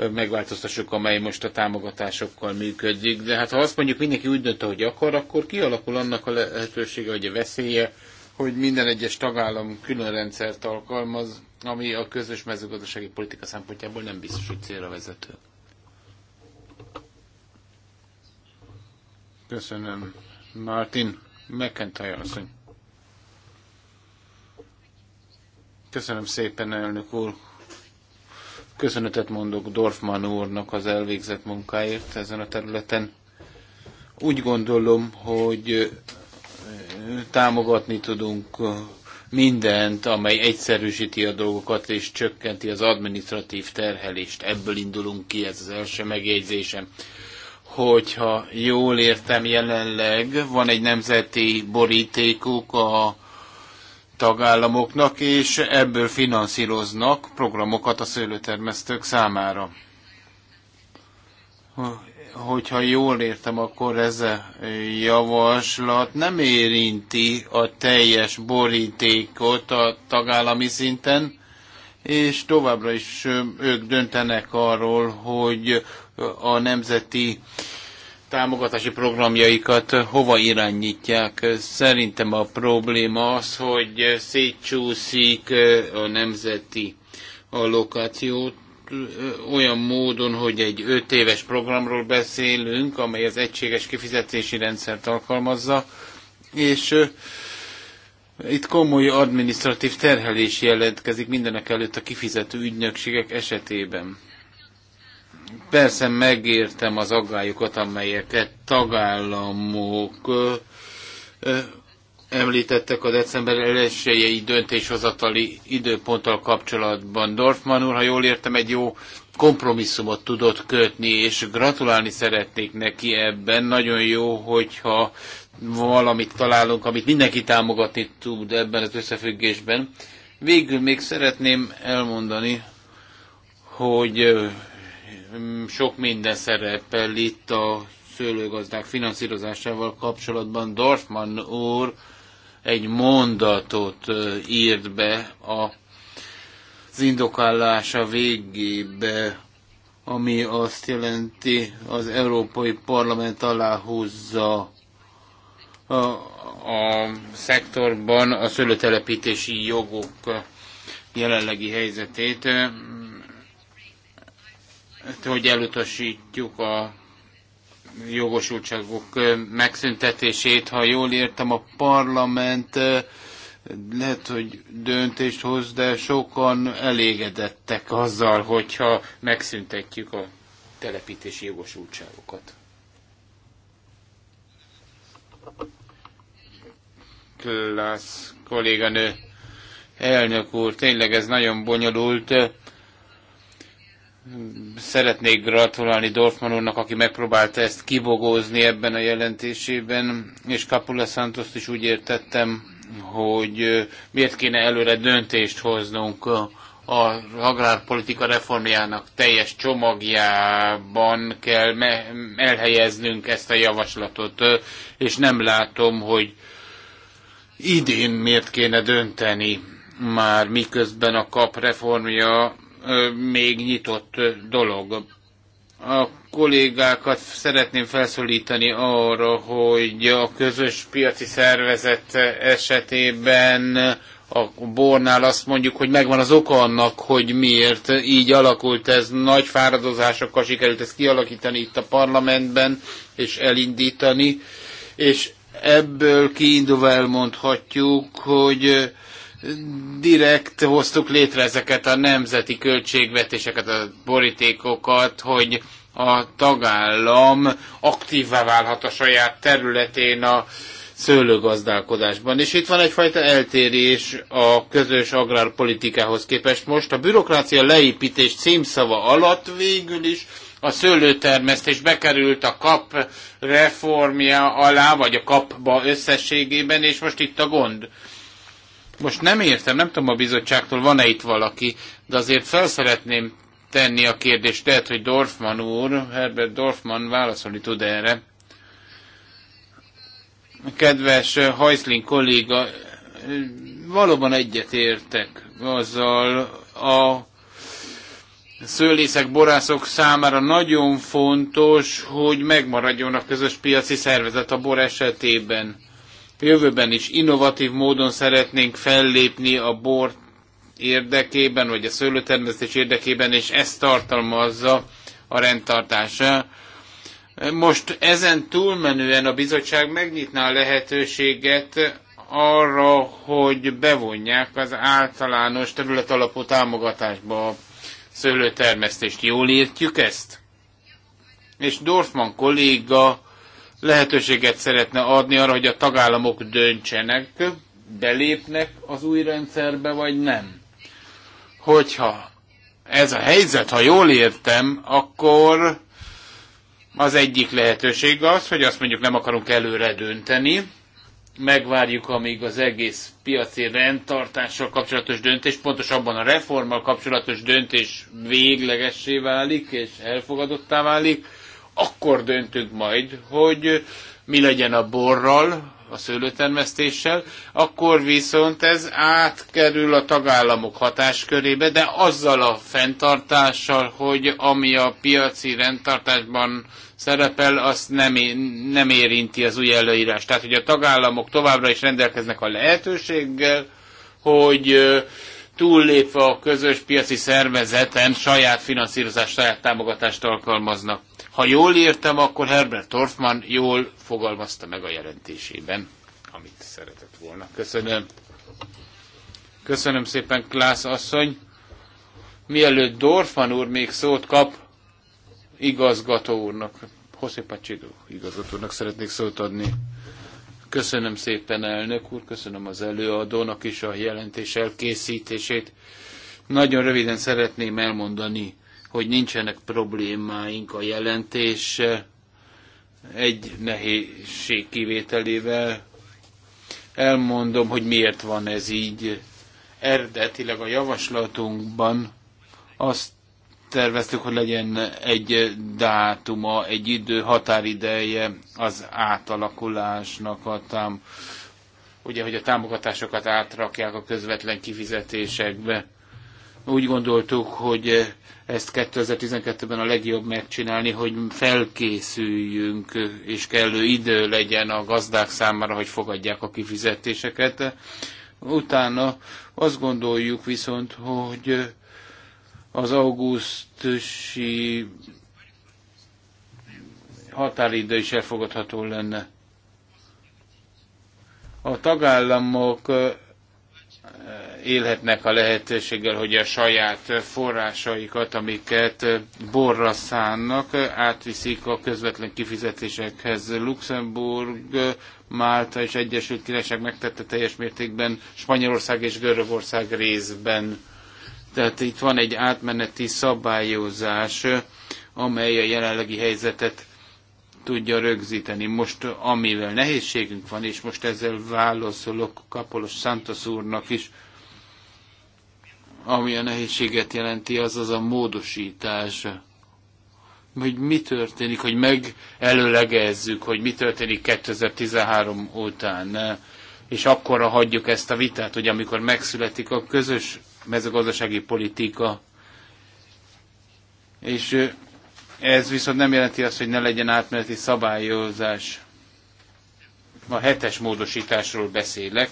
megváltoztassuk, amely most a támogatásokkal működik. De hát ha azt mondjuk mindenki úgy dönt, hogy akar, akkor kialakul annak a lehetősége, hogy a veszélye, hogy minden egyes tagállam külön rendszert alkalmaz, ami a közös mezőgazdasági politika szempontjából nem biztos, hogy célra vezető. Köszönöm. Martin McIntyre asszony. Köszönöm szépen, elnök úr. Köszönetet mondok Dorfman úrnak az elvégzett munkáért ezen a területen. Úgy gondolom, hogy támogatni tudunk mindent, amely egyszerűsíti a dolgokat és csökkenti az administratív terhelést. Ebből indulunk ki, ez az első megjegyzésem. Hogyha jól értem, jelenleg van egy nemzeti borítékuk a tagállamoknak, és ebből finanszíroznak programokat a szőlőtermesztők számára. Hogyha jól értem, akkor ez a javaslat nem érinti a teljes borítékot a tagállami szinten, és továbbra is ők döntenek arról, hogy a nemzeti támogatási programjaikat hova irányítják. Szerintem a probléma az, hogy szétcsúszik a nemzeti allokációt olyan módon, hogy egy öt éves programról beszélünk, amely az egységes kifizetési rendszert alkalmazza, és itt komoly adminisztratív terhelés jelentkezik mindenek előtt a kifizető ügynökségek esetében Persze megértem az aggályokat, amelyeket tagállamok említettek a december 1 döntéshozatali időponttal kapcsolatban. Dorfman úr, ha jól értem, egy jó kompromisszumot tudott kötni, és gratulálni szeretnék neki ebben. Nagyon jó, hogyha valamit találunk, amit mindenki támogatni tud ebben az összefüggésben. Végül még szeretném elmondani, hogy Mm, sok minden szerepel itt a szőlőgazdák finanszírozásával kapcsolatban. Dorfman úr egy mondatot írt be a az indokállása végébe, ami azt jelenti, az Európai Parlament aláhúzza a, a szektorban a szőlőtelepítési jogok jelenlegi helyzetét. Hát, hogy elutasítjuk a jogosultságok megszüntetését. Ha jól értem, a parlament lehet, hogy döntést hoz, de sokan elégedettek azzal, hogyha megszüntetjük a telepítési jogosultságokat. Klassz kolléganő, elnök úr, tényleg ez nagyon bonyolult Szeretnék gratulálni Dorfman úrnak, aki megpróbálta ezt kibogózni ebben a jelentésében, és Santos-t is úgy értettem, hogy miért kéne előre döntést hoznunk a agrárpolitika reformjának teljes csomagjában kell elhelyeznünk ezt a javaslatot, és nem látom, hogy idén miért kéne dönteni már miközben a kap reformja még nyitott dolog. A kollégákat szeretném felszólítani arra, hogy a közös piaci szervezet esetében a bornál azt mondjuk, hogy megvan az oka annak, hogy miért így alakult ez. Nagy fáradozásokkal sikerült ezt kialakítani itt a parlamentben, és elindítani, és ebből kiindulva elmondhatjuk, hogy direkt hoztuk létre ezeket a nemzeti költségvetéseket, a borítékokat, hogy a tagállam aktívvá válhat a saját területén a szőlőgazdálkodásban. És itt van egyfajta eltérés a közös agrárpolitikához képest. Most a bürokrácia leépítés címszava alatt végül is a szőlőtermesztés bekerült a kap reformja alá, vagy a kapba összességében, és most itt a gond most nem értem, nem tudom a bizottságtól, van-e itt valaki, de azért fel szeretném tenni a kérdést, lehet, hogy Dorfman úr, Herbert Dorfman válaszolni tud erre. Kedves Hajszlin eh, kolléga, eh, valóban egyetértek azzal a szőlészek, borászok számára nagyon fontos, hogy megmaradjon a közös piaci szervezet a bor esetében jövőben is innovatív módon szeretnénk fellépni a bor érdekében, vagy a szőlőtermesztés érdekében, és ezt tartalmazza a rendtartása. Most ezen túlmenően a bizottság megnyitná a lehetőséget arra, hogy bevonják az általános területalapú támogatásba a szőlőtermesztést. Jól értjük ezt? És Dorfman kolléga lehetőséget szeretne adni arra, hogy a tagállamok döntsenek, belépnek az új rendszerbe, vagy nem. Hogyha ez a helyzet, ha jól értem, akkor az egyik lehetőség az, hogy azt mondjuk nem akarunk előre dönteni, megvárjuk, amíg az egész piaci rendtartással kapcsolatos döntés, pontosabban a reformmal kapcsolatos döntés véglegessé válik és elfogadottá válik, akkor döntünk majd, hogy mi legyen a borral, a szőlőtermesztéssel, akkor viszont ez átkerül a tagállamok hatáskörébe, de azzal a fenntartással, hogy ami a piaci rendtartásban szerepel, azt nem, nem érinti az új előírás. Tehát, hogy a tagállamok továbbra is rendelkeznek a lehetőséggel, hogy túllépve a közös piaci szervezeten saját finanszírozást, saját támogatást alkalmaznak. Ha jól értem, akkor Herbert Torfman jól fogalmazta meg a jelentésében, amit szeretett volna. Köszönöm. Köszönöm szépen, Klász asszony. Mielőtt Dorfman úr még szót kap, igazgató úrnak, José Pacsidó igazgató úrnak szeretnék szót adni. Köszönöm szépen, elnök úr, köszönöm az előadónak is a jelentés elkészítését. Nagyon röviden szeretném elmondani, hogy nincsenek problémáink a jelentés egy nehézség kivételével. Elmondom, hogy miért van ez így. Erdetileg a javaslatunkban azt terveztük, hogy legyen egy dátuma, egy idő, határideje az átalakulásnak a tám, ugye, hogy a támogatásokat átrakják a közvetlen kifizetésekbe. Úgy gondoltuk, hogy ezt 2012-ben a legjobb megcsinálni, hogy felkészüljünk, és kellő idő legyen a gazdák számára, hogy fogadják a kifizetéseket. Utána azt gondoljuk viszont, hogy az augusztusi határidő is elfogadható lenne. A tagállamok élhetnek a lehetőséggel, hogy a saját forrásaikat, amiket borra szánnak, átviszik a közvetlen kifizetésekhez. Luxemburg, Málta és Egyesült Királyság megtette teljes mértékben, Spanyolország és Görögország részben. Tehát itt van egy átmeneti szabályozás, amely a jelenlegi helyzetet tudja rögzíteni. Most, amivel nehézségünk van, és most ezzel válaszolok Kapolos Santos úrnak is, ami a nehézséget jelenti, az az a módosítás. Hogy mi történik, hogy megelőlegezzük, hogy mi történik 2013 után, és akkorra hagyjuk ezt a vitát, hogy amikor megszületik a közös mezőgazdasági politika, és ez viszont nem jelenti azt, hogy ne legyen átmeneti szabályozás. A hetes módosításról beszélek,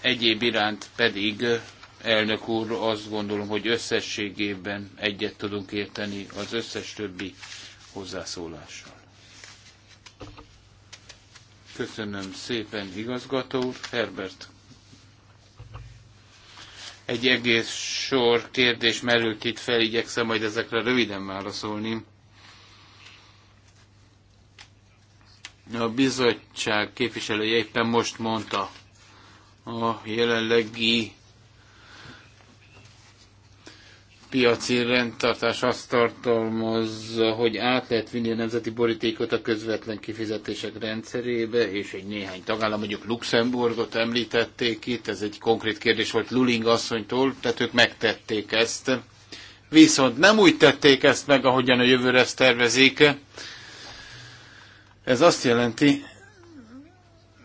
egyéb iránt pedig elnök úr, azt gondolom, hogy összességében egyet tudunk érteni az összes többi hozzászólással. Köszönöm szépen, igazgató úr. Herbert. Egy egész sor kérdés merült itt fel, igyekszem majd ezekre röviden válaszolni. A bizottság képviselője éppen most mondta, a jelenlegi piaci rendtartás azt tartalmazza, hogy át lehet vinni a nemzeti borítékot a közvetlen kifizetések rendszerébe, és egy néhány tagállam, mondjuk Luxemburgot említették itt, ez egy konkrét kérdés volt Luling asszonytól, tehát ők megtették ezt. Viszont nem úgy tették ezt meg, ahogyan a jövőre ezt tervezik. Ez azt jelenti,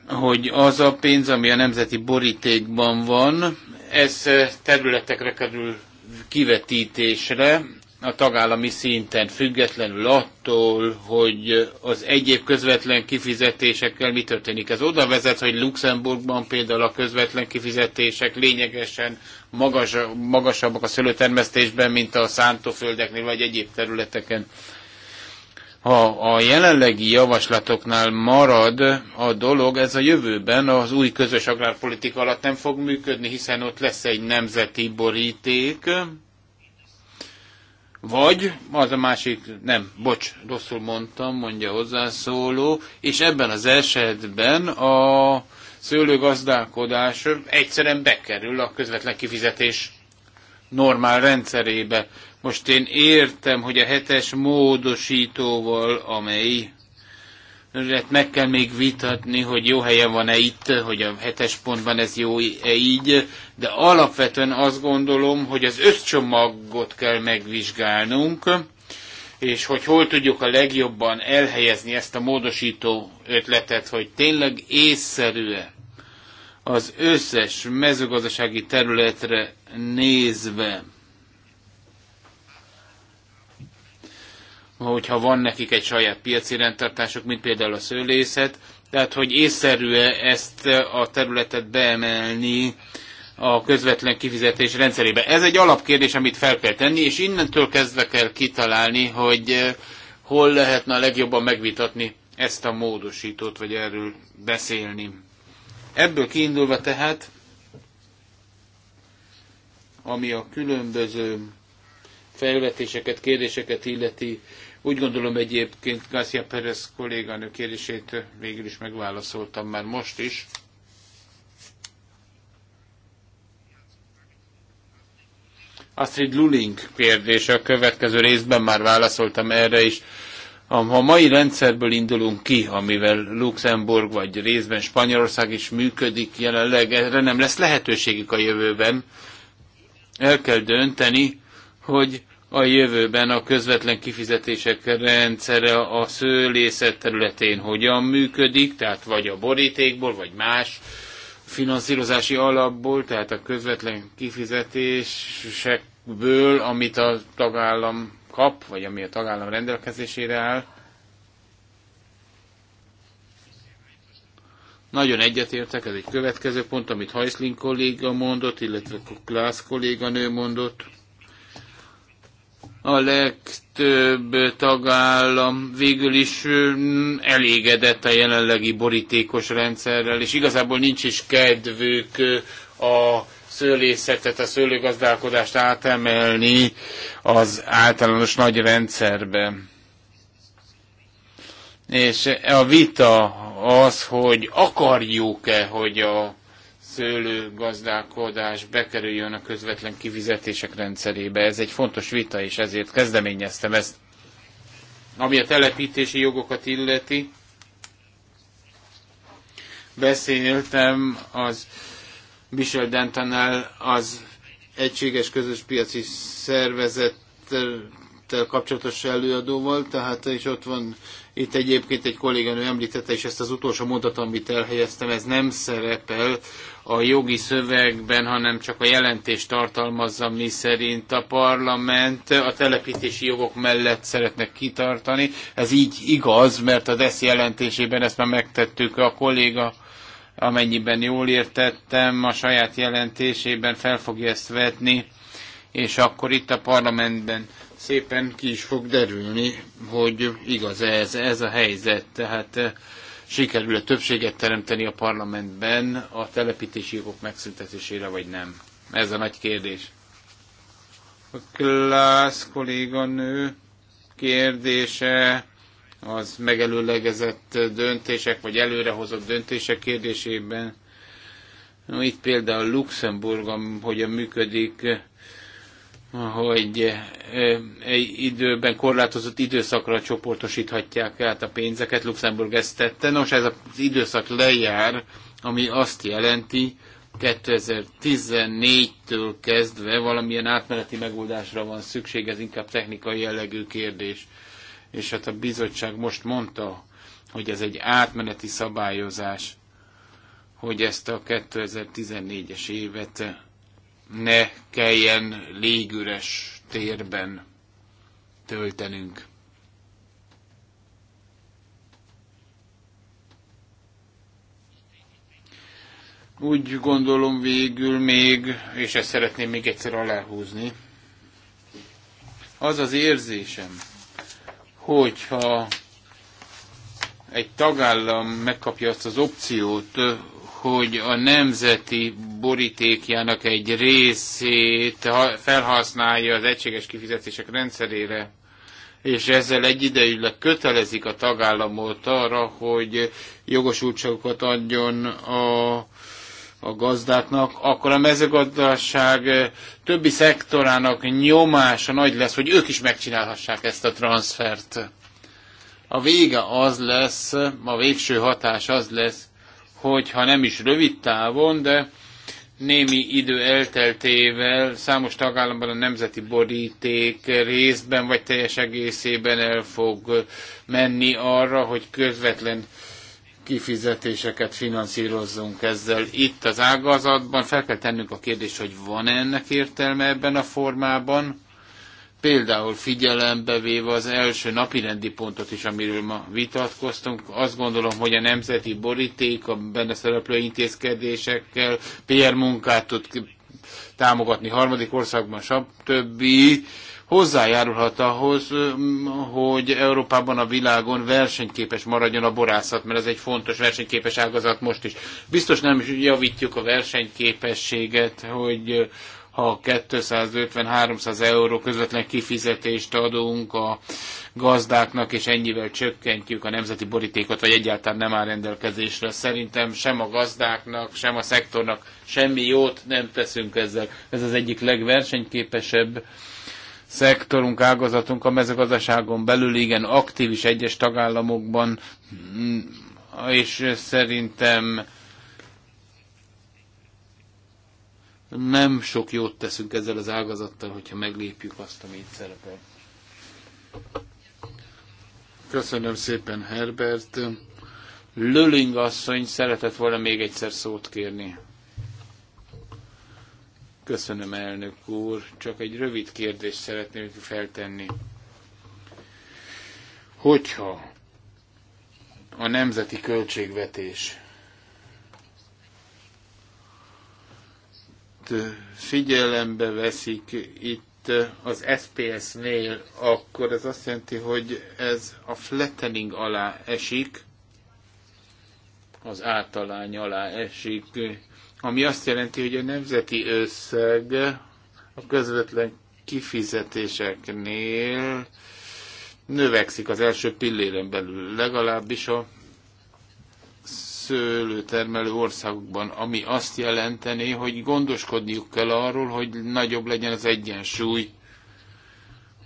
hogy az a pénz, ami a nemzeti borítékban van, ez területekre kerül kivetítésre a tagállami szinten, függetlenül attól, hogy az egyéb közvetlen kifizetésekkel mi történik. Ez oda vezet, hogy Luxemburgban például a közvetlen kifizetések lényegesen magas, magasabbak a szőlőtermesztésben, mint a szántóföldeknél vagy egyéb területeken ha a jelenlegi javaslatoknál marad a dolog, ez a jövőben az új közös agrárpolitika alatt nem fog működni, hiszen ott lesz egy nemzeti boríték, vagy az a másik, nem, bocs, rosszul mondtam, mondja hozzászóló, és ebben az esetben a szőlőgazdálkodás egyszerűen bekerül a közvetlen kifizetés normál rendszerébe. Most én értem, hogy a hetes módosítóval, amely hát meg kell még vitatni, hogy jó helyen van-e itt, hogy a hetes pontban ez jó-e így, de alapvetően azt gondolom, hogy az összcsomagot kell megvizsgálnunk, és hogy hol tudjuk a legjobban elhelyezni ezt a módosító ötletet, hogy tényleg észszerű-e az összes mezőgazdasági területre nézve hogyha van nekik egy saját piaci rendtartásuk, mint például a szőlészet, tehát hogy észszerű -e ezt a területet beemelni a közvetlen kifizetés rendszerébe. Ez egy alapkérdés, amit fel kell tenni, és innentől kezdve kell kitalálni, hogy eh, hol lehetne a legjobban megvitatni ezt a módosítót, vagy erről beszélni. Ebből kiindulva tehát, ami a különböző felvetéseket kérdéseket illeti, úgy gondolom egyébként Garcia Perez kolléganő kérdését végül is megválaszoltam már most is. Astrid Luling kérdése a következő részben már válaszoltam erre is. Ha mai rendszerből indulunk ki, amivel Luxemburg vagy részben Spanyolország is működik jelenleg, erre nem lesz lehetőségük a jövőben. El kell dönteni, hogy a jövőben a közvetlen kifizetések rendszere a szőlészet területén hogyan működik, tehát vagy a borítékból, vagy más finanszírozási alapból, tehát a közvetlen kifizetésekből, amit a tagállam kap, vagy ami a tagállam rendelkezésére áll. Nagyon egyetértek, ez egy következő pont, amit Heisling kolléga mondott, illetve Klász kolléganő mondott a legtöbb tagállam végül is mm, elégedett a jelenlegi borítékos rendszerrel, és igazából nincs is kedvük a szőlészetet, a szőlőgazdálkodást átemelni az általános nagy rendszerbe. És a vita az, hogy akarjuk-e, hogy a szőlőgazdálkodás bekerüljön a közvetlen kivizetések rendszerébe. Ez egy fontos vita, és ezért kezdeményeztem ezt. Ami a telepítési jogokat illeti, beszéltem az Michel Dentanel az egységes közös piaci szervezettel kapcsolatos előadóval, tehát és ott van itt egyébként egy kolléganő említette, és ezt az utolsó mondat, amit elhelyeztem, ez nem szerepel a jogi szövegben, hanem csak a jelentés tartalmazza, mi szerint a parlament a telepítési jogok mellett szeretne kitartani. Ez így igaz, mert a DESZ jelentésében ezt már megtettük a kolléga amennyiben jól értettem, a saját jelentésében fel fogja ezt vetni, és akkor itt a parlamentben szépen ki is fog derülni, hogy igaz -e ez, ez a helyzet. Tehát eh, sikerül-e többséget teremteni a parlamentben a telepítési jogok megszüntetésére, vagy nem? Ez a nagy kérdés. A Klász kolléganő kérdése az megelőlegezett döntések, vagy előrehozott döntések kérdésében. Itt például Luxemburg, hogyan működik, hogy egy időben korlátozott időszakra csoportosíthatják át a pénzeket, Luxemburg ezt tette. Nos, ez az időszak lejár, ami azt jelenti, 2014-től kezdve valamilyen átmeneti megoldásra van szükség, ez inkább technikai jellegű kérdés. És hát a bizottság most mondta, hogy ez egy átmeneti szabályozás, hogy ezt a 2014-es évet ne kelljen légüres térben töltenünk. Úgy gondolom végül még, és ezt szeretném még egyszer aláhúzni, az az érzésem, hogyha egy tagállam megkapja azt az opciót, hogy a nemzeti borítékjának egy részét felhasználja az egységes kifizetések rendszerére, és ezzel egyidejűleg kötelezik a tagállamot arra, hogy jogosultságokat adjon a, a gazdáknak, akkor a mezőgazdaság többi szektorának nyomása nagy lesz, hogy ők is megcsinálhassák ezt a transfert. A vége az lesz, a végső hatás az lesz, hogy ha nem is rövid távon, de némi idő elteltével számos tagállamban a nemzeti boríték részben vagy teljes egészében el fog menni arra, hogy közvetlen kifizetéseket finanszírozzunk ezzel. Itt az ágazatban fel kell tennünk a kérdést, hogy van-e ennek értelme ebben a formában, például figyelembe véve az első napirendi pontot is, amiről ma vitatkoztunk, azt gondolom, hogy a nemzeti boríték, a benne szereplő intézkedésekkel, PR munkát tud támogatni harmadik országban, stb. hozzájárulhat ahhoz, hogy Európában a világon versenyképes maradjon a borászat, mert ez egy fontos versenyképes ágazat most is. Biztos nem javítjuk a versenyképességet, hogy ha 250-300 euró közvetlen kifizetést adunk a gazdáknak, és ennyivel csökkentjük a nemzeti borítékot, vagy egyáltalán nem áll rendelkezésre. Szerintem sem a gazdáknak, sem a szektornak semmi jót nem teszünk ezzel. Ez az egyik legversenyképesebb szektorunk, ágazatunk a mezőgazdaságon belül, igen, aktív is egyes tagállamokban, mm, és szerintem nem sok jót teszünk ezzel az ágazattal, hogyha meglépjük azt, ami itt szerepel. Köszönöm szépen, Herbert. Löling asszony szeretett volna még egyszer szót kérni. Köszönöm, elnök úr. Csak egy rövid kérdést szeretném feltenni. Hogyha a nemzeti költségvetés figyelembe veszik itt az SPS-nél, akkor ez azt jelenti, hogy ez a flattening alá esik, az általány alá esik, ami azt jelenti, hogy a nemzeti összeg a közvetlen kifizetéseknél növekszik az első pilléren belül, legalábbis a szőlőtermelő országokban, ami azt jelenteni, hogy gondoskodniuk kell arról, hogy nagyobb legyen az egyensúly,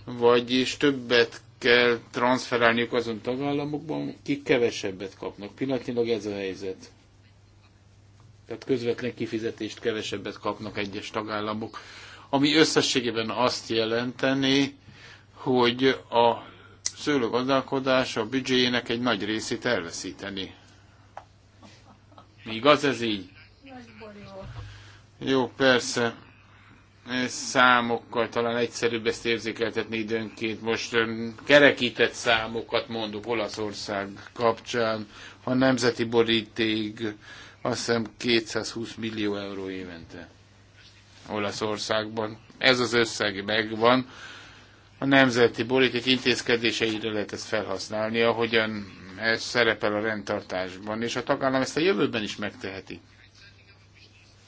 vagyis többet kell transferálniuk azon tagállamokban, akik kevesebbet kapnak. Pillanatilag ez a helyzet. Tehát közvetlen kifizetést kevesebbet kapnak egyes tagállamok, ami összességében azt jelenteni, hogy a szőlőgazdálkodás a büdzséjének egy nagy részét elveszíteni. Igaz ez így? Jó, persze. Ez számokkal talán egyszerűbb ezt érzékeltetni időnként. Most kerekített számokat mondok Olaszország kapcsán. A nemzeti boríték azt hiszem 220 millió euró évente Olaszországban. Ez az összeg megvan. A nemzeti boríték intézkedéseire lehet ezt felhasználni, ahogyan ez szerepel a rendtartásban, és a tagállam ezt a jövőben is megteheti.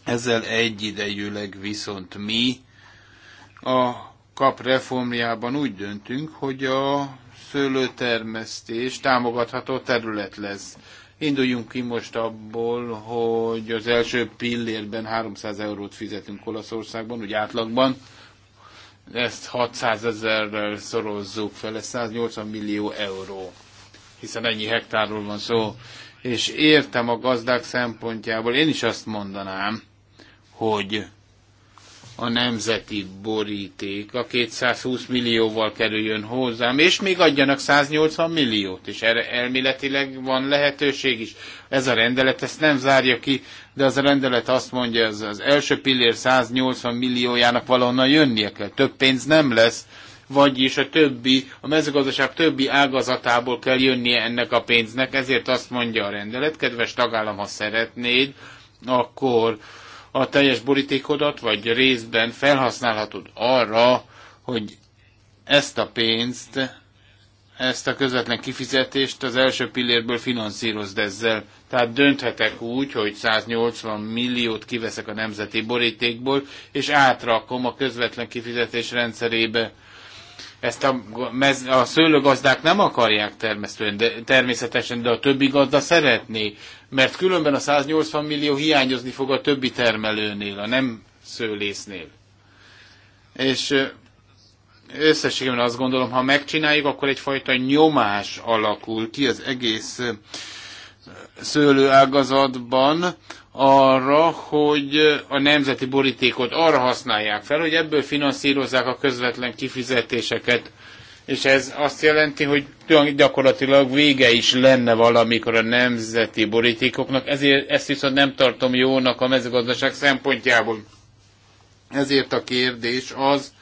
Ezzel egyidejűleg viszont mi a kap reformjában úgy döntünk, hogy a szőlőtermesztés támogatható terület lesz. Induljunk ki most abból, hogy az első pillérben 300 eurót fizetünk Olaszországban, úgy átlagban. Ezt 600 ezerrel szorozzuk fel, ez 180 millió euró hiszen ennyi hektárról van szó, és értem a gazdák szempontjából, én is azt mondanám, hogy a nemzeti boríték a 220 millióval kerüljön hozzám, és még adjanak 180 milliót, és erre elméletileg van lehetőség is. Ez a rendelet ezt nem zárja ki, de az a rendelet azt mondja, az, az első pillér 180 milliójának valahonnan jönnie kell, több pénz nem lesz, vagyis a többi, a mezőgazdaság többi ágazatából kell jönnie ennek a pénznek, ezért azt mondja a rendelet, kedves tagállam, ha szeretnéd, akkor a teljes borítékodat, vagy részben felhasználhatod arra, hogy ezt a pénzt, ezt a közvetlen kifizetést az első pillérből finanszírozd ezzel. Tehát dönthetek úgy, hogy 180 milliót kiveszek a nemzeti borítékból, és átrakom a közvetlen kifizetés rendszerébe. Ezt a, mez, a szőlőgazdák nem akarják de, természetesen, de a többi gazda szeretné, mert különben a 180 millió hiányozni fog a többi termelőnél, a nem szőlésznél. És összességében azt gondolom, ha megcsináljuk, akkor egyfajta nyomás alakul ki az egész szőlőágazatban, arra, hogy a nemzeti borítékot arra használják fel, hogy ebből finanszírozzák a közvetlen kifizetéseket. És ez azt jelenti, hogy gyakorlatilag vége is lenne valamikor a nemzeti borítékoknak, ezért ezt viszont nem tartom jónak a mezőgazdaság szempontjából. Ezért a kérdés az,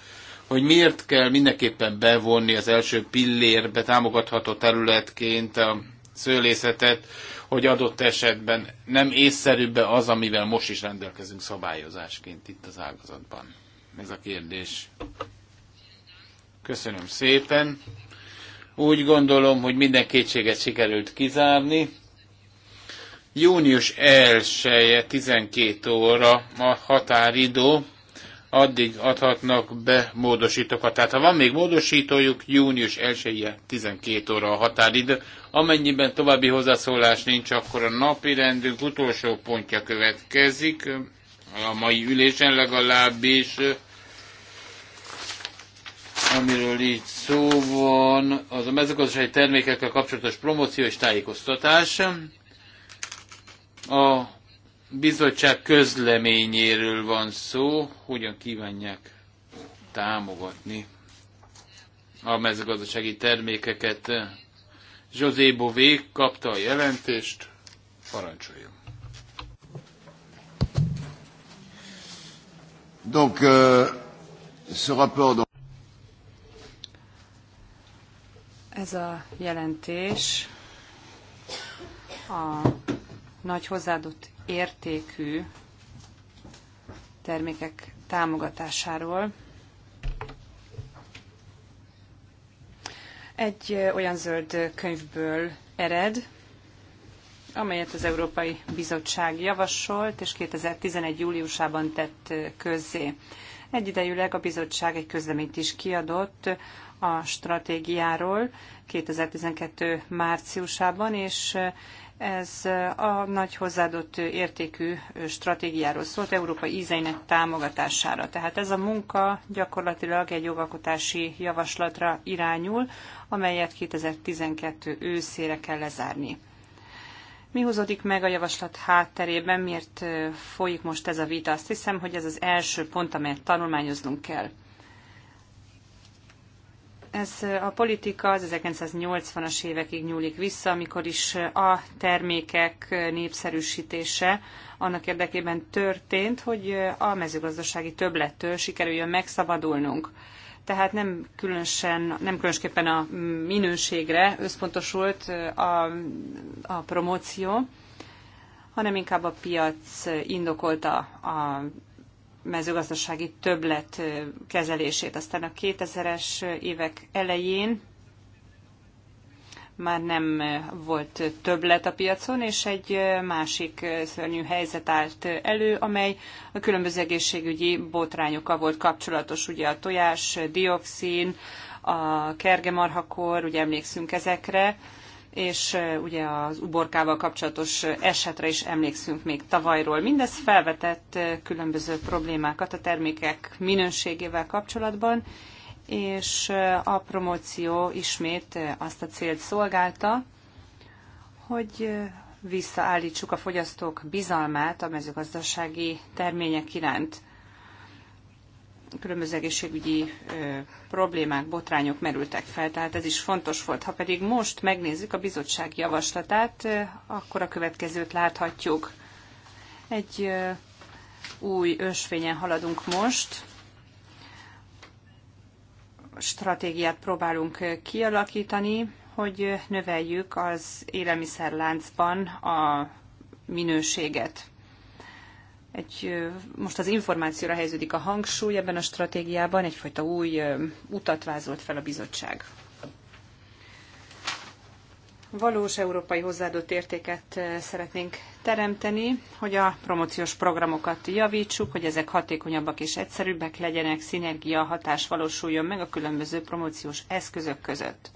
hogy miért kell mindenképpen bevonni az első pillérbe támogatható területként a szőlészetet, hogy adott esetben nem észszerűbbe az, amivel most is rendelkezünk szabályozásként itt az ágazatban? Ez a kérdés. Köszönöm szépen. Úgy gondolom, hogy minden kétséget sikerült kizárni. Június 1-e 12 óra a határidő, addig adhatnak be módosítókat. Tehát ha van még módosítójuk, június 1-e 12 óra a határidő, Amennyiben további hozzászólás nincs, akkor a napi rendünk utolsó pontja következik, a mai ülésen legalábbis, amiről itt szó van, az a mezőgazdasági termékekkel kapcsolatos promóció és tájékoztatás. A bizottság közleményéről van szó, hogyan kívánják támogatni a mezőgazdasági termékeket José Bové kapta a jelentést, parancsoljon. Donc, euh, ce rapport... Donc... Ez a jelentés a nagy hozzáadott értékű termékek támogatásáról egy olyan zöld könyvből ered, amelyet az Európai Bizottság javasolt, és 2011. júliusában tett közzé. Egyidejűleg a bizottság egy közleményt is kiadott a stratégiáról 2012. márciusában, és ez a nagy hozzáadott értékű stratégiáról szólt, Európa ízeinek támogatására. Tehát ez a munka gyakorlatilag egy jogalkotási javaslatra irányul, amelyet 2012 őszére kell lezárni. Mi húzódik meg a javaslat hátterében, miért eh, folyik most ez a vita? Azt hiszem, hogy ez az első pont, amelyet tanulmányoznunk kell. Ez a politika az 1980-as évekig nyúlik vissza, amikor is a termékek népszerűsítése annak érdekében történt, hogy a mezőgazdasági többlettől sikerüljön megszabadulnunk. Tehát nem, különösen, nem különösképpen a minőségre összpontosult a, a promóció, hanem inkább a piac indokolta a mezőgazdasági többlet kezelését. Aztán a 2000-es évek elején már nem volt többlet a piacon, és egy másik szörnyű helyzet állt elő, amely a különböző egészségügyi botrányokkal volt kapcsolatos, ugye a tojás, dioxin, a kergemarhakor, ugye emlékszünk ezekre, és ugye az uborkával kapcsolatos esetre is emlékszünk még tavalyról. Mindez felvetett különböző problémákat a termékek minőségével kapcsolatban, és a promóció ismét azt a célt szolgálta, hogy visszaállítsuk a fogyasztók bizalmát a mezőgazdasági termények iránt különböző egészségügyi problémák, botrányok merültek fel, tehát ez is fontos volt. Ha pedig most megnézzük a bizottság javaslatát, akkor a következőt láthatjuk. Egy új ösvényen haladunk most. Stratégiát próbálunk kialakítani, hogy növeljük az élelmiszerláncban a minőséget egy, most az információra helyeződik a hangsúly ebben a stratégiában, egyfajta új utat vázolt fel a bizottság. Valós európai hozzáadott értéket szeretnénk teremteni, hogy a promóciós programokat javítsuk, hogy ezek hatékonyabbak és egyszerűbbek legyenek, szinergia hatás valósuljon meg a különböző promóciós eszközök között.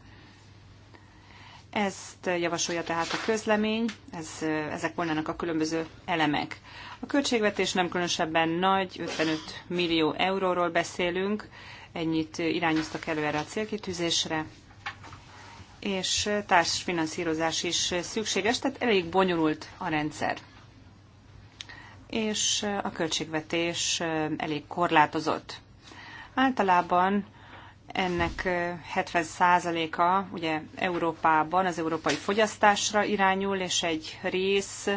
Ezt javasolja tehát a közlemény, ez, ezek volnának a különböző elemek. A költségvetés nem különösebben nagy, 55 millió euróról beszélünk, ennyit irányoztak elő erre a célkitűzésre, és társfinanszírozás is szükséges, tehát elég bonyolult a rendszer. És a költségvetés elég korlátozott. Általában ennek 70%-a ugye Európában az európai fogyasztásra irányul, és egy rész,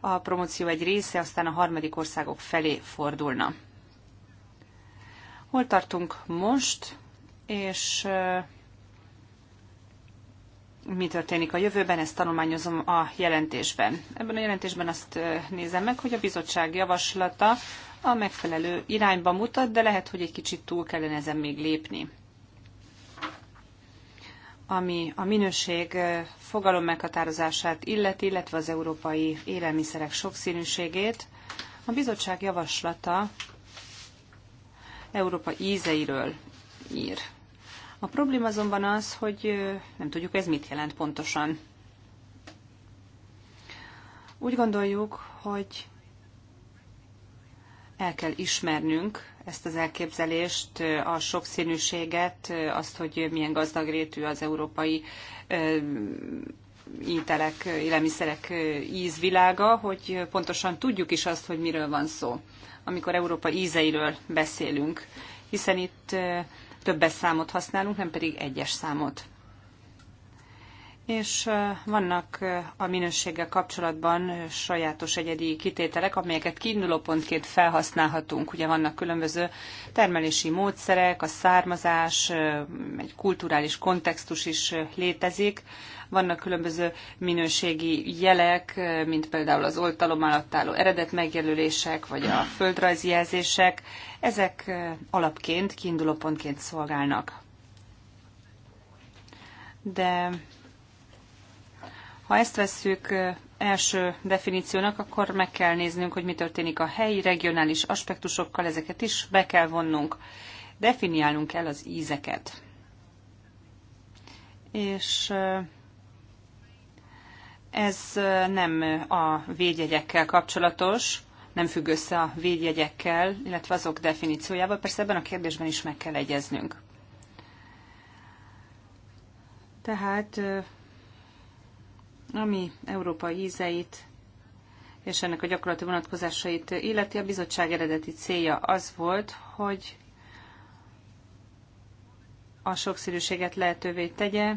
a promóció egy része aztán a harmadik országok felé fordulna. Hol tartunk most, és mi történik a jövőben, ezt tanulmányozom a jelentésben. Ebben a jelentésben azt nézem meg, hogy a bizottság javaslata a megfelelő irányba mutat, de lehet, hogy egy kicsit túl kellene ezen még lépni ami a minőség fogalom meghatározását illeti, illetve az európai élelmiszerek sokszínűségét, a bizottság javaslata Európa ízeiről ír. A probléma azonban az, hogy nem tudjuk ez mit jelent pontosan. Úgy gondoljuk, hogy el kell ismernünk ezt az elképzelést, a sokszínűséget, azt, hogy milyen gazdag rétű az európai ételek, élelmiszerek ízvilága, hogy pontosan tudjuk is azt, hogy miről van szó, amikor Európa ízeiről beszélünk, hiszen itt többes számot használunk, nem pedig egyes számot és vannak a minőséggel kapcsolatban sajátos egyedi kitételek, amelyeket kiinduló pontként felhasználhatunk. Ugye vannak különböző termelési módszerek, a származás, egy kulturális kontextus is létezik, vannak különböző minőségi jelek, mint például az oltalom alatt álló eredet megjelölések, vagy a földrajzi jelzések. Ezek alapként, kiinduló pontként szolgálnak. De ha ezt vesszük első definíciónak, akkor meg kell néznünk, hogy mi történik a helyi, regionális aspektusokkal, ezeket is be kell vonnunk. Definiálnunk kell az ízeket. És ez nem a védjegyekkel kapcsolatos, nem függ össze a védjegyekkel, illetve azok definíciójával. Persze ebben a kérdésben is meg kell egyeznünk. Tehát ami Európa ízeit és ennek a gyakorlati vonatkozásait illeti, a bizottság eredeti célja az volt, hogy a sokszínűséget lehetővé tegye,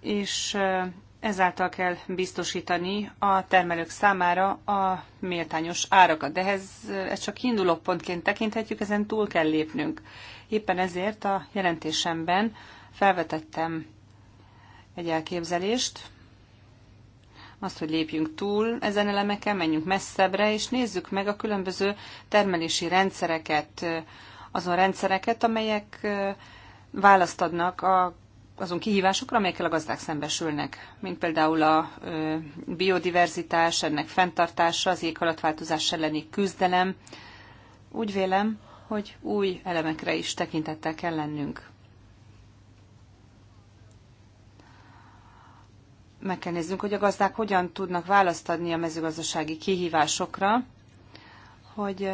és eh, ezáltal kell biztosítani a termelők számára a méltányos árakat. De ez ez eh, csak induló pontként tekinthetjük, ezen túl kell lépnünk. Éppen ezért a jelentésemben felvetettem egy elképzelést, azt, hogy lépjünk túl ezen elemeken, menjünk messzebbre, és nézzük meg a különböző termelési rendszereket, azon rendszereket, amelyek választ adnak a, azon kihívásokra, amelyekkel a gazdák szembesülnek, mint például a ö, biodiverzitás, ennek fenntartása, az éghajlatváltozás elleni küzdelem. Úgy vélem, hogy új elemekre is tekintettel kell lennünk. meg kell néznünk, hogy a gazdák hogyan tudnak választ adni a mezőgazdasági kihívásokra, hogy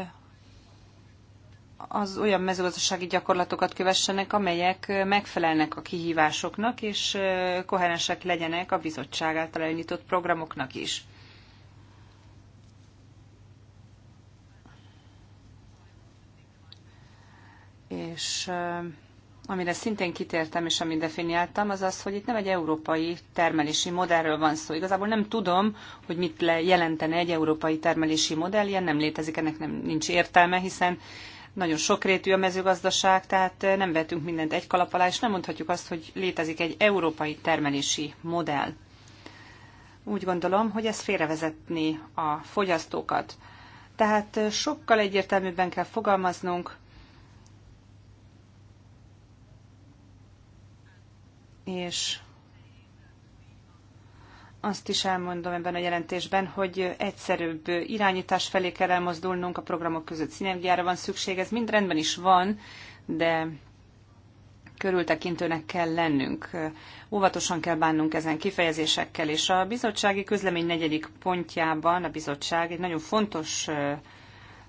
az olyan mezőgazdasági gyakorlatokat kövessenek, amelyek megfelelnek a kihívásoknak, és koherensek legyenek a bizottság által elindított programoknak is. És amire szintén kitértem és amit definiáltam, az az, hogy itt nem egy európai termelési modellről van szó. Igazából nem tudom, hogy mit jelentene egy európai termelési modell, ilyen nem létezik, ennek nem, nincs értelme, hiszen nagyon sokrétű a mezőgazdaság, tehát eh, nem vetünk mindent egy kalap alá, és nem mondhatjuk azt, hogy létezik egy európai termelési modell. Úgy gondolom, hogy ez félrevezetni a fogyasztókat. Tehát eh, sokkal egyértelműbben kell fogalmaznunk, és azt is elmondom ebben a jelentésben, hogy egyszerűbb irányítás felé kell elmozdulnunk, a programok között szinergiára van szükség, ez mind rendben is van, de körültekintőnek kell lennünk. Óvatosan kell bánnunk ezen kifejezésekkel, és a bizottsági közlemény negyedik pontjában a bizottság egy nagyon fontos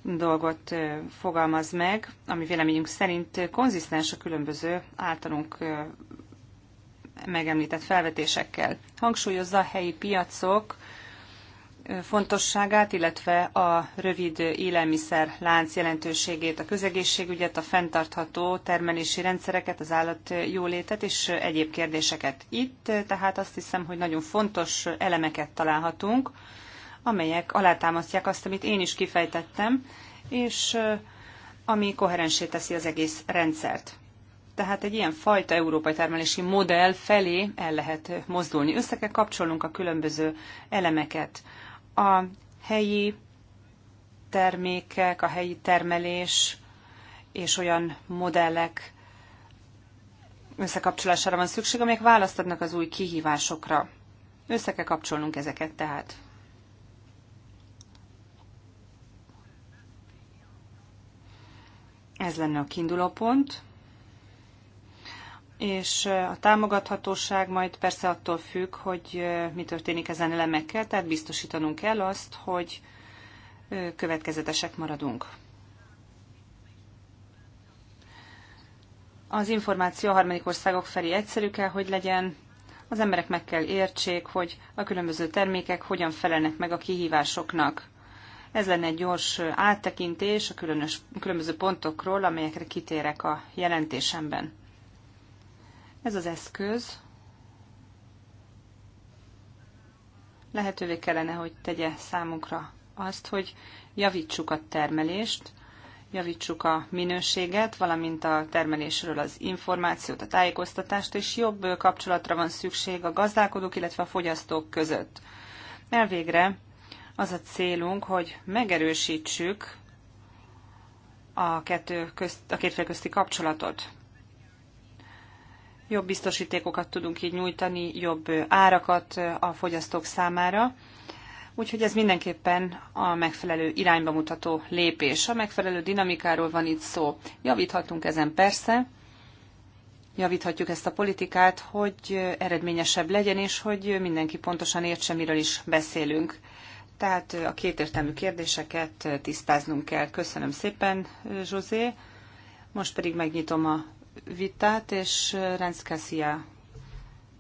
dolgot fogalmaz meg, ami véleményünk szerint konzisztens a különböző általunk megemlített felvetésekkel. Hangsúlyozza a helyi piacok fontosságát, illetve a rövid élelmiszer lánc jelentőségét, a közegészségügyet, a fenntartható termelési rendszereket, az állat jólétet és egyéb kérdéseket. Itt tehát azt hiszem, hogy nagyon fontos elemeket találhatunk, amelyek alátámasztják azt, amit én is kifejtettem, és ami koherensé teszi az egész rendszert tehát egy ilyen fajta európai termelési modell felé el lehet mozdulni. Össze kell kapcsolnunk a különböző elemeket. A helyi termékek, a helyi termelés és olyan modellek összekapcsolására van szükség, amelyek választ adnak az új kihívásokra. Össze kell kapcsolnunk ezeket tehát. Ez lenne a kiinduló pont és a támogathatóság majd persze attól függ, hogy mi történik ezen elemekkel, tehát biztosítanunk kell azt, hogy következetesek maradunk. Az információ a harmadik országok felé egyszerű kell, hogy legyen. Az emberek meg kell értsék, hogy a különböző termékek hogyan felelnek meg a kihívásoknak. Ez lenne egy gyors áttekintés a különös, különböző pontokról, amelyekre kitérek a jelentésemben. Ez az eszköz lehetővé kellene, hogy tegye számunkra azt, hogy javítsuk a termelést, javítsuk a minőséget, valamint a termelésről az információt, a tájékoztatást, és jobb kapcsolatra van szükség a gazdálkodók, illetve a fogyasztók között. Elvégre az a célunk, hogy megerősítsük a, kettő közt, a két fél közti kapcsolatot jobb biztosítékokat tudunk így nyújtani, jobb árakat a fogyasztók számára. Úgyhogy ez mindenképpen a megfelelő irányba mutató lépés. A megfelelő dinamikáról van itt szó. Javíthatunk ezen persze, javíthatjuk ezt a politikát, hogy eredményesebb legyen, és hogy mindenki pontosan értse, miről is beszélünk. Tehát a kétértelmű kérdéseket tisztáznunk kell. Köszönöm szépen, José. Most pedig megnyitom a vitát, és Renz Kessia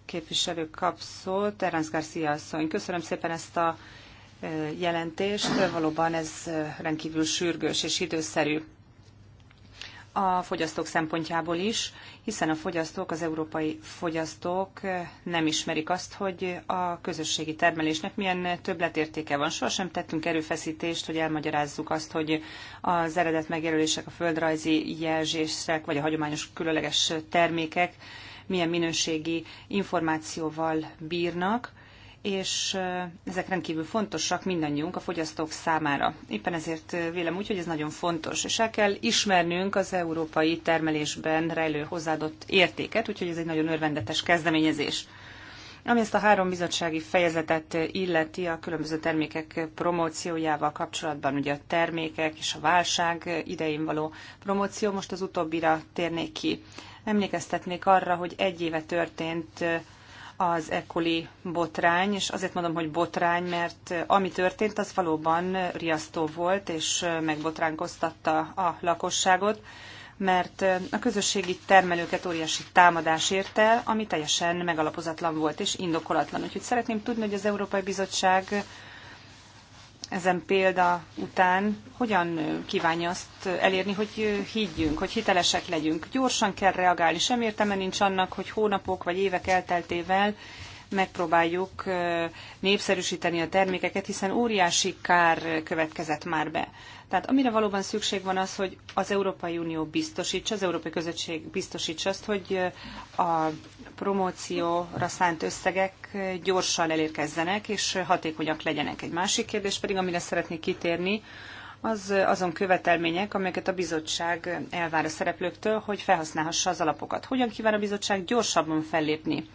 képviselő kap szót. Renz Garcia asszony, köszönöm szépen ezt a jelentést. Valóban ez rendkívül sürgős és időszerű a fogyasztók szempontjából is, hiszen a fogyasztók, az európai fogyasztók nem ismerik azt, hogy a közösségi termelésnek milyen többletértéke van. Sohasem tettünk erőfeszítést, hogy elmagyarázzuk azt, hogy az eredet megjelölések, a földrajzi jelzések vagy a hagyományos különleges termékek milyen minőségi információval bírnak és ezek rendkívül fontosak mindannyiunk a fogyasztók számára. Éppen ezért vélem úgy, hogy ez nagyon fontos, és el kell ismernünk az európai termelésben rejlő hozzáadott értéket, úgyhogy ez egy nagyon örvendetes kezdeményezés. Ami ezt a három bizottsági fejezetet illeti a különböző termékek promóciójával kapcsolatban, ugye a termékek és a válság idején való promóció, most az utóbbira térnék ki. Emlékeztetnék arra, hogy egy éve történt az ekoli botrány, és azért mondom, hogy botrány, mert ami történt, az valóban riasztó volt, és megbotránkoztatta a lakosságot, mert a közösségi termelőket óriási támadás érte, ami teljesen megalapozatlan volt és indokolatlan. Úgyhogy szeretném tudni, hogy az Európai Bizottság ezen példa után hogyan kívánja azt elérni, hogy higgyünk, hogy hitelesek legyünk. Gyorsan kell reagálni, sem értelme nincs annak, hogy hónapok vagy évek elteltével megpróbáljuk népszerűsíteni a termékeket, hiszen óriási kár következett már be. Tehát amire valóban szükség van az, hogy az Európai Unió biztosítsa, az Európai Közösség biztosítsa azt, hogy a promócióra szánt összegek gyorsan elérkezzenek és hatékonyak legyenek. Egy másik kérdés pedig, amire szeretnék kitérni, az azon követelmények, amelyeket a bizottság elvár a szereplőktől, hogy felhasználhassa az alapokat. Hogyan kíván a bizottság gyorsabban fellépni?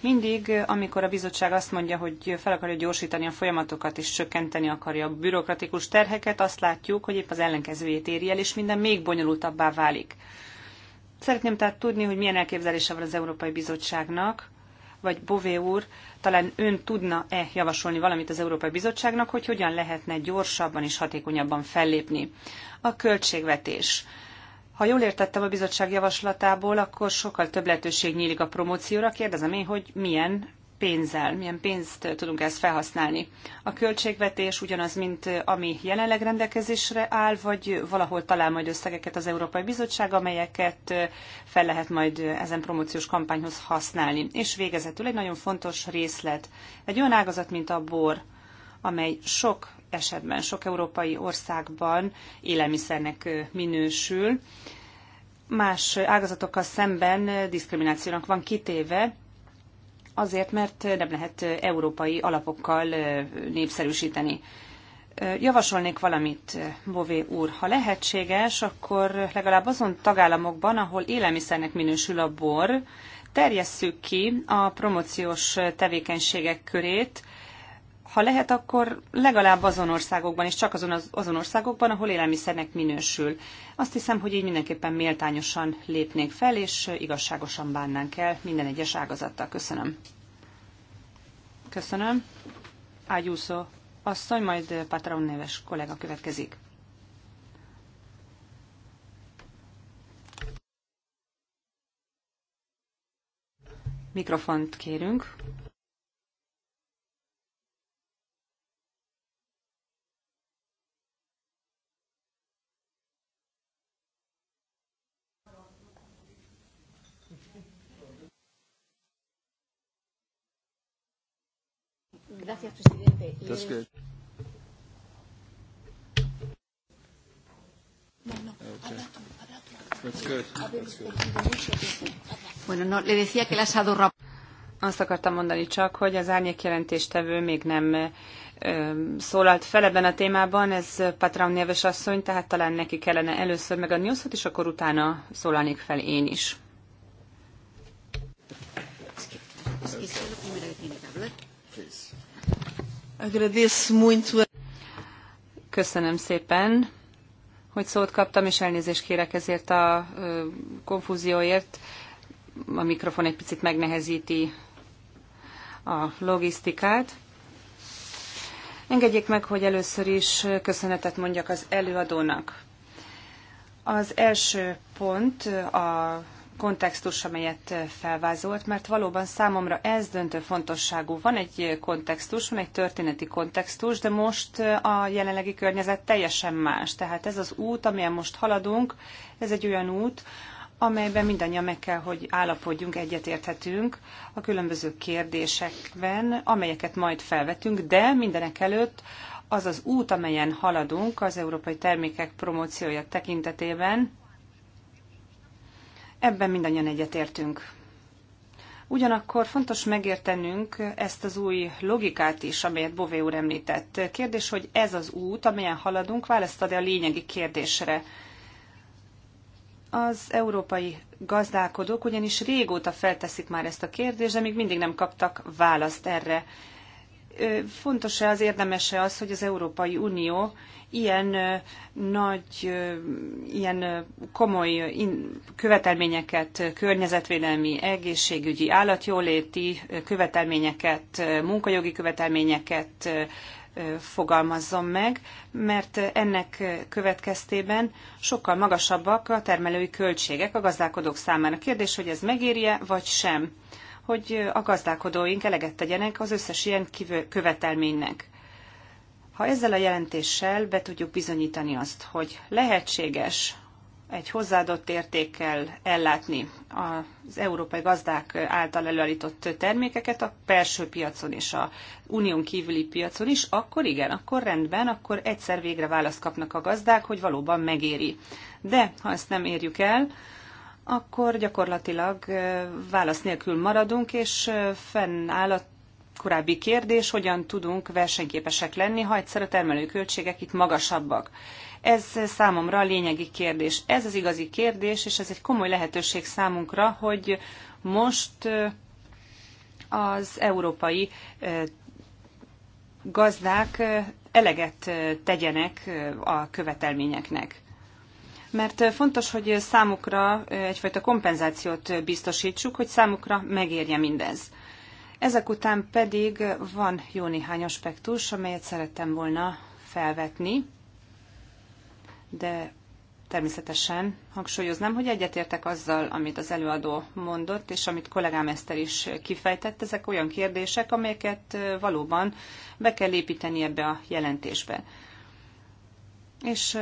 Mindig, amikor a bizottság azt mondja, hogy fel akarja gyorsítani a folyamatokat és csökkenteni akarja a bürokratikus terheket, azt látjuk, hogy épp az ellenkezőjét éri el, és minden még bonyolultabbá válik. Szeretném tehát tudni, hogy milyen elképzelése van az Európai Bizottságnak, vagy Bové úr, talán ön tudna-e javasolni valamit az Európai Bizottságnak, hogy hogyan lehetne gyorsabban és hatékonyabban fellépni. A költségvetés. Ha jól értettem a bizottság javaslatából, akkor sokkal több lehetőség nyílik a promócióra. Kérdezem én, hogy milyen pénzzel, milyen pénzt tudunk ezt felhasználni. A költségvetés ugyanaz, mint ami jelenleg rendelkezésre áll, vagy valahol talál majd összegeket az Európai Bizottság, amelyeket fel lehet majd ezen promóciós kampányhoz használni. És végezetül egy nagyon fontos részlet. Egy olyan ágazat, mint a bor, amely sok esetben, sok európai országban élelmiszernek minősül, más ágazatokkal szemben diszkriminációnak van kitéve, azért, mert nem lehet európai alapokkal népszerűsíteni. Javasolnék valamit, Bové úr. Ha lehetséges, akkor legalább azon tagállamokban, ahol élelmiszernek minősül a bor, terjesszük ki a promóciós tevékenységek körét ha lehet, akkor legalább azon országokban, és csak azon, az, azon országokban, ahol élelmiszernek minősül. Azt hiszem, hogy így mindenképpen méltányosan lépnék fel, és igazságosan bánnánk el minden egyes ágazattal. Köszönöm. Köszönöm. Ágyúszó asszony, majd Patron neves kollega következik. Mikrofont kérünk. Gracias, presidente. That's ah, good. Azt akartam mondani csak, hogy az árnyék jelentéstevő még nem ö, szólalt fel ebben a témában, ez Patraun néves asszony, tehát talán neki kellene először meg a nyúszot, és akkor utána szólalnék fel én is. Okay. Köszönöm szépen, hogy szót kaptam, és elnézést kérek ezért a konfúzióért. A mikrofon egy picit megnehezíti a logisztikát. Engedjék meg, hogy először is köszönetet mondjak az előadónak. Az első pont a kontextus, amelyet felvázolt, mert valóban számomra ez döntő fontosságú. Van egy kontextus, van egy történeti kontextus, de most a jelenlegi környezet teljesen más. Tehát ez az út, amilyen most haladunk, ez egy olyan út, amelyben mindannyian meg kell, hogy állapodjunk, egyetérthetünk a különböző kérdésekben, amelyeket majd felvetünk, de mindenek előtt az az út, amelyen haladunk az európai termékek promóciója tekintetében, Ebben mindannyian egyetértünk. Ugyanakkor fontos megértenünk ezt az új logikát is, amelyet Bové úr említett. Kérdés, hogy ez az út, amelyen haladunk, választ ad-e a lényegi kérdésre. Az európai gazdálkodók ugyanis régóta felteszik már ezt a kérdést, de még mindig nem kaptak választ erre fontos-e az érdemese az, hogy az Európai Unió ilyen nagy, ilyen komoly követelményeket, környezetvédelmi, egészségügyi, állatjóléti követelményeket, munkajogi követelményeket fogalmazzon meg, mert ennek következtében sokkal magasabbak a termelői költségek a gazdálkodók számára. Kérdés, hogy ez megérje, vagy sem hogy a gazdálkodóink eleget tegyenek az összes ilyen követelménynek. Ha ezzel a jelentéssel be tudjuk bizonyítani azt, hogy lehetséges egy hozzáadott értékkel ellátni az európai gazdák által előállított termékeket a belső piacon és a unión kívüli piacon is, akkor igen, akkor rendben, akkor egyszer végre választ kapnak a gazdák, hogy valóban megéri. De ha ezt nem érjük el, akkor gyakorlatilag válasz nélkül maradunk, és fennáll a korábbi kérdés, hogyan tudunk versenyképesek lenni, ha egyszer a termelőköltségek itt magasabbak. Ez számomra a lényegi kérdés. Ez az igazi kérdés, és ez egy komoly lehetőség számunkra, hogy most az európai gazdák eleget tegyenek a követelményeknek mert fontos, hogy számukra egyfajta kompenzációt biztosítsuk, hogy számukra megérje mindez. Ezek után pedig van jó néhány aspektus, amelyet szerettem volna felvetni, de természetesen hangsúlyoznám, hogy egyetértek azzal, amit az előadó mondott, és amit kollégám Eszter is kifejtett. Ezek olyan kérdések, amelyeket valóban be kell építeni ebbe a jelentésbe és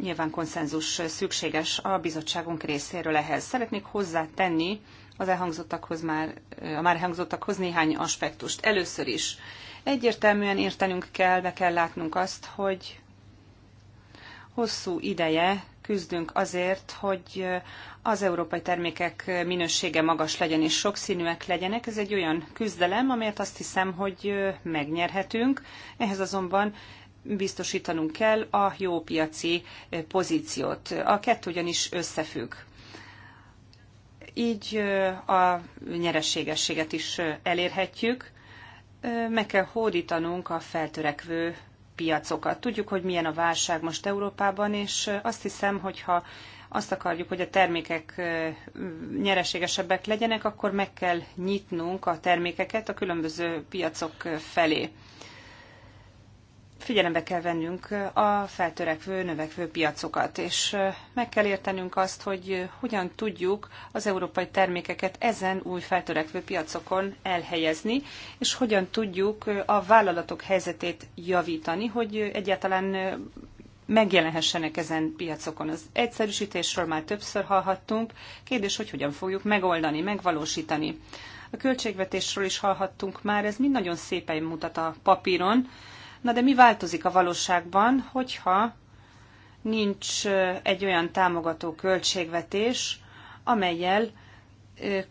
nyilván konszenzus szükséges a bizottságunk részéről ehhez. Szeretnék hozzátenni az elhangzottakhoz már, a már elhangzottakhoz néhány aspektust. Először is egyértelműen értenünk kell, be kell látnunk azt, hogy hosszú ideje küzdünk azért, hogy az európai termékek minősége magas legyen és sokszínűek legyenek. Ez egy olyan küzdelem, amelyet azt hiszem, hogy megnyerhetünk. Ehhez azonban biztosítanunk kell a jó piaci pozíciót. A kettő ugyanis összefügg. Így a nyereségességet is elérhetjük. Meg kell hódítanunk a feltörekvő piacokat. Tudjuk, hogy milyen a válság most Európában, és azt hiszem, hogyha azt akarjuk, hogy a termékek nyereségesebbek legyenek, akkor meg kell nyitnunk a termékeket a különböző piacok felé figyelembe kell vennünk a feltörekvő, növekvő piacokat, és meg kell értenünk azt, hogy hogyan tudjuk az európai termékeket ezen új feltörekvő piacokon elhelyezni, és hogyan tudjuk a vállalatok helyzetét javítani, hogy egyáltalán megjelenhessenek ezen piacokon. Az egyszerűsítésről már többször hallhattunk, kérdés, hogy hogyan fogjuk megoldani, megvalósítani. A költségvetésről is hallhattunk már, ez mind nagyon szépen mutat a papíron, Na de mi változik a valóságban, hogyha nincs egy olyan támogató költségvetés, amelyel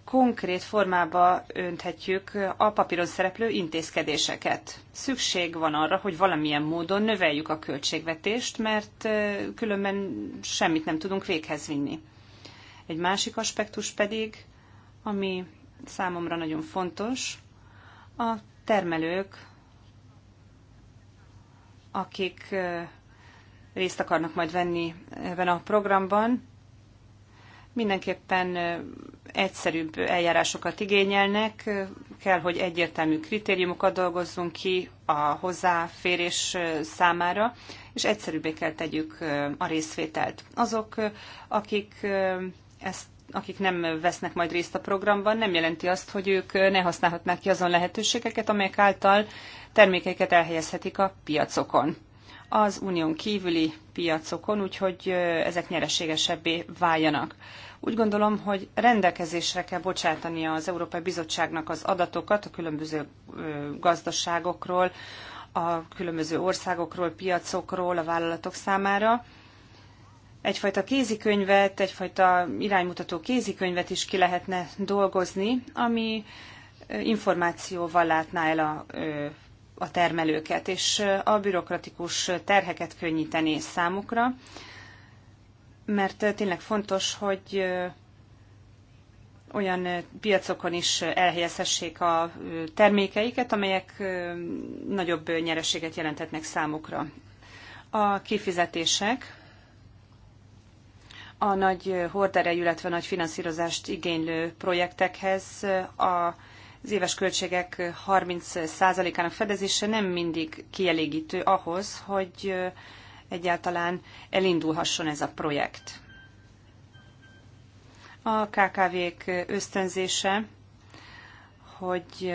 konkrét formába önthetjük a papíron szereplő intézkedéseket. Szükség van arra, hogy valamilyen módon növeljük a költségvetést, mert különben semmit nem tudunk véghez vinni. Egy másik aspektus pedig, ami számomra nagyon fontos, a termelők akik részt akarnak majd venni ebben a programban, mindenképpen egyszerűbb eljárásokat igényelnek, kell, hogy egyértelmű kritériumokat dolgozzunk ki a hozzáférés számára, és egyszerűbbé kell tegyük a részvételt. Azok, akik ezt akik nem vesznek majd részt a programban, nem jelenti azt, hogy ők ne használhatnák ki azon lehetőségeket, amelyek által termékeiket elhelyezhetik a piacokon az unión kívüli piacokon, úgyhogy ezek nyereségesebbé váljanak. Úgy gondolom, hogy rendelkezésre kell bocsátani az Európai Bizottságnak az adatokat a különböző gazdaságokról, a különböző országokról, piacokról a vállalatok számára. Egyfajta kézikönyvet, egyfajta iránymutató kézikönyvet is ki lehetne dolgozni, ami információval látná el a a termelőket, és a bürokratikus terheket könnyíteni számukra, mert tényleg fontos, hogy olyan piacokon is elhelyezhessék a termékeiket, amelyek nagyobb nyereséget jelentetnek számukra. A kifizetések a nagy horderejű, illetve nagy finanszírozást igénylő projektekhez a az éves költségek 30%-ának fedezése nem mindig kielégítő ahhoz, hogy egyáltalán elindulhasson ez a projekt. A KKV-k ösztönzése, hogy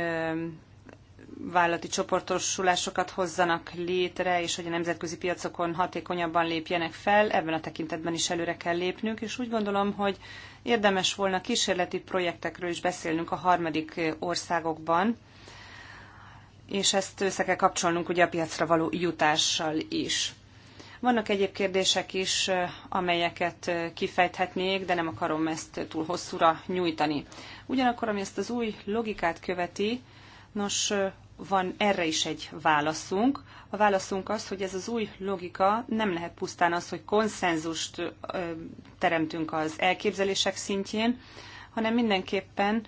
vállalati csoportosulásokat hozzanak létre, és hogy a nemzetközi piacokon hatékonyabban lépjenek fel, ebben a tekintetben is előre kell lépnünk, és úgy gondolom, hogy érdemes volna kísérleti projektekről is beszélnünk a harmadik országokban, és ezt össze kell kapcsolnunk ugye a piacra való jutással is. Vannak egyéb kérdések is, amelyeket kifejthetnék, de nem akarom ezt túl hosszúra nyújtani. Ugyanakkor, ami ezt az új logikát követi, nos, van erre is egy válaszunk. A válaszunk az, hogy ez az új logika nem lehet pusztán az, hogy konszenzust teremtünk az elképzelések szintjén, hanem mindenképpen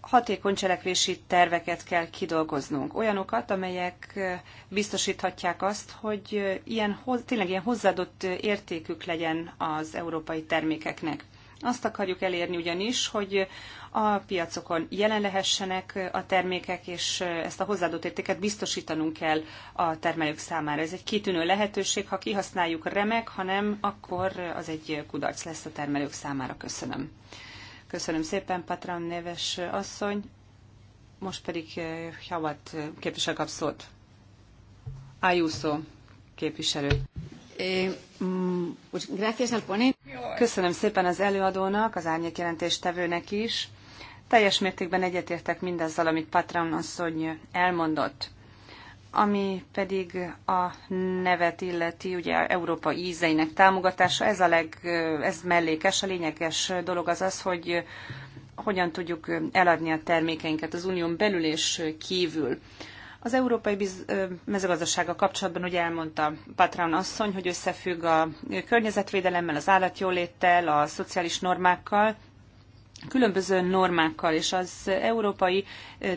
hatékony cselekvési terveket kell kidolgoznunk. Olyanokat, amelyek biztosíthatják azt, hogy ilyen, tényleg ilyen hozzáadott értékük legyen az európai termékeknek. Azt akarjuk elérni ugyanis, hogy a piacokon jelen lehessenek a termékek, és ezt a hozzáadott értéket biztosítanunk kell a termelők számára. Ez egy kitűnő lehetőség, ha kihasználjuk remek, ha nem, akkor az egy kudarc lesz a termelők számára. Köszönöm. Köszönöm szépen, Patron Neves asszony. Most pedig Javat eh, képviselő kap szót. Ayuso képviselő. Eh, mm, Köszönöm szépen az előadónak, az jelentéstevőnek is. Teljes mértékben egyetértek mindazzal, amit Patron asszony elmondott. Ami pedig a nevet illeti, ugye Európa ízeinek támogatása, ez a leg, ez mellékes, a lényeges dolog az az, hogy hogyan tudjuk eladni a termékeinket az unión belül és kívül. Az Európai Biz- Mezőgazdasága kapcsolatban ugye elmondta Patron asszony, hogy összefügg a környezetvédelemmel, az állatjóléttel, a szociális normákkal, különböző normákkal, és az európai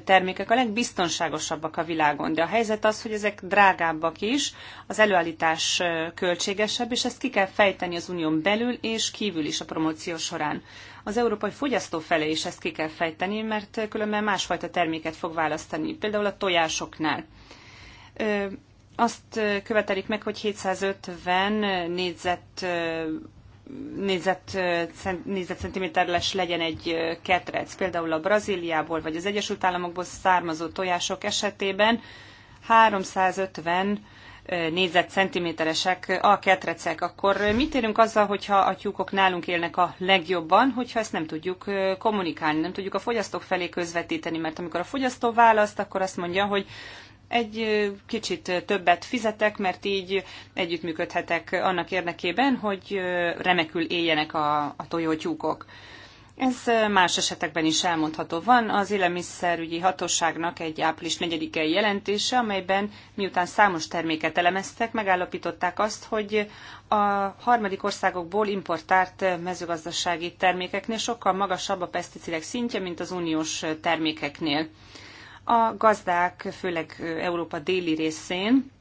termékek a legbiztonságosabbak a világon. De a helyzet az, hogy ezek drágábbak is, az előállítás költségesebb, és ezt ki kell fejteni az unión belül és kívül is a promóció során. Az európai fogyasztó felé is ezt ki kell fejteni, mert különben másfajta terméket fog választani, például a tojásoknál azt követelik meg, hogy 750 négyzet négyzet, négyzetcentiméteres legyen egy ketrec, például a Brazíliából vagy az Egyesült Államokból származó tojások esetében 350 négyzetcentiméteresek a ketrecek, akkor mit érünk azzal, hogyha a tyúkok nálunk élnek a legjobban, hogyha ezt nem tudjuk kommunikálni, nem tudjuk a fogyasztók felé közvetíteni, mert amikor a fogyasztó választ, akkor azt mondja, hogy egy kicsit többet fizetek, mert így együttműködhetek annak érdekében, hogy remekül éljenek a, a tojótyúkok. Ez más esetekben is elmondható. Van az élelmiszerügyi hatóságnak egy április 4 jelentése, amelyben miután számos terméket elemeztek, megállapították azt, hogy a harmadik országokból importált mezőgazdasági termékeknél sokkal magasabb a peszticidek szintje, mint az uniós termékeknél. A gazdák, főleg Európa déli részén,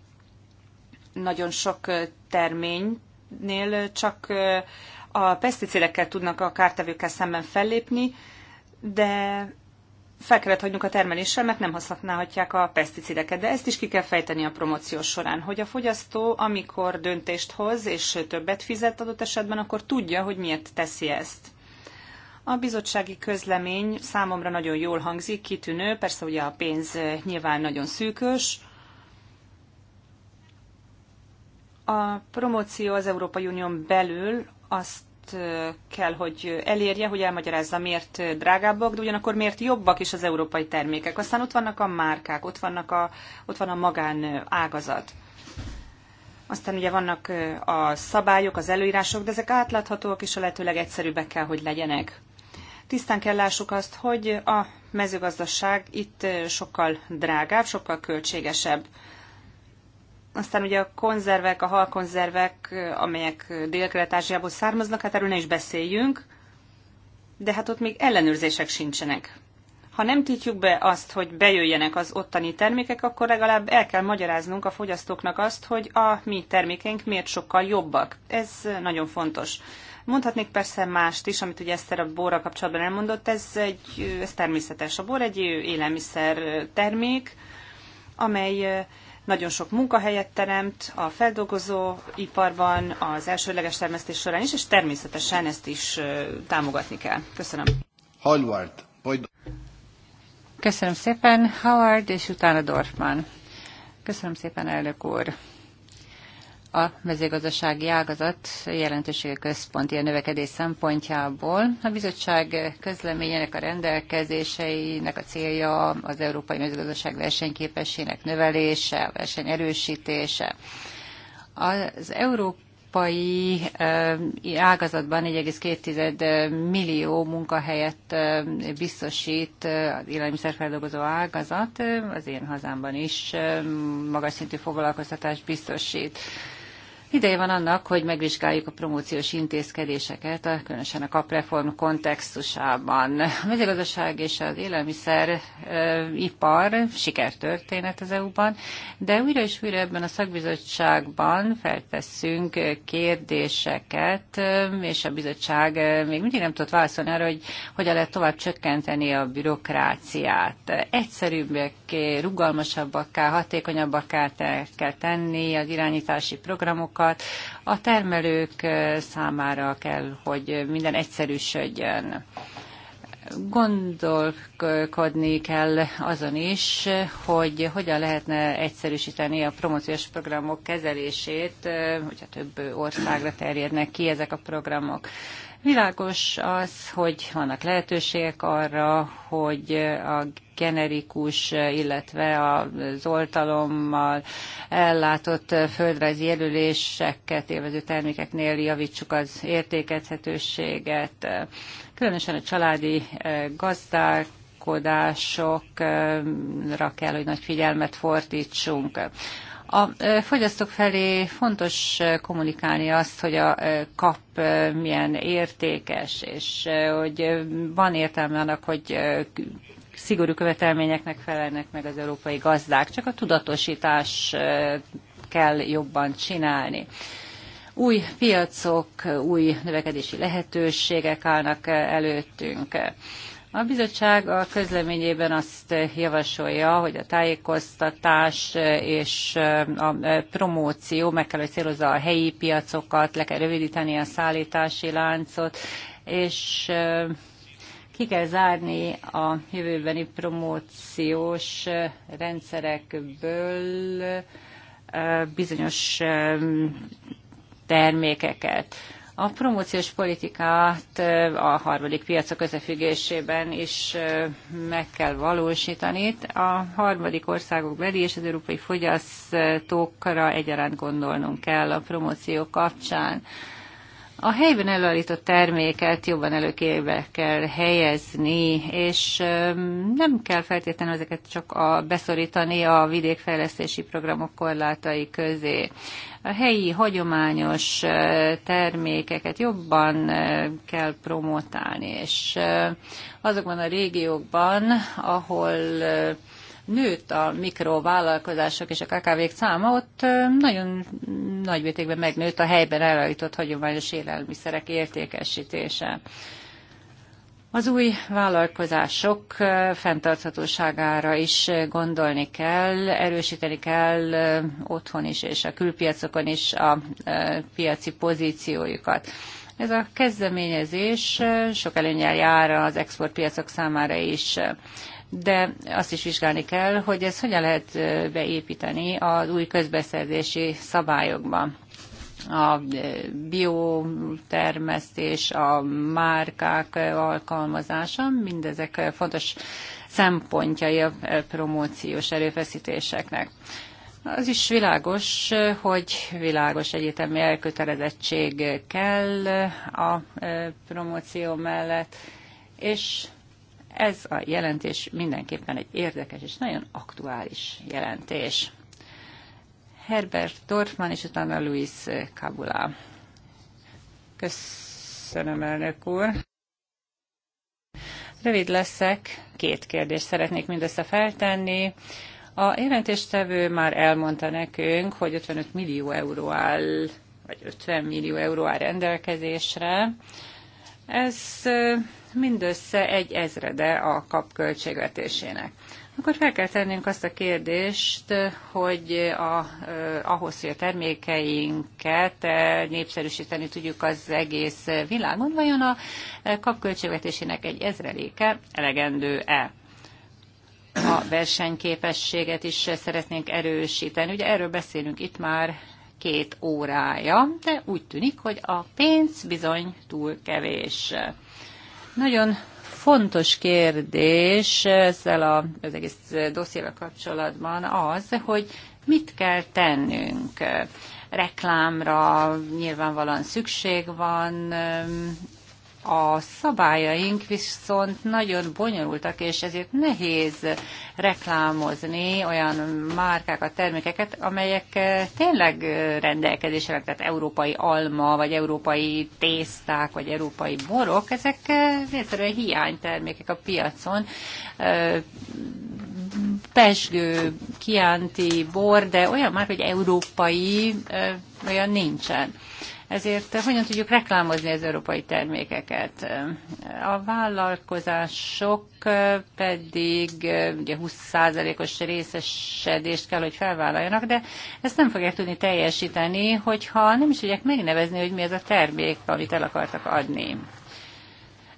nagyon sok terménynél csak a peszticidekkel tudnak a kártevőkkel szemben fellépni, de fel kellett hagynunk a termeléssel, mert nem használhatják a peszticideket, de ezt is ki kell fejteni a promóció során, hogy a fogyasztó, amikor döntést hoz és többet fizet adott esetben, akkor tudja, hogy miért teszi ezt. A bizottsági közlemény számomra nagyon jól hangzik, kitűnő, persze ugye a pénz eh, nyilván nagyon szűkös. A promóció az Európai Unión belül azt eh, kell, hogy elérje, hogy elmagyarázza, miért eh, drágábbak, de ugyanakkor miért jobbak is az európai termékek. Aztán ott vannak a márkák, ott, vannak a, ott van a magán ágazat. Aztán ugye vannak a szabályok, az előírások, de ezek átláthatóak és a lehetőleg egyszerűbbek kell, hogy legyenek. Tisztán kell lássuk azt, hogy a mezőgazdaság itt sokkal drágább, sokkal költségesebb. Aztán ugye a konzervek, a halkonzervek, amelyek dél kelet származnak, hát erről ne is beszéljünk, de hát ott még ellenőrzések sincsenek. Ha nem tiltjuk be azt, hogy bejöjjenek az ottani termékek, akkor legalább el kell magyaráznunk a fogyasztóknak azt, hogy a mi termékeink miért sokkal jobbak. Ez nagyon fontos. Mondhatnék persze mást is, amit ugye Eszter a borra kapcsolatban elmondott, ez, egy, ez természetes. A bor egy élelmiszer termék, amely nagyon sok munkahelyet teremt a feldolgozó iparban, az elsőleges termesztés során is, és természetesen ezt is támogatni kell. Köszönöm. Hallward. Köszönöm szépen, Howard, és utána Dorfman. Köszönöm szépen, elnök úr a mezőgazdasági ágazat jelentősége központi a növekedés szempontjából. A bizottság közleményének a rendelkezéseinek a célja az európai mezőgazdaság versenyképessének növelése, verseny erősítése. Az Európa európai ágazatban 1,2 millió munkahelyet biztosít az élelmiszerfeldolgozó ágazat, az én hazámban is magas szintű foglalkoztatást biztosít. Ideje van annak, hogy megvizsgáljuk a promóciós intézkedéseket, a, különösen a kapreform kontextusában. A mezőgazdaság és az élelmiszer e, ipar sikertörténet az EU-ban, de újra és újra ebben a szakbizottságban feltesszünk kérdéseket, és a bizottság még mindig nem tudott válaszolni arra, hogy hogyan lehet tovább csökkenteni a bürokráciát. Egyszerűbbek, rugalmasabbakká, hatékonyabbakká kell tenni az irányítási programokat, szabályokat. A termelők számára kell, hogy minden egyszerűsödjön gondolkodni kell azon is, hogy hogyan lehetne egyszerűsíteni a promóciós programok kezelését, hogyha több országra terjednek ki ezek a programok. Világos az, hogy vannak lehetőségek arra, hogy a generikus, illetve az oltalommal ellátott földrajzi jelöléseket élvező termékeknél javítsuk az értékezhetőséget. Különösen a családi eh, gazdák, kodásokra kell, hogy nagy figyelmet fordítsunk. A fogyasztók felé fontos kommunikálni azt, hogy a kap milyen értékes, és hogy van értelme annak, hogy szigorú követelményeknek felelnek meg az európai gazdák, csak a tudatosítás kell jobban csinálni. Új piacok, új növekedési lehetőségek állnak előttünk. A bizottság a közleményében azt javasolja, hogy a tájékoztatás és a promóció meg kell, hogy célozza a helyi piacokat, le kell rövidíteni a szállítási láncot, és ki kell zárni a jövőbeni promóciós rendszerekből bizonyos termékeket. A promóciós politikát a harmadik piacok összefüggésében is meg kell valósítani. A harmadik országok beli és az európai fogyasztókra egyaránt gondolnunk kell a promóció kapcsán. A helyben előállított terméket jobban előkébe kell helyezni, és nem kell feltétlenül ezeket csak a, beszorítani a vidékfejlesztési programok korlátai közé. A helyi hagyományos termékeket jobban kell promotálni, és azokban a régiókban, ahol nőtt a mikrovállalkozások és a KKV-k száma, ott nagyon nagy mértékben megnőtt a helyben elállított hagyományos élelmiszerek értékesítése. Az új vállalkozások fenntarthatóságára is gondolni kell, erősíteni kell otthon is és a külpiacokon is a piaci pozíciójukat. Ez a kezdeményezés sok előnyel jár az exportpiacok számára is de azt is vizsgálni kell, hogy ez hogyan lehet beépíteni az új közbeszerzési szabályokba. A biotermesztés, a márkák alkalmazása, mindezek fontos szempontjai a promóciós erőfeszítéseknek. Az is világos, hogy világos egyetemi elkötelezettség kell a promóció mellett, és ez a jelentés mindenképpen egy érdekes és nagyon aktuális jelentés. Herbert Dorfman és utána Luis Kabula. Köszönöm, elnök úr. Rövid leszek, két kérdést szeretnék mindössze feltenni. A jelentéstevő már elmondta nekünk, hogy 55 millió euró áll, vagy 50 millió euró áll rendelkezésre. Ez mindössze egy ezrede a kap költségvetésének. Akkor fel kell tennünk azt a kérdést, hogy a, ahhoz, hogy a termékeinket népszerűsíteni tudjuk az egész világon, vajon a kapköltségvetésének egy ezreléke elegendő-e? A versenyképességet is szeretnénk erősíteni. Ugye erről beszélünk itt már két órája, de úgy tűnik, hogy a pénz bizony túl kevés. Nagyon fontos kérdés ezzel a, az egész dossziével kapcsolatban az, hogy mit kell tennünk. Reklámra nyilvánvalóan szükség van, a szabályaink viszont nagyon bonyolultak, és ezért nehéz reklámozni olyan márkákat, termékeket, amelyek eh, tényleg eh, rendelkezésre, tehát európai alma, vagy európai tészták, vagy európai borok, ezek eh, egyszerűen hiánytermékek a piacon. Pesgő, Kianti, bor, de olyan már, hogy európai olyan nincsen. Ezért eh, hogyan tudjuk reklámozni az európai termékeket? Eh, a vállalkozások eh, pedig ugye 20%-os részesedést kell, hogy felvállaljanak, de ezt nem fogják tudni teljesíteni, hogyha nem is tudják megnevezni, hogy mi ez a termék, amit el akartak adni.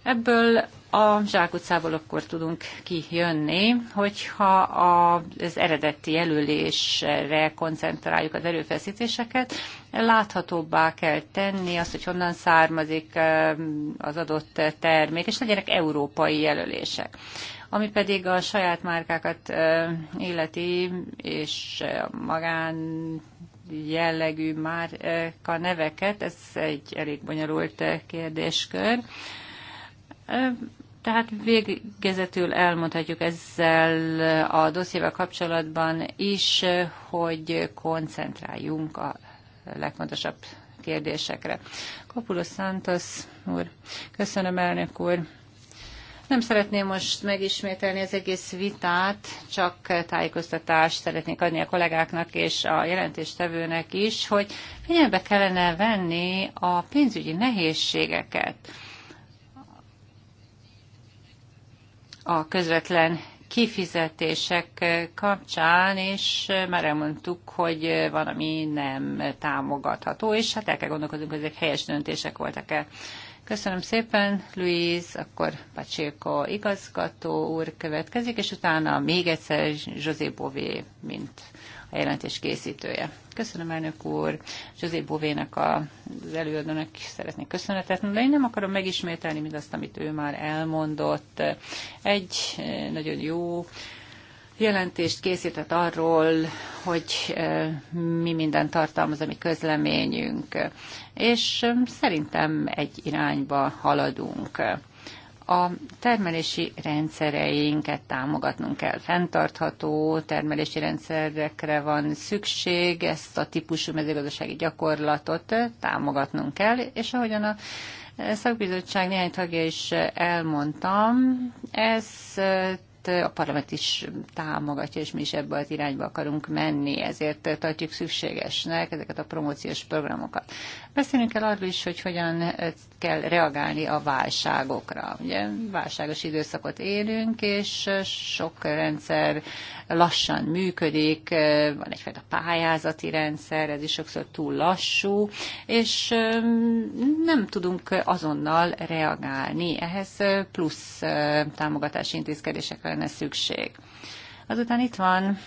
Ebből a zsákutcából akkor tudunk kijönni, hogyha az eredeti jelölésre koncentráljuk az erőfeszítéseket, láthatóbbá kell tenni azt, hogy honnan származik az adott termék, és legyenek európai jelölések. Ami pedig a saját márkákat életi és magán jellegű márka neveket, ez egy elég bonyolult kérdéskör. Tehát végezetül elmondhatjuk ezzel a dossziével kapcsolatban is, hogy koncentráljunk a legfontosabb kérdésekre. Kopulos Santos úr, köszönöm elnök úr. Nem szeretném most megismételni az egész vitát, csak tájékoztatást szeretnék adni a kollégáknak és a jelentéstevőnek is, hogy figyelembe kellene venni a pénzügyi nehézségeket a közvetlen kifizetések kapcsán, és már elmondtuk, hogy van, ami nem támogatható, és hát el kell gondolkodnunk, hogy ezek helyes döntések voltak-e. Köszönöm szépen, Luis, akkor Pacséko igazgató úr következik, és utána még egyszer José Bové, mint a jelentés készítője. Köszönöm, elnök úr. José Bovénak az előadónak is szeretnék köszönetet mondani. Én nem akarom megismételni mindazt, amit ő már elmondott. Egy eh, nagyon jó jelentést készített arról, hogy eh, mi minden tartalmaz a mi közleményünk, és eh, szerintem egy irányba haladunk. A termelési rendszereinket támogatnunk kell. Fenntartható termelési rendszerekre van szükség, ezt a típusú mezőgazdasági gyakorlatot támogatnunk kell, és ahogyan a szakbizottság néhány tagja is elmondtam, ez Hát, a parlament is támogatja, és mi is ebbe az irányba akarunk menni, ezért tartjuk szükségesnek ezeket a promóciós programokat. Beszélünk kell arról is, hogy hogyan kell reagálni a válságokra. Ugye válságos időszakot élünk, és sok rendszer lassan működik, van egyfajta pályázati rendszer, ez is sokszor túl lassú, és nem tudunk azonnal reagálni. Ehhez plusz támogatási intézkedésekre lenne szükség. Azután itt van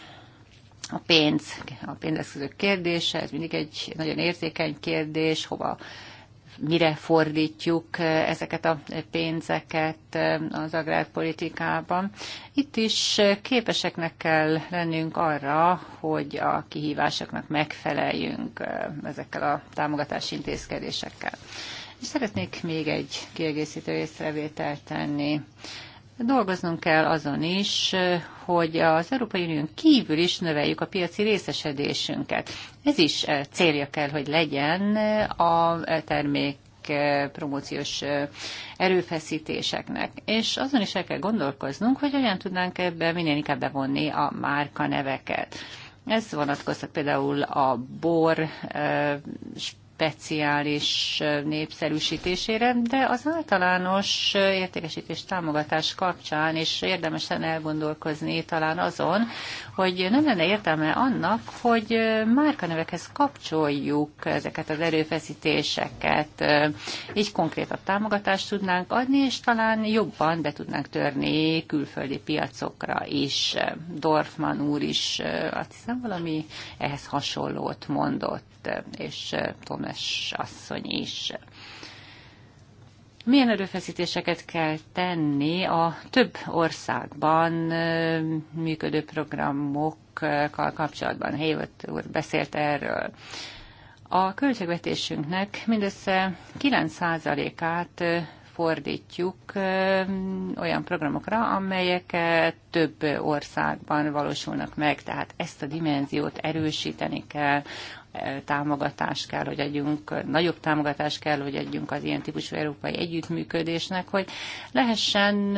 a pénz, a pénzeszközök kérdése, ez mindig egy nagyon érzékeny kérdés, hova mire fordítjuk ezeket a pénzeket az agrárpolitikában. Itt is képeseknek kell lennünk arra, hogy a kihívásoknak megfeleljünk ezekkel a támogatási intézkedésekkel. És szeretnék még egy kiegészítő észrevételt tenni. Dolgoznunk kell azon is, hogy az Európai Unión kívül is növeljük a piaci részesedésünket. Ez is eh, célja kell, hogy legyen eh, a eh, termék promóciós erőfeszítéseknek. És azon is el kell gondolkoznunk, hogy hogyan tudnánk ebbe minél inkább bevonni a márka neveket. Ez vonatkozhat például a bor speciális népszerűsítésére, de az általános értékesítés támogatás kapcsán is érdemesen elgondolkozni talán azon, hogy nem lenne értelme annak, hogy márkanevekhez kapcsoljuk ezeket az erőfeszítéseket. Így konkrétabb támogatást tudnánk adni, és talán jobban be tudnánk törni külföldi piacokra is. Dorfman úr is eh, azt hiszem valami ehhez hasonlót mondott, eh, és Tom Gomes asszony is. Milyen erőfeszítéseket kell tenni a több országban működő programokkal kapcsolatban? Hayward úr beszélt erről. A költségvetésünknek mindössze 9%-át fordítjuk olyan programokra, amelyek több országban valósulnak meg, tehát ezt a dimenziót erősíteni kell Támogatás kell, hogy adjunk, nagyobb támogatás kell, hogy adjunk az ilyen típusú európai együttműködésnek, hogy lehessen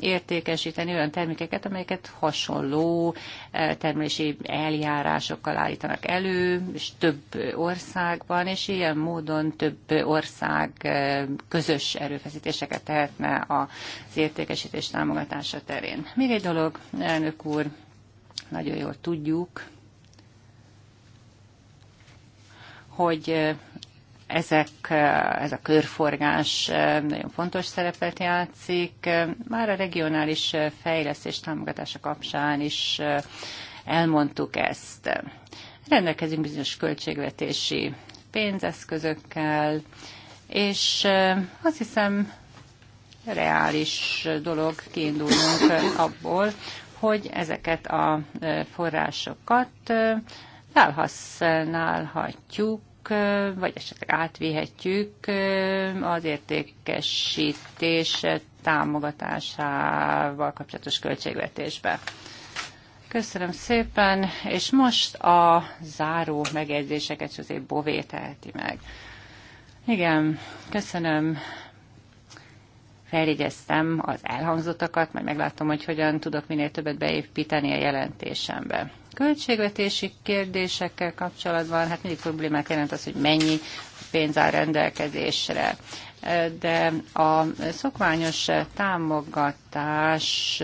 értékesíteni olyan termékeket, amelyeket hasonló termelési eljárásokkal állítanak elő, és több országban, és ilyen módon több ország közös erőfeszítéseket tehetne az értékesítés támogatása terén. Még egy dolog, elnök úr, nagyon jól tudjuk, hogy ezek, ez a körforgás nagyon fontos szerepet játszik. Már a regionális fejlesztés támogatása kapcsán is elmondtuk ezt. Rendelkezünk bizonyos költségvetési pénzeszközökkel, és azt hiszem reális dolog kiindulnunk abból, hogy ezeket a forrásokat felhasználhatjuk vagy esetleg átvihetjük az értékesítés támogatásával kapcsolatos költségvetésbe. Köszönöm szépen, és most a záró megjegyzéseket José Bové teheti meg. Igen, köszönöm. Feljegyeztem az elhangzottakat, majd meglátom, hogy hogyan tudok minél többet beépíteni a jelentésembe. Költségvetési kérdésekkel kapcsolatban hát mindig problémák jelent az, hogy mennyi pénz áll rendelkezésre de a szokványos támogatás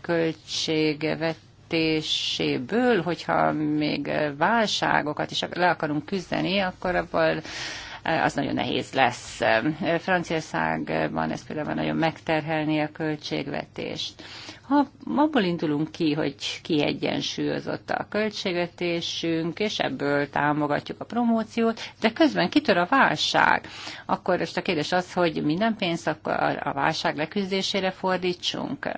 költségvetéséből, hogyha még válságokat is le akarunk küzdeni, akkor abból eh, az nagyon nehéz lesz. Franciaországban ez például nagyon megterhelni a költségvetést. Ha abból indulunk ki, hogy kiegyensúlyozott a költségvetésünk, és ebből támogatjuk a promóciót, de közben kitör a válság, akkor most a kérdés az, hogy minden pénzt a válság leküzdésére fordítsunk.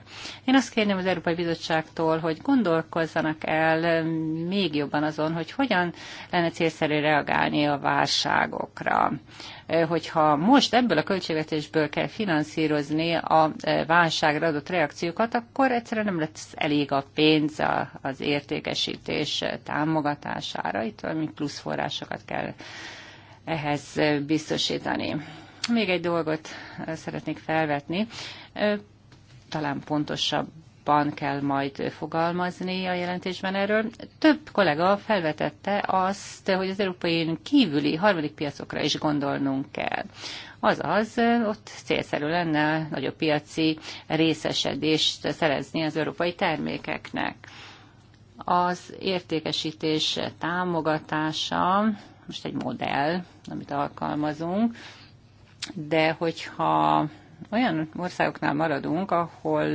Én azt kérném az Európai Bizottságtól, hogy gondolkozzanak el még jobban azon, hogy hogyan lenne célszerű reagálni a válságokra. Eh, hogyha most ebből a költségvetésből kell finanszírozni a eh, válságra adott reakciókat, akkor egyszerűen nem lesz elég a pénz az értékesítés eh, támogatására. Itt valami plusz forrásokat kell ehhez biztosítani. Még egy dolgot szeretnék felvetni, talán pontosabb pontosabban kell majd fogalmazni a jelentésben erről. Több kollega felvetette azt, hogy az európai kívüli harmadik piacokra is gondolnunk kell. Azaz, ott célszerű lenne nagyobb piaci részesedést szerezni az európai termékeknek. Az értékesítés támogatása, most egy modell, amit alkalmazunk, de hogyha olyan országoknál maradunk, ahol,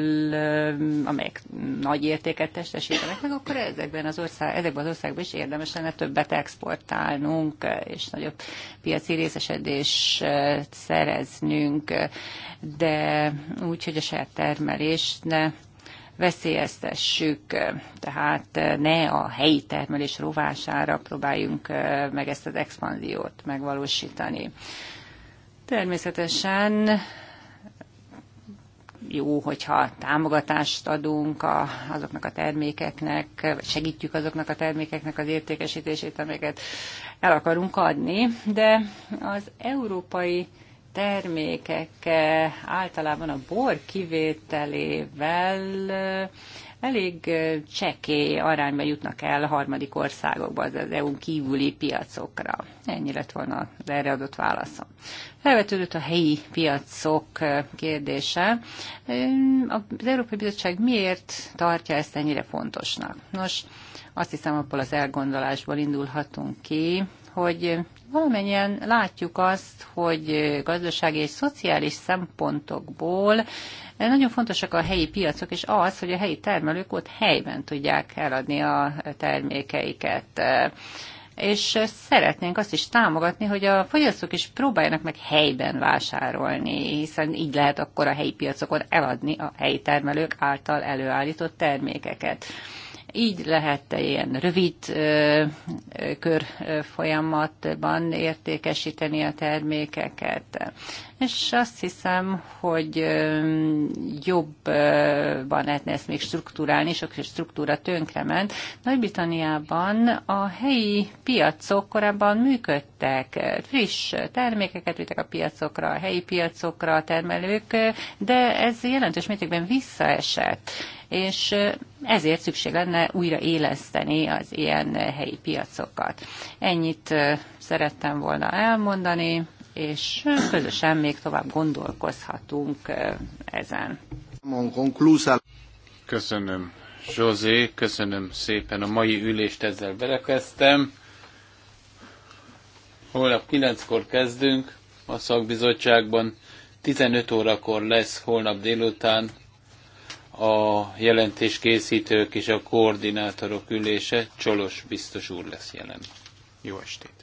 amelyek nagy értéket testesítenek meg, akkor ezekben az, ország, ezekben az országban is érdemes lenne többet exportálnunk, és nagyobb piaci részesedést szereznünk, de úgy, hogy a saját termelést ne veszélyeztessük, tehát ne a helyi termelés rovására próbáljunk meg ezt az expanziót megvalósítani. Természetesen jó, hogyha támogatást adunk a, azoknak a termékeknek, segítjük azoknak a termékeknek az értékesítését, amiket el akarunk adni, de az európai termékek eh, általában a bor kivételével eh, elég csekély arányba jutnak el a harmadik országokba, az EU-n kívüli piacokra. Ennyi lett volna az erre adott válaszom. Felvetődött a helyi piacok kérdése. Az Európai Bizottság miért tartja ezt ennyire fontosnak? Nos, azt hiszem, abból az elgondolásból indulhatunk ki, hogy valamennyien látjuk azt, hogy gazdasági és szociális szempontokból nagyon fontosak a helyi piacok, és az, hogy a helyi termelők ott helyben tudják eladni a termékeiket és szeretnénk azt is támogatni, hogy a fogyasztók is próbáljanak meg helyben vásárolni, hiszen így lehet akkor a helyi piacokon eladni a helyi termelők által előállított termékeket. Így lehet egy ilyen rövid ö, kör folyamatban értékesíteni a termékeket és azt hiszem, hogy jobban lehetne ezt még struktúrálni, sok struktúra tönkrement. Nagy-Britanniában a helyi piacok korábban működtek, friss termékeket vittek a piacokra, a helyi piacokra a termelők, de ez jelentős mértékben visszaesett és ezért szükség lenne újra éleszteni az ilyen helyi piacokat. Ennyit szerettem volna elmondani, és közösen még tovább gondolkozhatunk ezen. Köszönöm, Zsózé, köszönöm szépen. A mai ülést ezzel belekezdtem. Holnap 9-kor kezdünk a szakbizottságban. 15 órakor lesz holnap délután a jelentés készítők és a koordinátorok ülése. Csolos biztos úr lesz jelen. Jó estét!